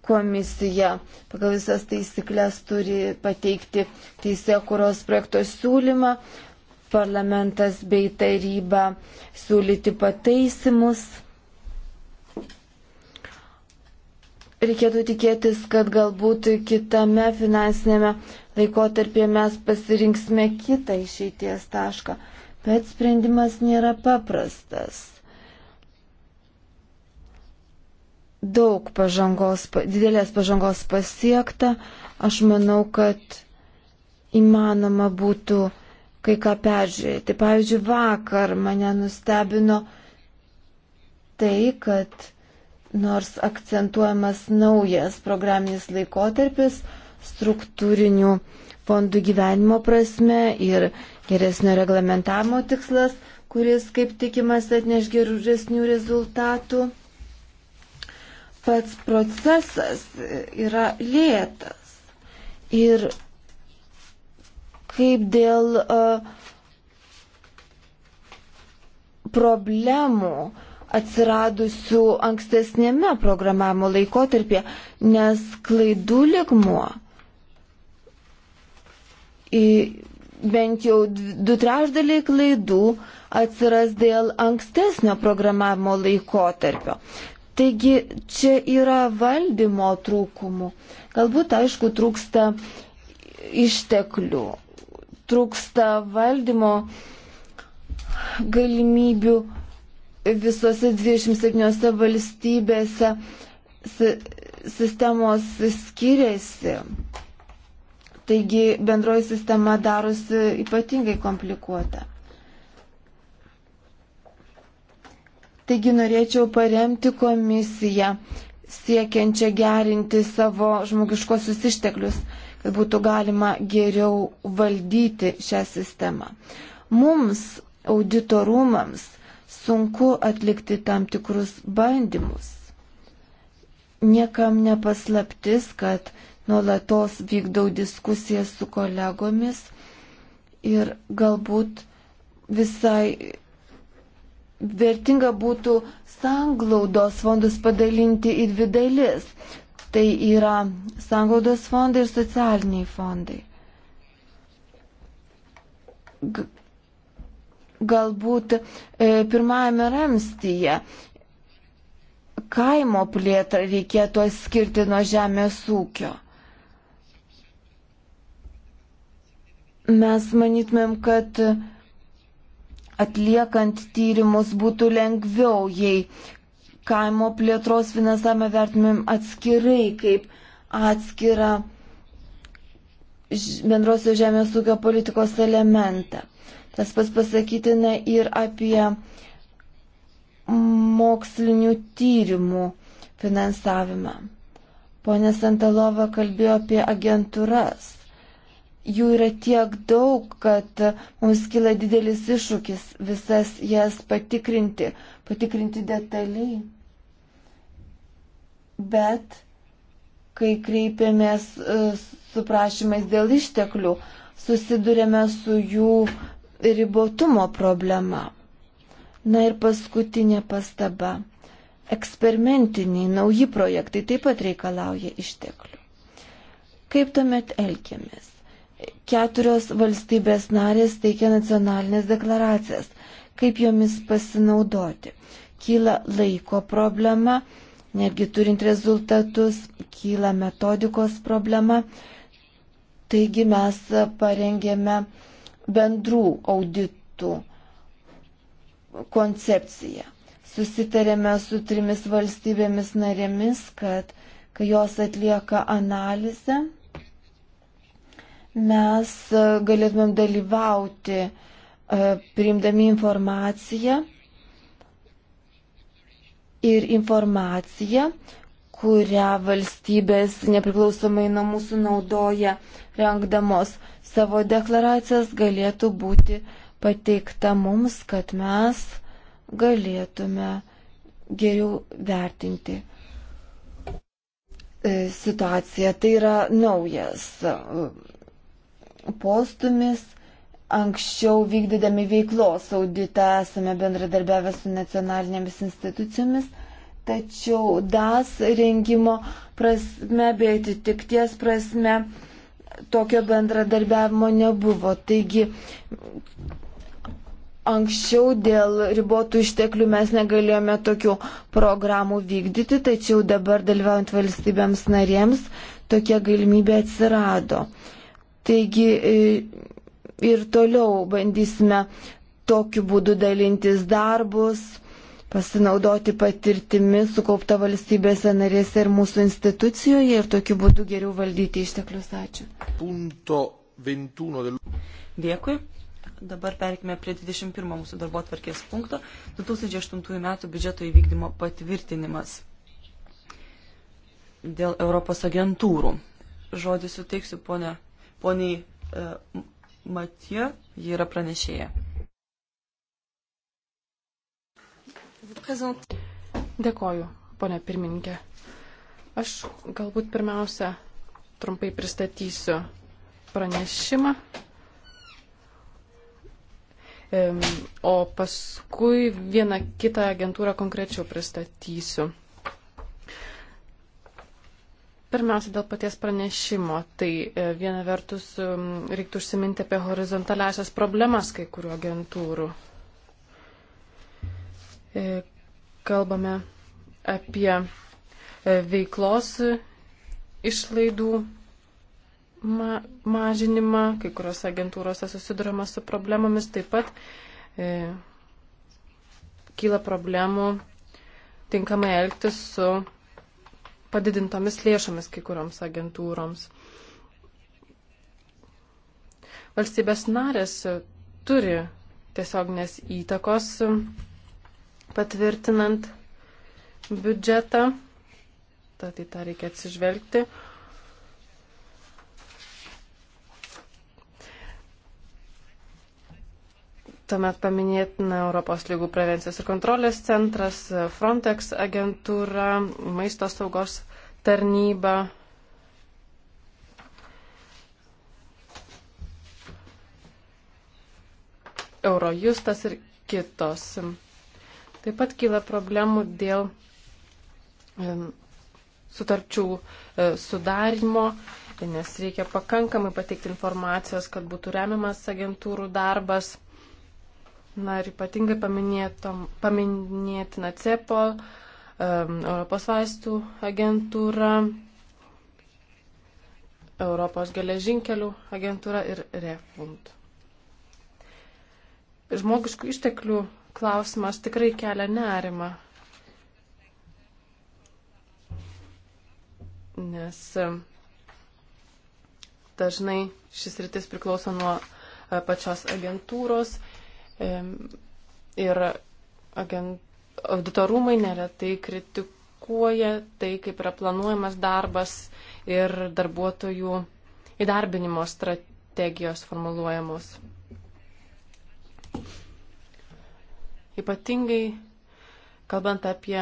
Komisija pagal visas taisyklės turi pateikti teisė, kurios projekto siūlymą, parlamentas bei taryba siūlyti pataisimus. Reikėtų tikėtis, kad galbūt kitame finansinėme laikotarpį mes pasirinksime kitą išeities tašką, bet sprendimas nėra paprastas. Daug pažangos, didelės pažangos pasiekta, aš manau, kad įmanoma būtų kai ką peržiūrėti. Pavyzdžiui, vakar mane nustebino tai, kad nors akcentuojamas naujas programinis laikotarpis, struktūrinių fondų gyvenimo prasme ir geresnio reglamentavimo tikslas, kuris, kaip tikimas, atneš geresnių rezultatų. Pats procesas yra lėtas. Ir kaip dėl uh, problemų atsiradusių ankstesnėme programavimo laikotarpėje, nes klaidų ligmuo bent jau du trešdaliai klaidų atsiras dėl ankstesnio programavimo laikotarpio. Taigi čia yra valdymo trūkumų. Galbūt, aišku, trūksta išteklių, trūksta valdymo galimybių visose 27 valstybėse sistemos skiriasi. Taigi bendroji sistema darosi ypatingai komplikuota. Taigi norėčiau paremti komisiją siekiančią gerinti savo žmogiškosius išteklius, kad būtų galima geriau valdyti šią sistemą. Mums, auditorumams, sunku atlikti tam tikrus bandymus. Niekam nepaslaptis, kad nuolatos vykdau diskusijas su kolegomis ir galbūt visai vertinga būtų sanglaudos fondus padalinti į dvi dalis. Tai yra sanglaudos fondai ir socialiniai fondai. G galbūt e, pirmajame ramstyje kaimo plėtrą reikėtų atskirti nuo žemės ūkio. mes manytumėm, kad atliekant tyrimus būtų lengviau, jei kaimo plėtros finansavimą vertumėm atskirai kaip atskirą bendrosios žemės ūkio politikos elementą. Tas pas pasakytina ir apie mokslinių tyrimų finansavimą. Pone Santalova kalbėjo apie agentūras jų yra tiek daug, kad mums kyla didelis iššūkis visas jas patikrinti, patikrinti detaliai. Bet kai kreipiamės e, su prašymais dėl išteklių, susidurėme su jų ribotumo problema. Na ir paskutinė pastaba. Eksperimentiniai nauji projektai taip pat reikalauja išteklių. Kaip tuomet elgiamės? Keturios valstybės narės teikia nacionalinės deklaracijas. Kaip jomis pasinaudoti? Kyla laiko problema, netgi turint rezultatus, kyla metodikos problema. Taigi mes parengėme bendrų auditų koncepciją. Susitarėme su trimis valstybėmis narėmis, kad kai jos atlieka analizę, mes e, galėtumėm dalyvauti e, priimdami informaciją ir informaciją, kurią valstybės nepriklausomai nuo mūsų naudoja rengdamos savo deklaracijas, galėtų būti pateikta mums, kad mes galėtume geriau vertinti e, situaciją. Tai yra naujas postumis. Anksčiau vykdydami veiklos auditą esame bendradarbiavę su nacionalinėmis institucijomis, tačiau DAS rengimo prasme bei atitikties prasme tokio bendradarbiavimo nebuvo. Taigi anksčiau dėl ribotų išteklių mes negalėjome tokių programų vykdyti, tačiau dabar dalyvaujant valstybėms narėms tokia galimybė atsirado. Taigi e, ir toliau bandysime tokiu būdu dalintis darbus, pasinaudoti patirtimi sukaupta valstybėse narėse ir mūsų institucijoje ir tokiu būdu geriau valdyti išteklius. Ačiū. Del... Dėkui. Dabar perkime prie 21 mūsų darbo atvarkės punkto 2008 metų biudžeto įvykdymo patvirtinimas dėl Europos agentūrų. Žodį suteiksiu, ponia poniai e, Matija, ji yra pranešėja. Dėkoju, ponė pirmininkė. Aš galbūt pirmiausia trumpai pristatysiu pranešimą, o paskui vieną kitą agentūrą konkrečiau pristatysiu. Pirmiausia, dėl paties pranešimo. Tai e, viena vertus reiktų užsiminti apie horizontaliasias problemas kai kurių agentūrų. E, kalbame apie e, veiklos išlaidų ma mažinimą, kai kurios agentūrose susidurama su problemomis, taip pat e, kyla problemų tinkamai elgtis su padidintomis lėšomis kai kurioms agentūroms. Valstybės narės turi tiesiognės įtakos patvirtinant biudžetą, tad į tą reikia atsižvelgti. Tuomet paminėtina Europos lygų prevencijos ir kontrolės centras, Frontex agentūra, maisto saugos tarnyba. Eurojustas ir kitos. Taip pat kyla problemų dėl e, sutarčių e, sudarimo, nes reikia pakankamai pateikti informacijos, kad būtų remiamas agentūrų darbas. Na ir ypatingai paminėtina CEPO, Europos vaistų agentūra, Europos geležinkelių agentūra ir REFUND. Žmogiškų išteklių klausimas tikrai kelia nerimą, nes dažnai šis rytis priklauso nuo e, pačios agentūros Ir auditorumai neretai kritikuoja tai, kaip yra planuojamas darbas ir darbuotojų įdarbinimo strategijos formuluojamos. Ypatingai kalbant apie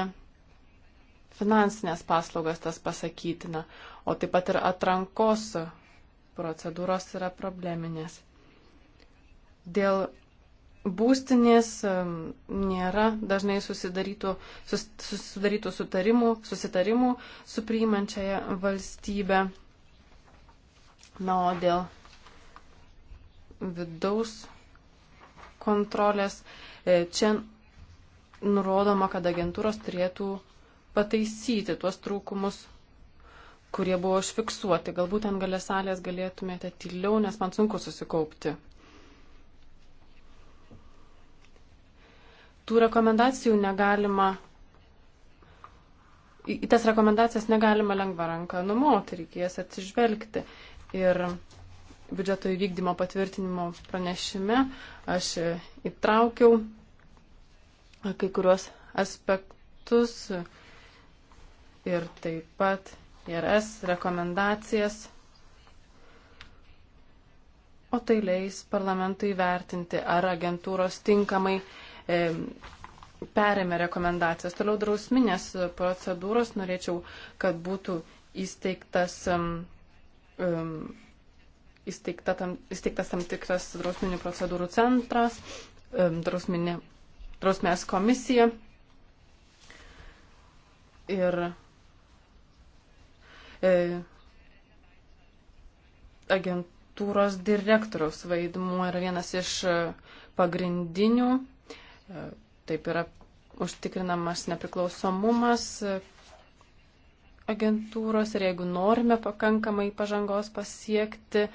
finansinės paslaugas tas pasakytina, o taip pat ir atrankos procedūros yra probleminės. Dėl būstinės nėra dažnai susidarytų, sus, susidarytų sutarimų, susitarimų su priimančiaja valstybė. Na, o dėl vidaus kontrolės e, čia nurodoma, kad agentūros turėtų pataisyti tuos trūkumus, kurie buvo užfiksuoti. Galbūt ten galės salės galėtumėte tyliau, nes man sunku susikaupti. tų rekomendacijų negalima, į tas rekomendacijas negalima lengva ranka numoti, reikės atsižvelgti. Ir biudžeto įvykdymo patvirtinimo pranešime aš įtraukiau kai kuriuos aspektus ir taip pat IRS rekomendacijas, o tai leis parlamentui vertinti, ar agentūros tinkamai uh, E, perėmė rekomendacijas. Toliau drausminės procedūros norėčiau, kad būtų įsteigtas. Um, Įsteigta tam, įsteigtas tam tikras drausminių procedūrų centras, drausminė, drausmės komisija. Ir e, agentūros direktoriaus vaidmuo yra vienas iš pagrindinių Taip yra užtikrinamas nepriklausomumas agentūros ir jeigu norime pakankamai pažangos pasiekti,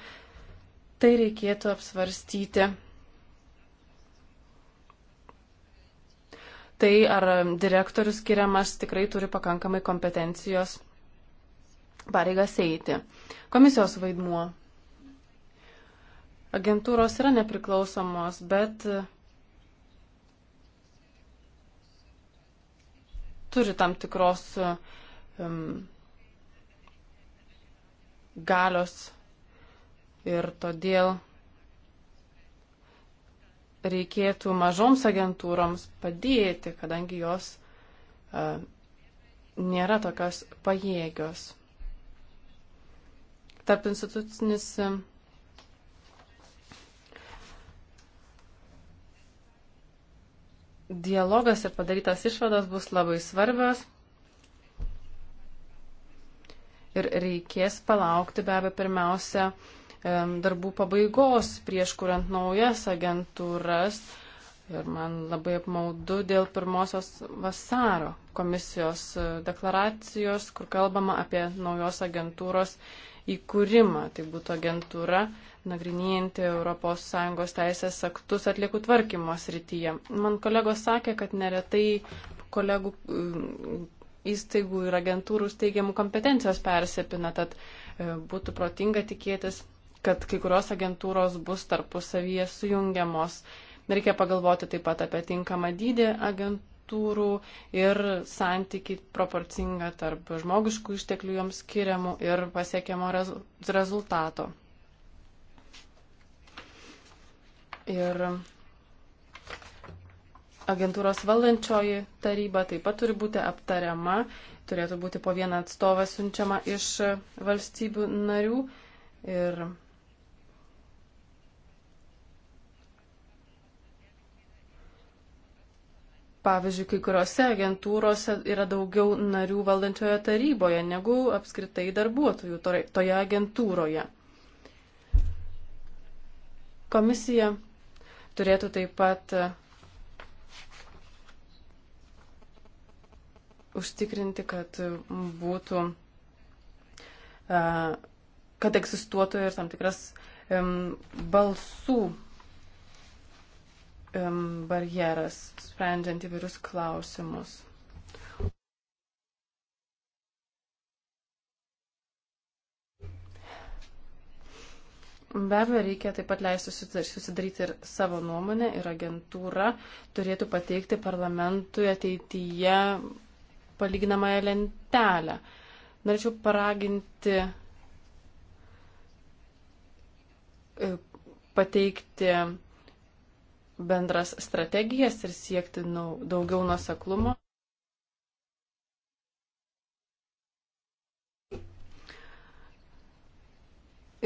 tai reikėtų apsvarstyti. Tai ar direktorius skiriamas tikrai turi pakankamai kompetencijos pareigas eiti. Komisijos vaidmuo. Agentūros yra nepriklausomos, bet turi tam tikros um, galios ir todėl reikėtų mažoms agentūroms padėti, kadangi jos uh, nėra tokios pajėgios. Tarp institucinis uh, dialogas ir padarytos išvados bus labai svarbios. Ir reikės palaukti be abejo pirmiausia darbų pabaigos prieš kuriant naujas agentūras. Ir man labai apmaudu dėl pirmosios vasaro komisijos e, deklaracijos, kur kalbama apie naujos agentūros įkūrimą. Tai būtų agentūra, nagrinėjanti ES teisės aktus atliekų tvarkymo srityje. Man kolegos sakė, kad neretai kolegų mm, įstaigų ir agentūrų steigiamų kompetencijos persipina, tad e, būtų protinga tikėtis, kad kai kurios agentūros bus tarpusavyje sujungiamos. Reikia pagalvoti taip pat apie tinkamą dydį agentūrų struktūrų ir santyki proporcinga tarp žmogiškų išteklių joms skiriamų ir pasiekiamo rezultato. Ir agentūros valdančioji taryba taip pat turi būti aptariama, turėtų būti po vieną atstovą siunčiama iš valstybių narių. Ir Pavyzdžiui, kai kuriuose agentūrose yra daugiau narių valdančioje taryboje negu apskritai darbuotojų toje agentūroje. Komisija turėtų taip pat e, užtikrinti, kad būtų, e, kad egzistuotų ir tam tikras balsų barjeras, sprendžiant įvairius klausimus. Be abejo, reikia taip pat leisti susidaryti ir savo nuomonę ir agentūra turėtų pateikti parlamentui ateityje palyginamąją lentelę. Norėčiau paraginti e, pateikti bendras strategijas ir siekti daugiau nuseklumo.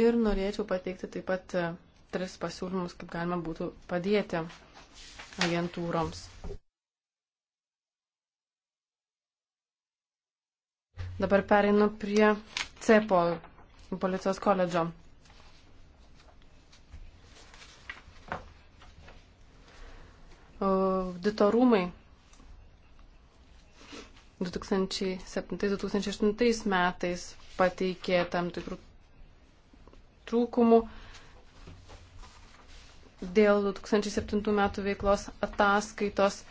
Ir norėčiau pateikti taip pat e, tris pasiūlymus, kaip galima būtų padėti agentūroms. Dabar pereinu prie CEPOL policijos koledžo auditorumai 2007-2008 metais pateikė tam tikrų trūkumų dėl 2007 metų veiklos ataskaitos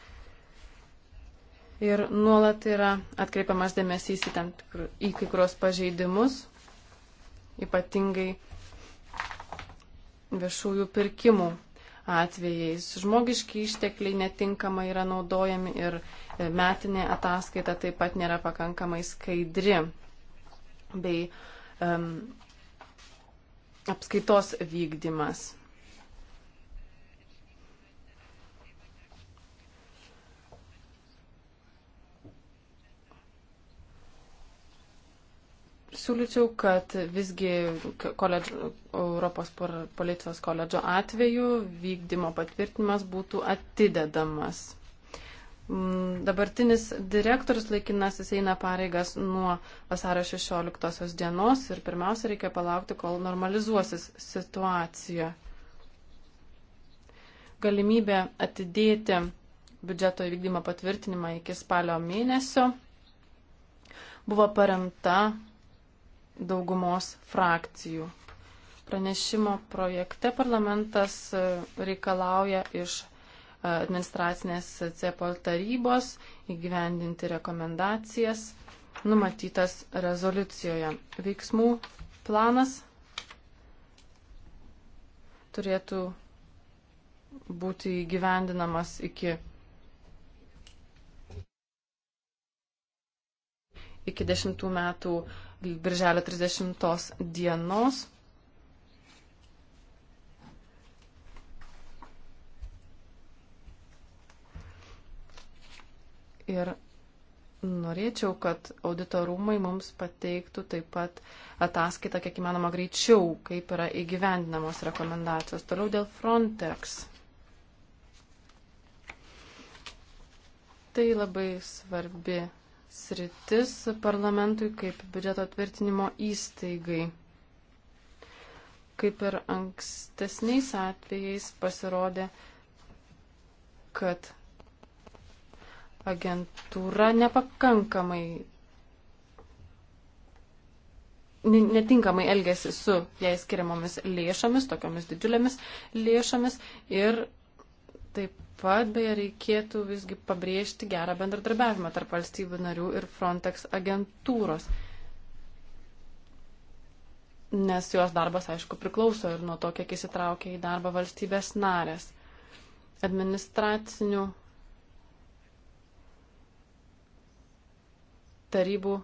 ir nuolat yra atkreipiamas dėmesys į, tam tikrų, į kai kurios pažeidimus, ypatingai viešųjų pirkimų atvejais. Žmogiški ištekliai netinkamai yra naudojami ir e, metinė ataskaita taip pat nėra pakankamai skaidri bei um, apskaitos vykdymas. siūlyčiau, kad visgi koledžo, Europos policijos koledžo atveju vykdymo patvirtinimas būtų atidedamas. Mm, dabartinis direktorius laikinasis eina pareigas nuo vasario 16 dienos ir pirmiausia reikia palaukti, kol normalizuosis situacija. Galimybė atidėti biudžeto įvykdymo patvirtinimą iki spalio mėnesio buvo paremta daugumos frakcijų. Pranešimo projekte parlamentas e, reikalauja iš e, administracinės CEPOL tarybos įgyvendinti rekomendacijas numatytas rezoliucijoje. Veiksmų planas turėtų būti įgyvendinamas iki iki dešimtų metų birželio 30 dienos. Ir norėčiau, kad auditorumai mums pateiktų taip pat ataskaitą, kiek įmanoma greičiau, kaip yra įgyvendinamos rekomendacijos. Toliau dėl Frontex. Tai labai svarbi sritis parlamentui kaip biudžeto tvirtinimo įstaigai. Kaip ir ankstesniais atvejais pasirodė, kad agentūra nepakankamai netinkamai elgesi su jai skiriamomis lėšomis, tokiamis didžiulėmis lėšomis ir Taip pat, beje, reikėtų visgi pabrėžti gerą bendradarbiavimą tarp valstybių narių ir Frontex agentūros. Nes jos darbas, aišku, priklauso ir nuo to, kiek įsitraukia į darbą valstybės narės. Administracinių tarybų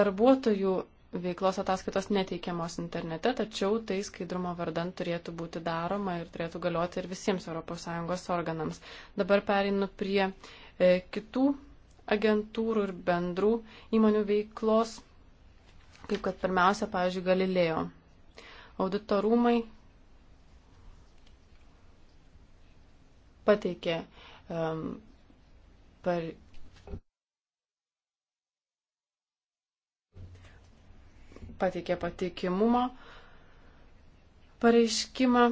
darbuotojų veiklos ataskaitos neteikiamos internete, tačiau tai skaidrumo vardant turėtų būti daroma ir turėtų galioti ir visiems ES organams. Dabar pereinu prie e, kitų agentūrų ir bendrų įmonių veiklos, kaip kad pirmiausia, pavyzdžiui, Galilėjo. Auditorumai pateikė um, e, per pateikė patikimumo pareiškimą.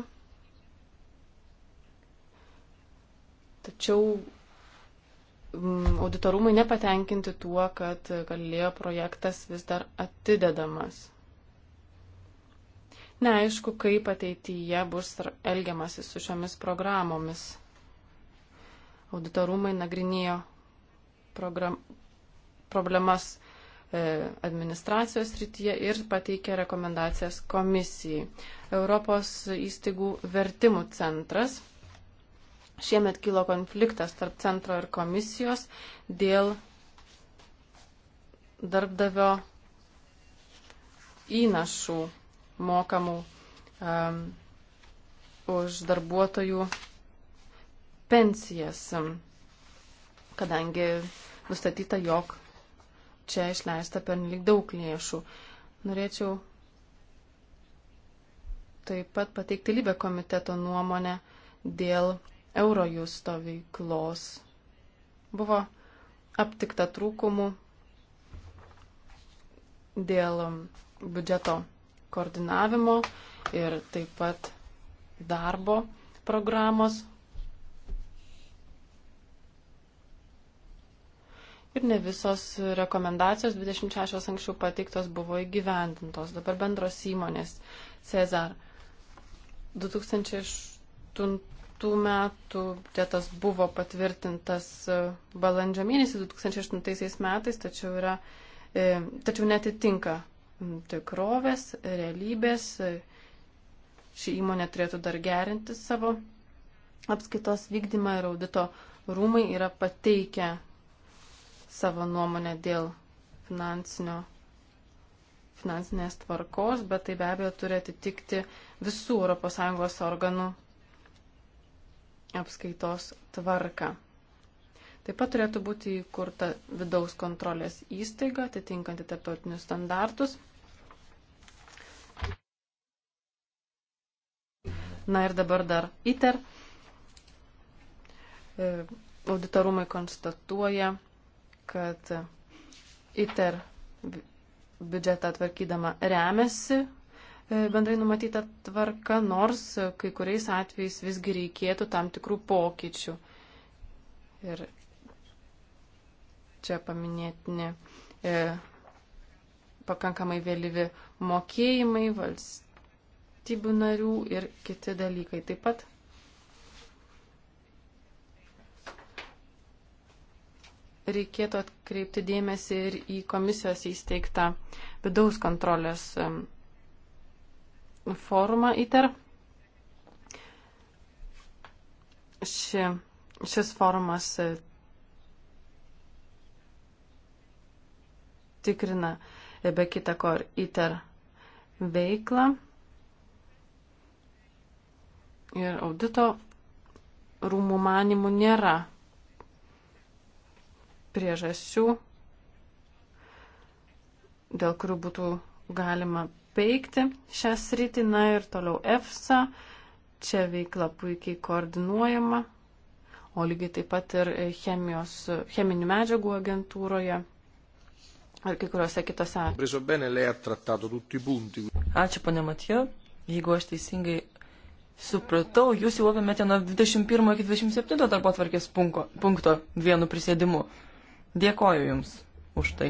Tačiau mm, auditorumai nepatenkinti tuo, kad Galilėjo projektas vis dar atidedamas. Neaišku, kaip ateityje bus elgiamasi su šiomis programomis. Auditorumai nagrinėjo program, problemas E, administracijos rytyje ir pateikė rekomendacijas komisijai. Europos įstaigų vertimų centras. Šiemet kilo konfliktas tarp centro ir komisijos dėl darbdavio įnašų mokamų um, už darbuotojų pensijas, kadangi nustatyta, jog čia išleista pernelik daug lėšų. Norėčiau taip pat pateikti Libė komiteto nuomonę dėl Eurojusto veiklos. Buvo aptikta trūkumų dėl um, biudžeto koordinavimo ir taip pat darbo programos ir ne visos rekomendacijos, 26 anksčiau pateiktos, buvo įgyvendintos. Dabar bendros įmonės Cezar 2008 metų dietas buvo patvirtintas e, balandžio mėnesį 2008 metais, tačiau, yra, e, tačiau netitinka tikrovės, realybės. E, ši įmonė turėtų dar gerinti savo apskaitos vykdymą ir audito rūmai yra pateikę savo nuomonę dėl finansinio finansinės tvarkos, bet tai be abejo turi atitikti visų ES organų apskaitos tvarką. Taip pat turėtų būti įkurta vidaus kontrolės įstaiga, atitinkanti tarptautinius standartus. Na ir dabar dar ITER. E, auditorumai konstatuoja, kad ITER biudžetą tvarkydama remiasi e, bendrai numatyta tvarka, nors kai kuriais atvejais visgi reikėtų tam tikrų pokyčių. Ir čia paminėtini e, pakankamai vėlyvi mokėjimai valstybių narių ir kiti dalykai. Taip pat reikėtų atkreipti dėmesį ir į komisijos įsteigtą vidaus kontrolės forumą ITER. Ši, šis forumas e, tikrina e, be kita ko ir ITER veiklą ir audito rūmų manimų nėra priežasčių, dėl kurių būtų galima peikti šią sritį. Na ir toliau EFSA. Čia veikla puikiai koordinuojama, o lygiai taip pat ir chemijos, cheminių medžiagų agentūroje ar kai kuriuose kitose. Ačiū, ponė Matijo. Jeigu aš teisingai supratau, jūs jau apimėte nuo 21 iki 27 darbo atvarkės punkto, punkto vienu prisėdimu. Dėkoju Jums už tai.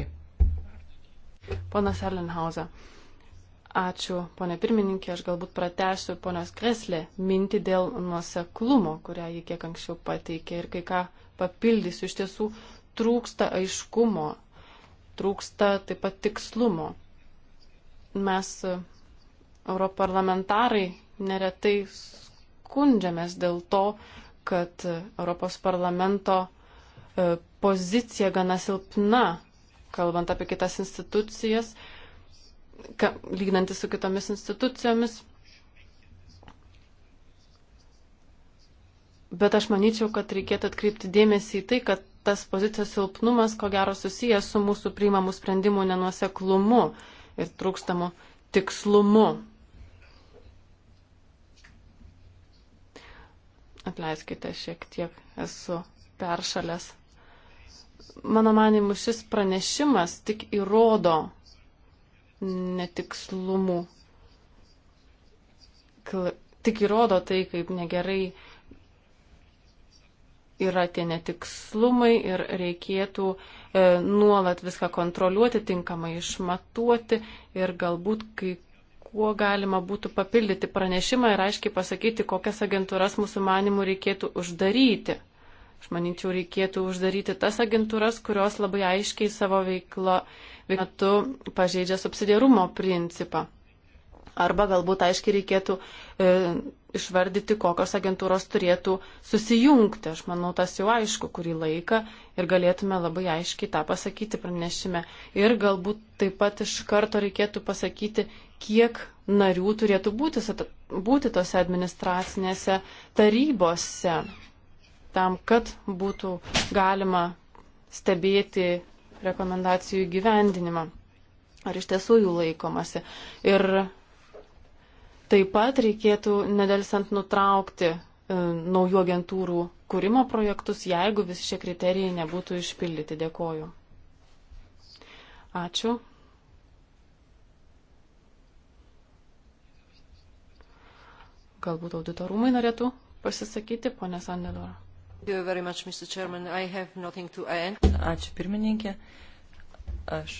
Ponas Erlenhauser, ačiū, ponė pirmininkė, aš galbūt pratęsiu ponios Kreslė mintį dėl nuoseklumo, kurią jį kiek anksčiau pateikė ir kai ką papildysiu, iš tiesų trūksta aiškumo, trūksta taip pat tikslumo. Mes, e, europarlamentarai, neretai skundžiamės dėl to, kad e, Europos parlamento e, pozicija gana silpna, kalbant apie kitas institucijas, ka, lygnantis su kitomis institucijomis. Bet aš manyčiau, kad reikėtų atkreipti dėmesį į tai, kad tas pozicijos silpnumas, ko gero, susijęs su mūsų priimamų sprendimų nenuoseklumu ir trūkstamu tikslumu. Atleiskite, šiek tiek esu peršalęs. Mano manimu, šis pranešimas tik įrodo netikslumų, tik įrodo tai, kaip negerai yra tie netikslumai ir reikėtų e, nuolat viską kontroliuoti, tinkamai išmatuoti ir galbūt kai kuo galima būtų papildyti pranešimą ir aiškiai pasakyti, kokias agentūras mūsų manimų reikėtų uždaryti. Aš manyčiau, reikėtų uždaryti tas agentūras, kurios labai aiškiai savo veiklo metu pažeidžia subsidiarumo principą. Arba galbūt aiškiai reikėtų e, išvardyti, kokios agentūros turėtų susijungti. Aš manau, tas jau aišku kurį laiką ir galėtume labai aiškiai tą pasakyti pranešime. Ir galbūt taip pat iš karto reikėtų pasakyti, kiek narių turėtų būti, būti tose administracinėse tarybose tam, kad būtų galima stebėti rekomendacijų įgyvendinimą, ar iš tiesų jų laikomasi. Ir taip pat reikėtų nedelsiant nutraukti e, naujų agentūrų kūrimo projektus, jeigu visi šie kriterijai nebūtų išpildyti. Dėkoju. Ačiū. Galbūt auditorumai norėtų pasisakyti, ponė Sandelora. Much, Ačiū pirmininkė. Aš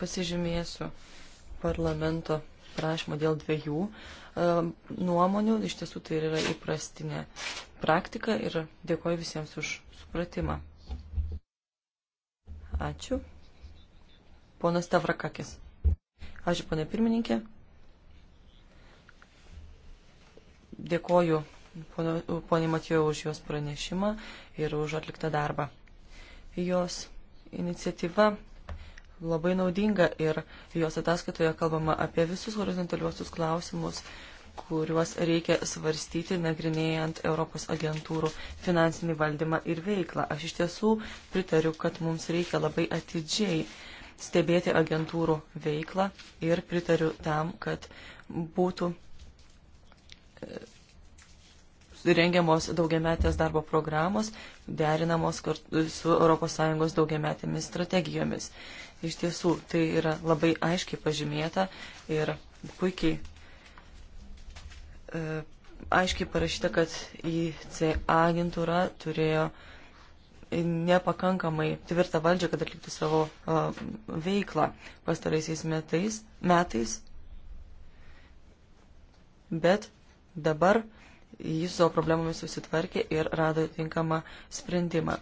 pasižymėsiu parlamento prašymą dėl dviejų e, nuomonių. Iš tiesų tai yra įprastinė praktika ir dėkoju visiems už supratimą. Ačiū. Ponas Tavrakakis. Ačiū, ponė pirmininkė. Dėkoju poniai Matijo už jos pranešimą ir už atliktą darbą. Jos iniciatyva labai naudinga ir jos ataskaitoje kalbama apie visus horizontaliuosius klausimus, kuriuos reikia svarstyti, nagrinėjant Europos agentūrų finansinį valdymą ir veiklą. Aš iš tiesų pritariu, kad mums reikia labai atidžiai stebėti agentūrų veiklą ir pritariu tam, kad būtų rengiamos daugiametės darbo programos, derinamos kartu su ES daugiametėmis strategijomis. Iš tiesų, tai yra labai aiškiai pažymėta ir puikiai e, aiškiai parašyta, kad ICA agentūra turėjo nepakankamai tvirtą valdžią, kad atliktų savo uh, veiklą pastaraisiais metais, metais. Bet dabar uh, jis savo problemomis susitvarkė ir rado tinkamą sprendimą.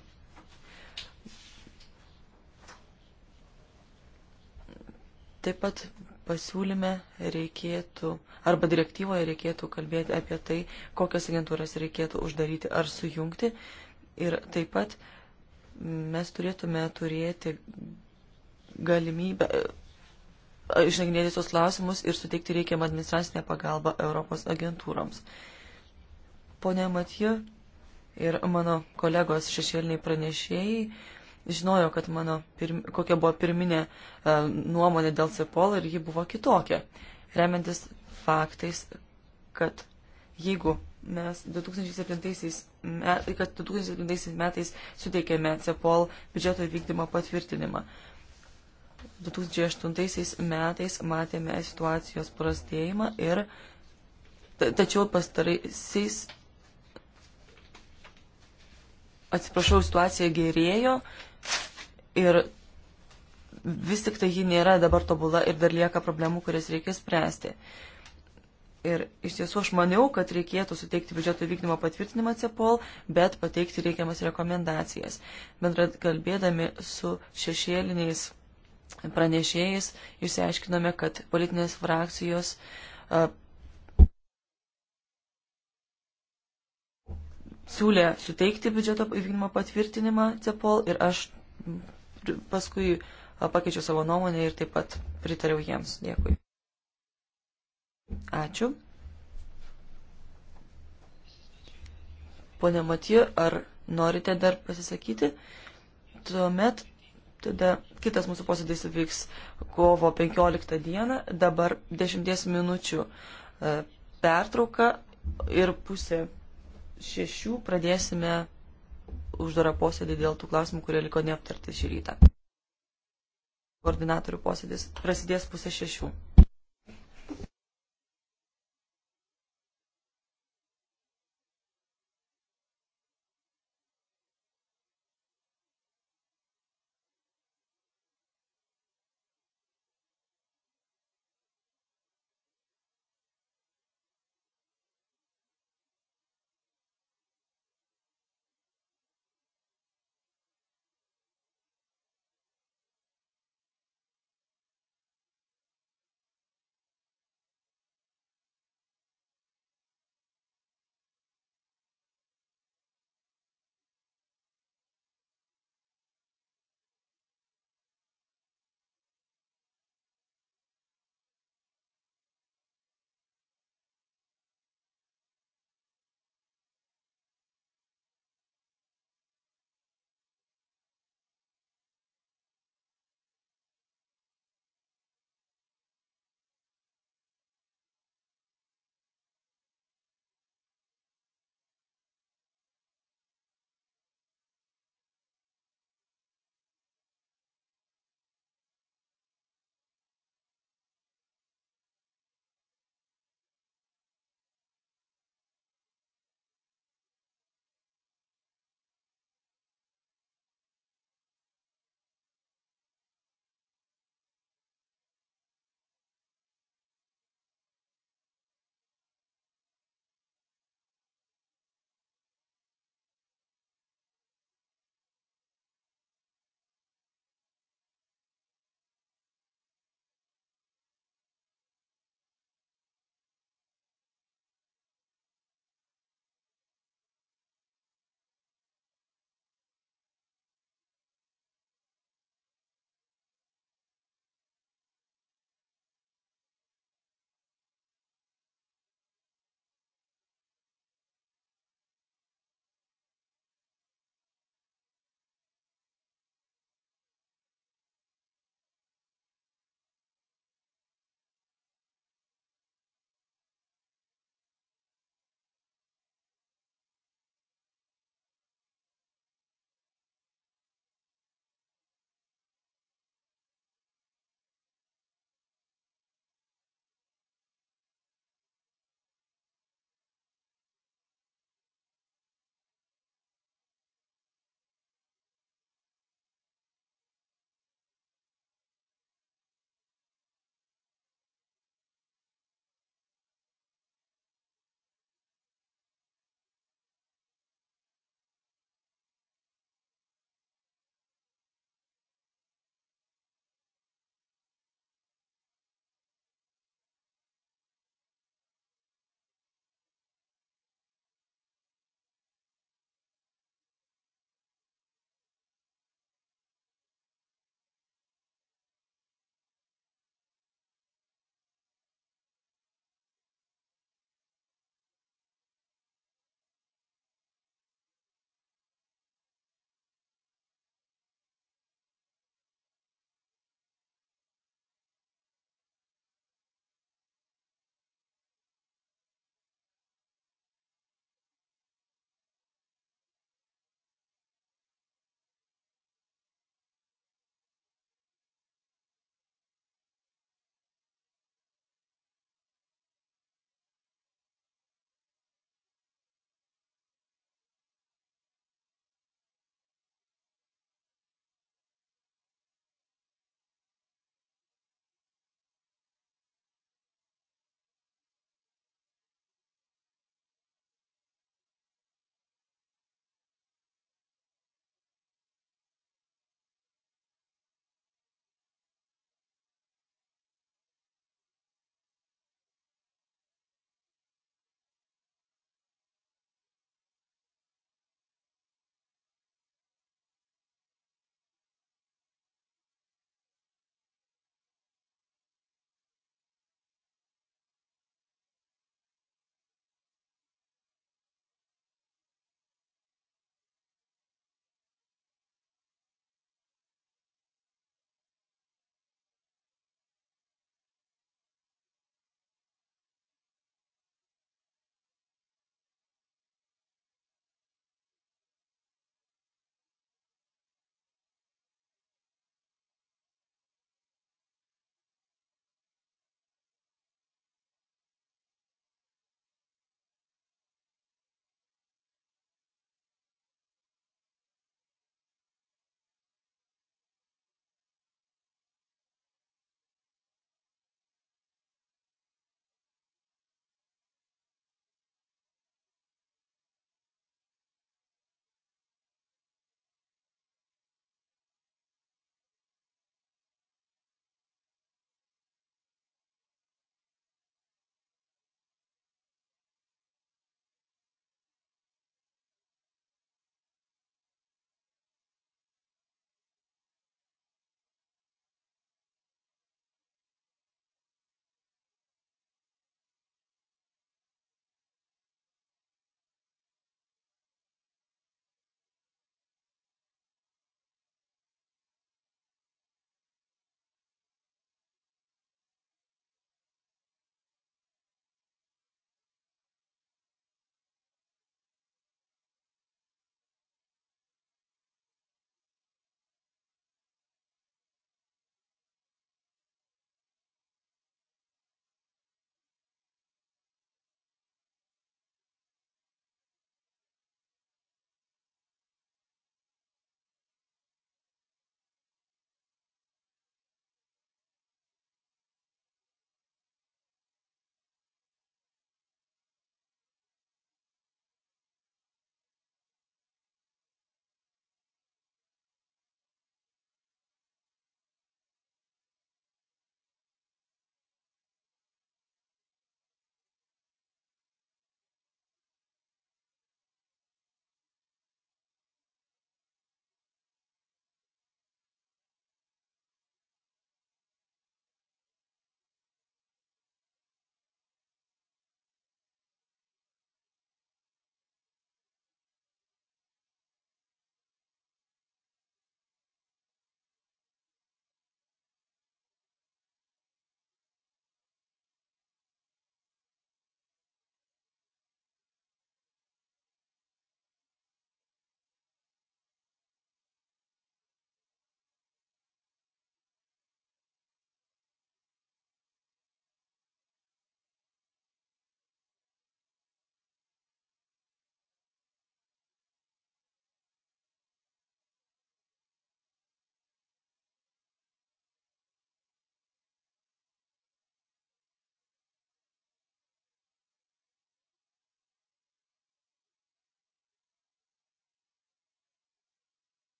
Taip pat pasiūlyme reikėtų, arba direktyvoje reikėtų kalbėti apie tai, kokias agentūras reikėtų uždaryti ar sujungti. Ir taip pat mes turėtume turėti galimybę e, išnagrinėti tos klausimus ir suteikti reikiamą administracinę pagalbą Europos agentūroms. Pone Matija ir mano kolegos šešėliniai pranešėjai žinojo, kad mano, pirmi, kokia buvo pirminė uh, nuomonė dėl CEPOL ir ji buvo kitokia, remiantis faktais, kad jeigu mes 2007, met, kad 2007 metais suteikėme CEPOL biudžeto įvykdymo patvirtinimą. 2008 metais matėme situacijos prastėjimą ir tačiau pastaraisiais atsiprašau, situacija gerėjo ir vis tik tai ji nėra dabar tobula ir dar lieka problemų, kurias reikia spręsti. Ir iš tiesų aš maniau, kad reikėtų suteikti biudžeto vykdymo patvirtinimą CEPOL, bet pateikti reikiamas rekomendacijas. Bendrat kalbėdami su šešėliniais pranešėjais išsiaiškinome, kad politinės frakcijos siūlė suteikti biudžeto įvykdymo patvirtinimą CEPOL ir aš paskui pakeičiau savo nuomonę ir taip pat pritariau jiems. Dėkui. Ačiū. Pone Matiju, ar norite dar pasisakyti? Tuomet tada kitas mūsų posėdis vyks kovo 15 dieną, dabar 10 minučių pertrauka ir pusė šešių pradėsime uždarą posėdį dėl tų klausimų, kurie liko neaptarti šį rytą. Koordinatorių posėdis prasidės pusę šešių.